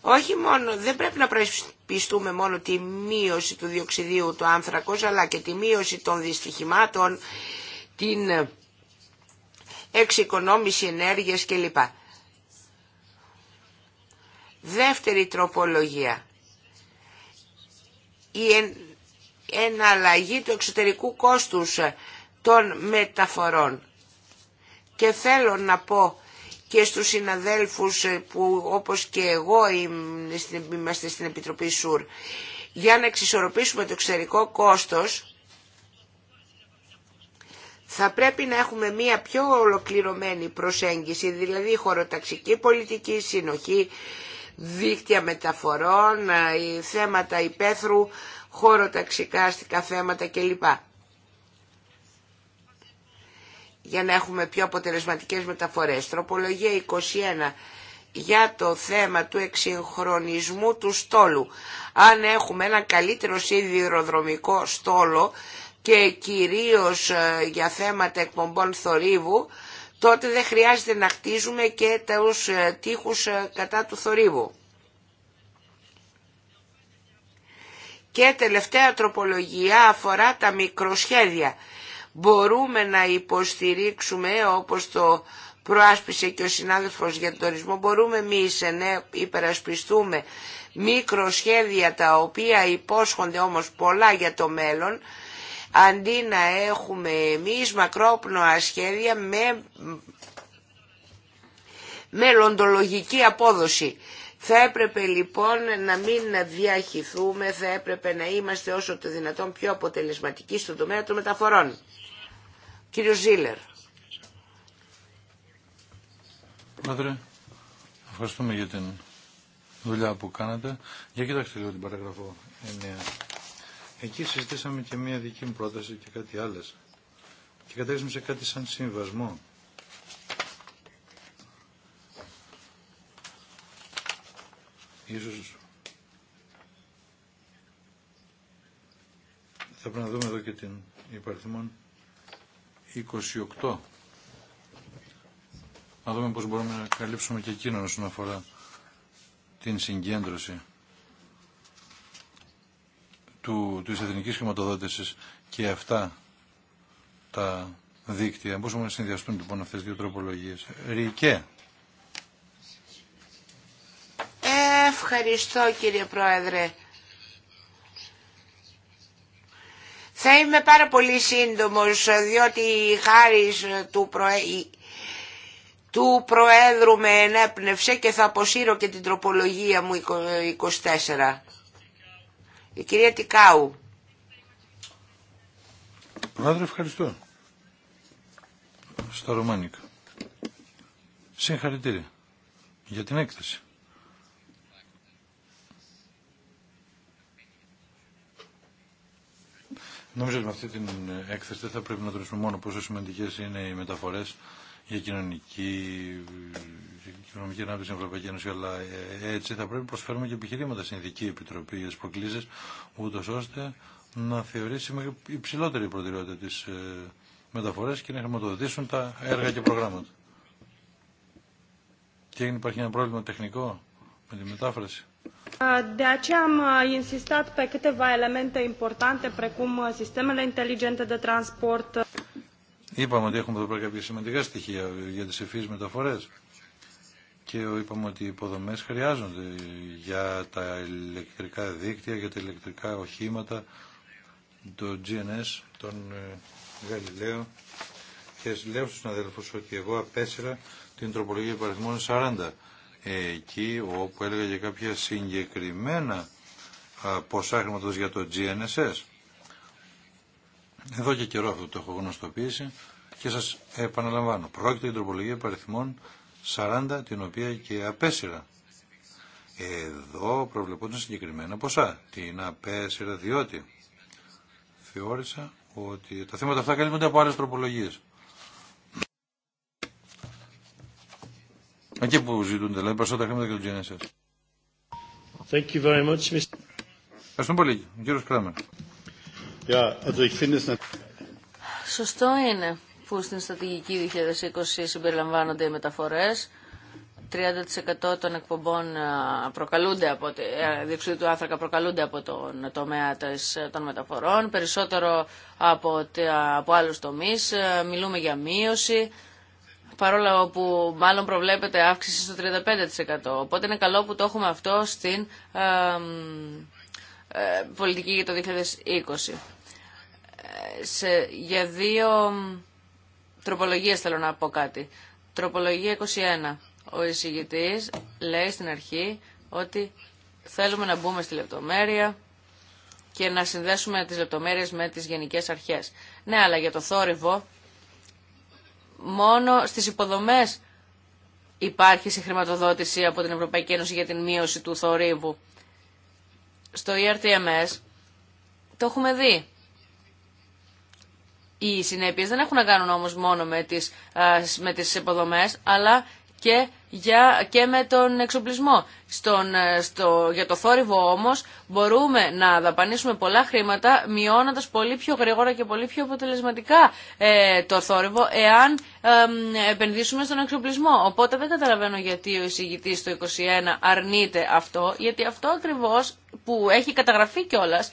όχι μόνο, δεν πρέπει να πιστούμε μόνο τη μείωση του διοξιδίου του άνθρακος αλλά και τη μείωση των δυστυχημάτων, την ε, εξοικονόμηση ενέργειας κλπ. Δεύτερη τροπολογία. Η εν, εναλλαγή του εξωτερικού κόστους των μεταφορών. Και θέλω να πω και στους συναδέλφους ε, που όπως και εγώ είμαστε στην Επιτροπή ΣΟΥΡ για να εξισορροπήσουμε το εξωτερικό κόστος θα πρέπει να έχουμε μία πιο ολοκληρωμένη προσέγγιση, δηλαδή χωροταξική πολιτική, συνοχή, δίκτυα μεταφορών, ε, θέματα υπαίθρου, χωροταξικά αστικά θέματα κλπ για να έχουμε πιο αποτελεσματικές μεταφορές. Τροπολογία 21 για το θέμα του εξυγχρονισμού του στόλου. Αν έχουμε έναν καλύτερο σιδηροδρομικό στόλο και κυρίως ε, για θέματα εκπομπών θορύβου, τότε δεν χρειάζεται να χτίζουμε και τους ε, τείχους ε, κατά του θορύβου. Και τελευταία τροπολογία αφορά τα μικροσχέδια μπορούμε να υποστηρίξουμε όπως το προάσπισε και ο συνάδελφος για τον τουρισμό μπορούμε εμεί ε, να υπερασπιστούμε μικροσχέδια τα οποία υπόσχονται όμως πολλά για το μέλλον αντί να έχουμε εμείς μακρόπνοα σχέδια με μελλοντολογική απόδοση. Θα έπρεπε λοιπόν να μην διαχυθούμε, θα έπρεπε να είμαστε όσο το δυνατόν πιο αποτελεσματικοί στον τομέα των μεταφορών. Κύριο Ζήλερ. Πρόεδρε, ευχαριστούμε για την δουλειά που κάνατε. Για κοιτάξτε λίγο την παραγραφό 9. Εκεί συζητήσαμε και μία δική μου πρόταση και κάτι άλλες. Και κατέληξαμε σε κάτι σαν συμβασμό. Ίσως θα πρέπει να δούμε εδώ και την υπαριθμόν 28. Να δούμε πώς μπορούμε να καλύψουμε και εκείνον όσον αφορά την συγκέντρωση του, της εθνικής χρηματοδότησης και αυτά τα δίκτυα. Πώς μπορούμε να συνδυαστούν λοιπόν αυτές τις δύο τροπολογίες. Ρικέ. Ευχαριστώ κύριε Πρόεδρε. Θα είμαι πάρα πολύ σύντομος διότι χάρη του, του Προέδρου με ενέπνευσε και θα αποσύρω και την τροπολογία μου 24. Η κυρία Τικάου. Πρόεδρε ευχαριστώ. Στα Ρωμάνικα. Συγχαρητήρια για την έκθεση. Νομίζω ότι με αυτή την έκθεση δεν θα πρέπει να τονίσουμε μόνο πόσο σημαντικέ είναι οι μεταφορέ, για κοινωνική, για κοινωνική ανάπτυξη στην Ευρωπαϊκή Ένωση, αλλά ε, έτσι θα πρέπει να προσφέρουμε και επιχειρήματα στην Ειδική Επιτροπή για τι προκλήσει, ούτω ώστε να θεωρήσει με υψηλότερη προτεραιότητα τι ε, μεταφορέ και να χρηματοδοτήσουν τα έργα και προγράμματα. Και υπάρχει ένα πρόβλημα τεχνικό με τη μετάφραση. De Είπαμε ότι έχουμε εδώ πέρα κάποια σημαντικά στοιχεία για τις ευφύες μεταφορές και είπαμε ότι οι υποδομές χρειάζονται για τα ηλεκτρικά δίκτυα, για τα ηλεκτρικά οχήματα, το GNS, τον ε, Γαλιλαίο και λέω στους συναδέλφους ότι εγώ απέσυρα την τροπολογία υπαριθμών 40 εκεί όπου έλεγα για κάποια συγκεκριμένα ποσά χρηματος για το GNSS. Εδώ και καιρό αυτό το έχω γνωστοποιήσει και σας επαναλαμβάνω. Πρόκειται για τροπολογία παριθμών 40 την οποία και απέσυρα. Εδώ προβλεπόταν συγκεκριμένα ποσά. Την απέσυρα διότι θεώρησα ότι τα θέματα αυτά καλύπτονται από άλλες τροπολογίες. Εκεί που ζητούνται, δηλαδή περισσότερα χρήματα για το GNSS. Ευχαριστούμε πολύ, κύριος Κράμερ. Σωστό είναι που στην στρατηγική 2020 συμπεριλαμβάνονται οι μεταφορές. 30% των εκπομπών προκαλούνται από, ε, διεξουδίου του άνθρακα προκαλούνται από τον τομέα ε, των μεταφορών, περισσότερο από, από άλλους τομείς. Ε, μιλούμε για μείωση παρόλα που μάλλον προβλέπεται αύξηση στο 35%. Οπότε είναι καλό που το έχουμε αυτό στην ε, πολιτική για το 2020. Ε, σε, για δύο τροπολογίες θέλω να πω κάτι. Τροπολογία 21. Ο εισηγητής λέει στην αρχή ότι θέλουμε να μπούμε στη λεπτομέρεια και να συνδέσουμε τις λεπτομέρειες με τις γενικές αρχές. Ναι, αλλά για το θόρυβο μόνο στις υποδομές υπάρχει συγχρηματοδότηση από την Ευρωπαϊκή Ένωση για την μείωση του θορύβου. Στο ERTMS το έχουμε δει. Οι συνέπειες δεν έχουν να κάνουν όμως μόνο με τις, με τις υποδομές, αλλά και για, και με τον εξοπλισμό. Στον, ε, στο, για το θόρυβο όμως μπορούμε να δαπανίσουμε πολλά χρήματα μειώνοντας πολύ πιο γρήγορα και πολύ πιο αποτελεσματικά ε, το θόρυβο εάν επενδύσουμε στον εξοπλισμό. Οπότε δεν καταλαβαίνω γιατί ο εισηγητής το 2021 αρνείται αυτό, γιατί αυτό ακριβώς που έχει καταγραφεί κιόλα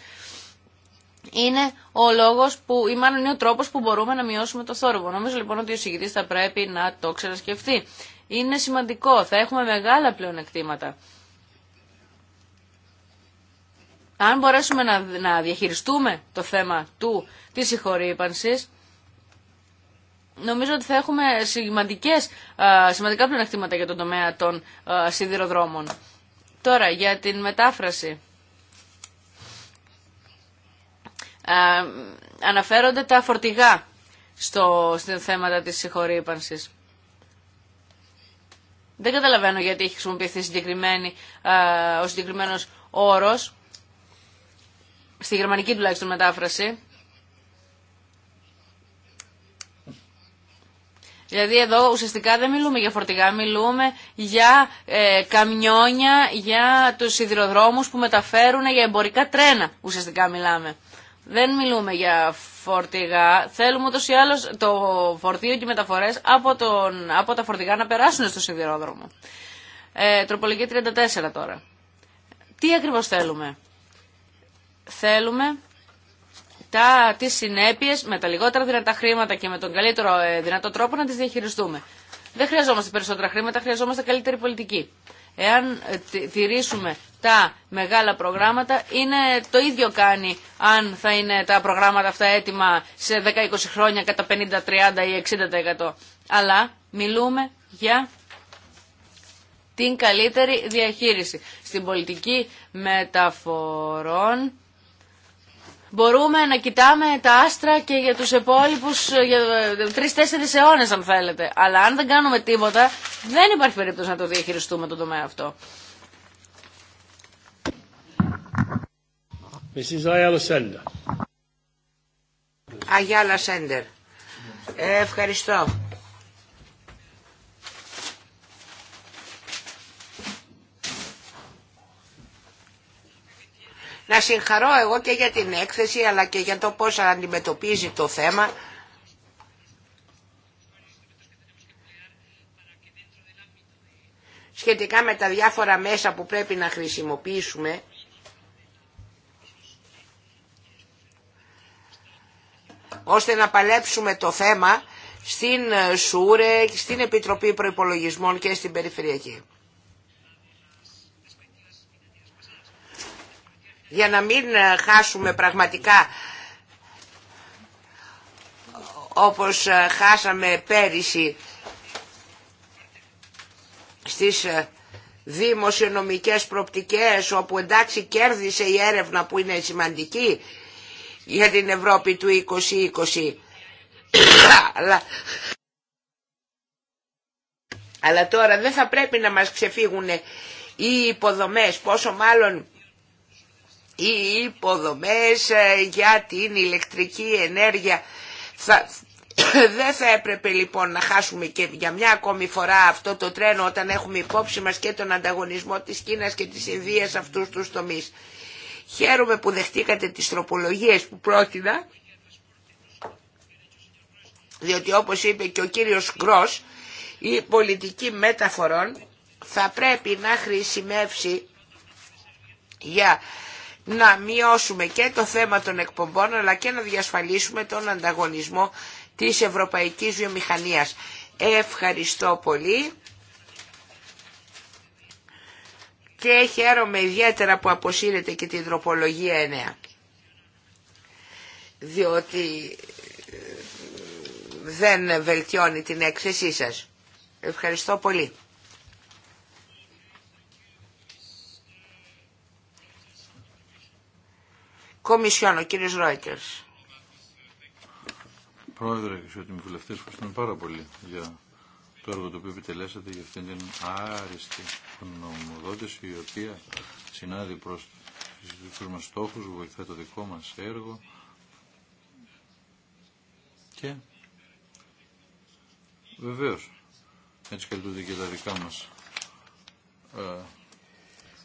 είναι ο λόγος που, ή μάλλον είναι ο τρόπος που μπορούμε να μειώσουμε το θόρυβο. Νομίζω λοιπόν ότι ο εισηγητής θα πρέπει να το ξανασκεφτεί είναι σημαντικό. Θα έχουμε μεγάλα πλεονεκτήματα. Αν μπορέσουμε να, να διαχειριστούμε το θέμα του, της συγχωρήπανσης, νομίζω ότι θα έχουμε σημαντικές, σημαντικά πλεονεκτήματα για τον τομέα των σιδηροδρόμων. Τώρα, για την μετάφραση. αναφέρονται τα φορτηγά στο, στην θέματα της συγχωρήπανσης. Δεν καταλαβαίνω γιατί έχει χρησιμοποιηθεί συγκεκριμένη, ο συγκεκριμένο όρο στη γερμανική τουλάχιστον μετάφραση. Δηλαδή εδώ ουσιαστικά δεν μιλούμε για φορτηγά, μιλούμε για ε, καμιόνια, για τους σιδηροδρόμους που μεταφέρουν για εμπορικά τρένα ουσιαστικά μιλάμε. Δεν μιλούμε για φορτηγά. Θέλουμε ούτω ή άλλω το φορτίο και οι μεταφορές από, τον, από τα φορτηγά να περάσουν στο σιδηρόδρομο. Ε, τροπολογία 34 τώρα. Τι ακριβώς θέλουμε. Θέλουμε τα, τις συνέπειες με τα λιγότερα δυνατά χρήματα και με τον καλύτερο ε, δυνατό τρόπο να τις διαχειριστούμε. Δεν χρειαζόμαστε περισσότερα χρήματα, χρειαζόμαστε καλύτερη πολιτική. Εάν ε, τηρήσουμε τα μεγάλα προγράμματα, είναι το ίδιο κάνει αν θα είναι τα προγράμματα αυτά έτοιμα σε 10-20 χρόνια κατά 50-30 ή 60%. Αλλά μιλούμε για την καλύτερη διαχείριση. Στην πολιτική μεταφορών μπορούμε να κοιτάμε τα άστρα και για τους επόμενους για τρεις-τέσσερις αιώνες αν θέλετε. Αλλά αν δεν κάνουμε τίποτα δεν υπάρχει περίπτωση να το διαχειριστούμε το τομέα αυτό. Ε, ευχαριστώ. να συγχαρώ εγώ και για την έκθεση αλλά και για το πώς αντιμετωπίζει το θέμα. Σχετικά με τα διάφορα μέσα που πρέπει να χρησιμοποιήσουμε ώστε να παλέψουμε το θέμα στην ΣΟΥΡΕ, στην Επιτροπή Προϋπολογισμών και στην Περιφερειακή. για να μην ε, χάσουμε πραγματικά όπως ε, χάσαμε πέρυσι στις ε, δημοσιονομικές προπτικές όπου εντάξει κέρδισε η έρευνα που είναι σημαντική για την Ευρώπη του 2020 αλλά... τώρα δεν θα πρέπει να μας ξεφύγουν οι υποδομές πόσο μάλλον οι υποδομές ε, για την ηλεκτρική ενέργεια. Θα... Δεν θα έπρεπε λοιπόν να χάσουμε και για μια ακόμη φορά αυτό το τρένο όταν έχουμε υπόψη μας και τον ανταγωνισμό της Κίνας και της Ινδίας αυτούς τους τομείς. Χαίρομαι που δεχτήκατε τις τροπολογίες που πρότεινα, διότι όπως είπε και ο κύριος Γκρός, η πολιτική μεταφορών θα πρέπει να χρησιμεύσει για να μειώσουμε και το θέμα των εκπομπών αλλά και να διασφαλίσουμε τον ανταγωνισμό της ευρωπαϊκής βιομηχανίας. Ευχαριστώ πολύ και χαίρομαι ιδιαίτερα που αποσύρετε και την τροπολογία 9 διότι ε, δεν βελτιώνει την έκθεσή σας. Ευχαριστώ πολύ. Κομισιόν, ο κύριος Ρόιτερς. Πρόεδρε, εξωτιμοί βουλευτές, ευχαριστούμε πάρα πολύ για το έργο το οποίο επιτελέσατε για αυτήν την άριστη νομοδότηση η οποία συνάδει προς τους δικούς μας στόχους, βοηθάει το δικό μας έργο και βεβαίως έτσι καλύπτονται και τα δικά μας ε,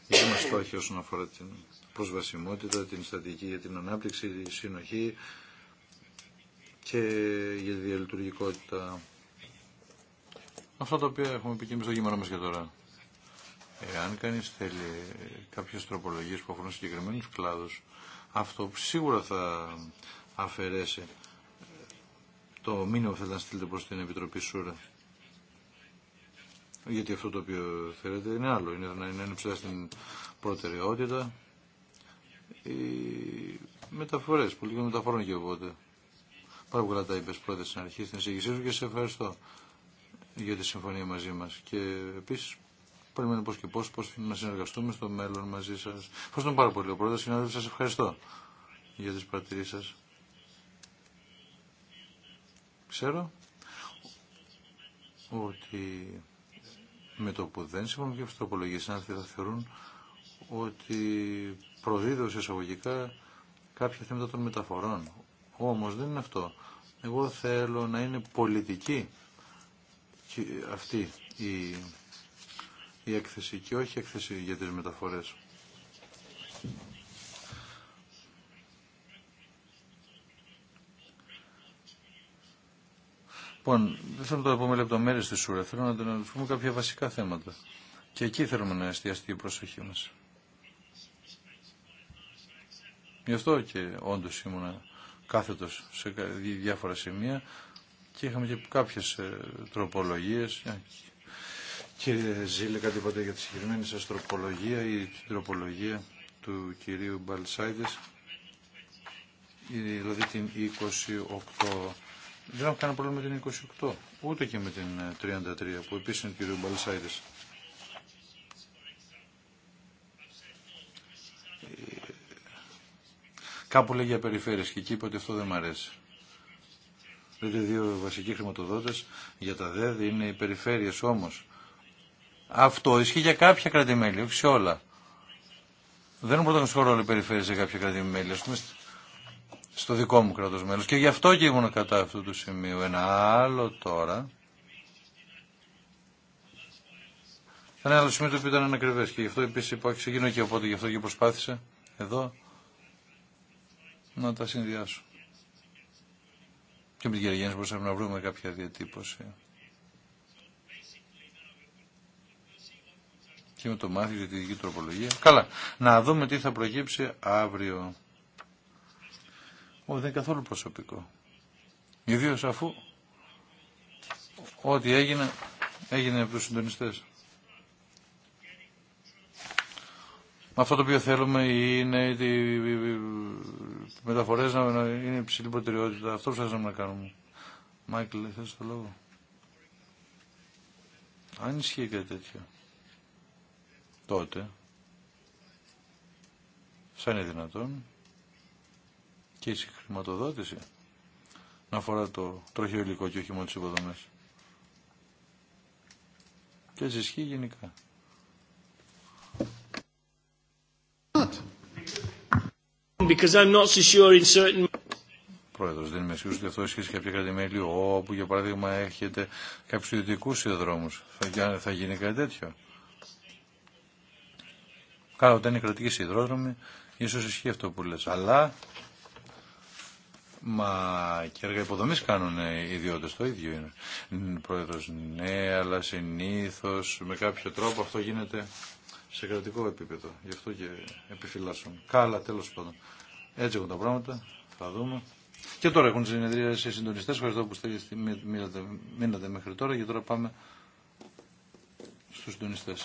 δικά μας στόχη όσον αφορά την προσβασιμότητα, την στατική για την ανάπτυξη, τη συνοχή και για τη διαλειτουργικότητα. Αυτό το οποίο έχουμε πει και εμείς στο κείμενο μας και τώρα. Εάν κανείς θέλει κάποιες τροπολογίες που αφορούν συγκεκριμένους κλάδους, αυτό σίγουρα θα αφαιρέσει το μήνυμα που θέλετε να στείλετε προς την Επιτροπή Σούρα. Γιατί αυτό το οποίο θέλετε είναι άλλο, είναι να είναι ψηλά στην προτεραιότητα οι μεταφορές, πολιτικών μεταφορών και οπότε. Πάρα πολλά τα είπες πρώτα στην αρχή, στην εισηγησή σου και σε ευχαριστώ για τη συμφωνία μαζί μας. Και επίσης περιμένω πώς και πώς, πώς να συνεργαστούμε στο μέλλον μαζί σας. Ευχαριστώ πάρα πολύ. Ο πρώτος συνάδελφος σας ευχαριστώ για τις παρατηρήσει σας. Ξέρω ότι με το που δεν συμφωνούν και αυτές θα θεωρούν ότι προσδίδω εισαγωγικά κάποια θέματα των μεταφορών. Όμως δεν είναι αυτό. Εγώ θέλω να είναι πολιτική αυτή η, η έκθεση και όχι έκθεση για τις μεταφορές. Λοιπόν, δεν θέλω να το με λεπτομέρειε στη Σούρα. Θέλω να αναλυθούμε κάποια βασικά θέματα. Και εκεί θέλουμε να εστιαστεί η προσοχή μας. Γι' αυτό και όντω ήμουν κάθετο σε διάφορα σημεία και είχαμε και κάποιε τροπολογίε. Κύριε Ζήλε, κάτι είπατε για τη συγκεκριμένη σα τροπολογία ή την τροπολογία του κυρίου Μπαλσάιδη, δηλαδή την 28. Δεν έχω κανένα πρόβλημα με την 28, ούτε και με την 33 ε, που επίσης είναι του κυρίου Μπαλσάιδης. Κάπου λέγει για περιφέρειες και εκεί είπε ότι αυτό δεν μ' αρέσει. Λέτε δύο βασικοί χρηματοδότες για τα ΔΕΔ είναι οι περιφέρειες όμως. Αυτό ισχύει για κάποια κρατημέλη, όχι σε όλα. Δεν έχουν να όλοι οι περιφέρειες για κάποια κρατημέλη. Ας πούμε στο δικό μου κράτος μέλος. Και γι' αυτό και ήμουν κατά αυτού του σημείου. Ένα άλλο τώρα. Ένα άλλο σημείο το οποίο ήταν ανακριβές και γι' αυτό επίσης υπάρχει σε εκείνο και οπότε γι' αυτό και προσπάθησα εδώ να τα συνδυάσω. Και με την κυρία Γιάννη μπορούσαμε να βρούμε κάποια διατύπωση. Και με το μάθημα για τη δική τροπολογία. Καλά, να δούμε τι θα προκύψει αύριο. Όχι, δεν είναι καθόλου προσωπικό. Ιδίω αφού ό,τι έγινε, έγινε από τους συντονιστές. αυτό το οποίο θέλουμε είναι οι μεταφορέ να είναι υψηλή προτεραιότητα. Αυτό ψάχνουμε να κάνουμε. Μάικλ, θες το λόγο. Αν ισχύει κάτι τέτοιο, τότε, σαν είναι δυνατόν, και η χρηματοδότηση να αφορά το τροχαίο υλικό και όχι μόνο τις Και έτσι ισχύει γενικά. because I'm not so sure in certain... Πρόεδρος, δεν είμαι σίγουρος ότι αυτό ισχύει σε κάποια μέλη όπου για παράδειγμα έχετε κάποιους ιδιωτικούς σιδηροδρόμους. Θα, θα γίνει κάτι τέτοιο. Καλά, όταν είναι κρατική σιδηρόδρομοι, ίσως ισχύει αυτό που λες. Αλλά, μα και έργα υποδομής κάνουν οι ιδιώτες, το ίδιο είναι. Πρόεδρος, ναι, αλλά συνήθως με κάποιο τρόπο αυτό γίνεται σε κρατικό επίπεδο. Γι' αυτό και επιφυλάσσουν. Καλά, τέλος πάντων. Έτσι έχουν τα πράγματα. Θα δούμε. Και τώρα έχουν συνεδρία σε συντονιστές. Ευχαριστώ που μείνατε μέχρι τώρα και τώρα πάμε στου συντονιστέ.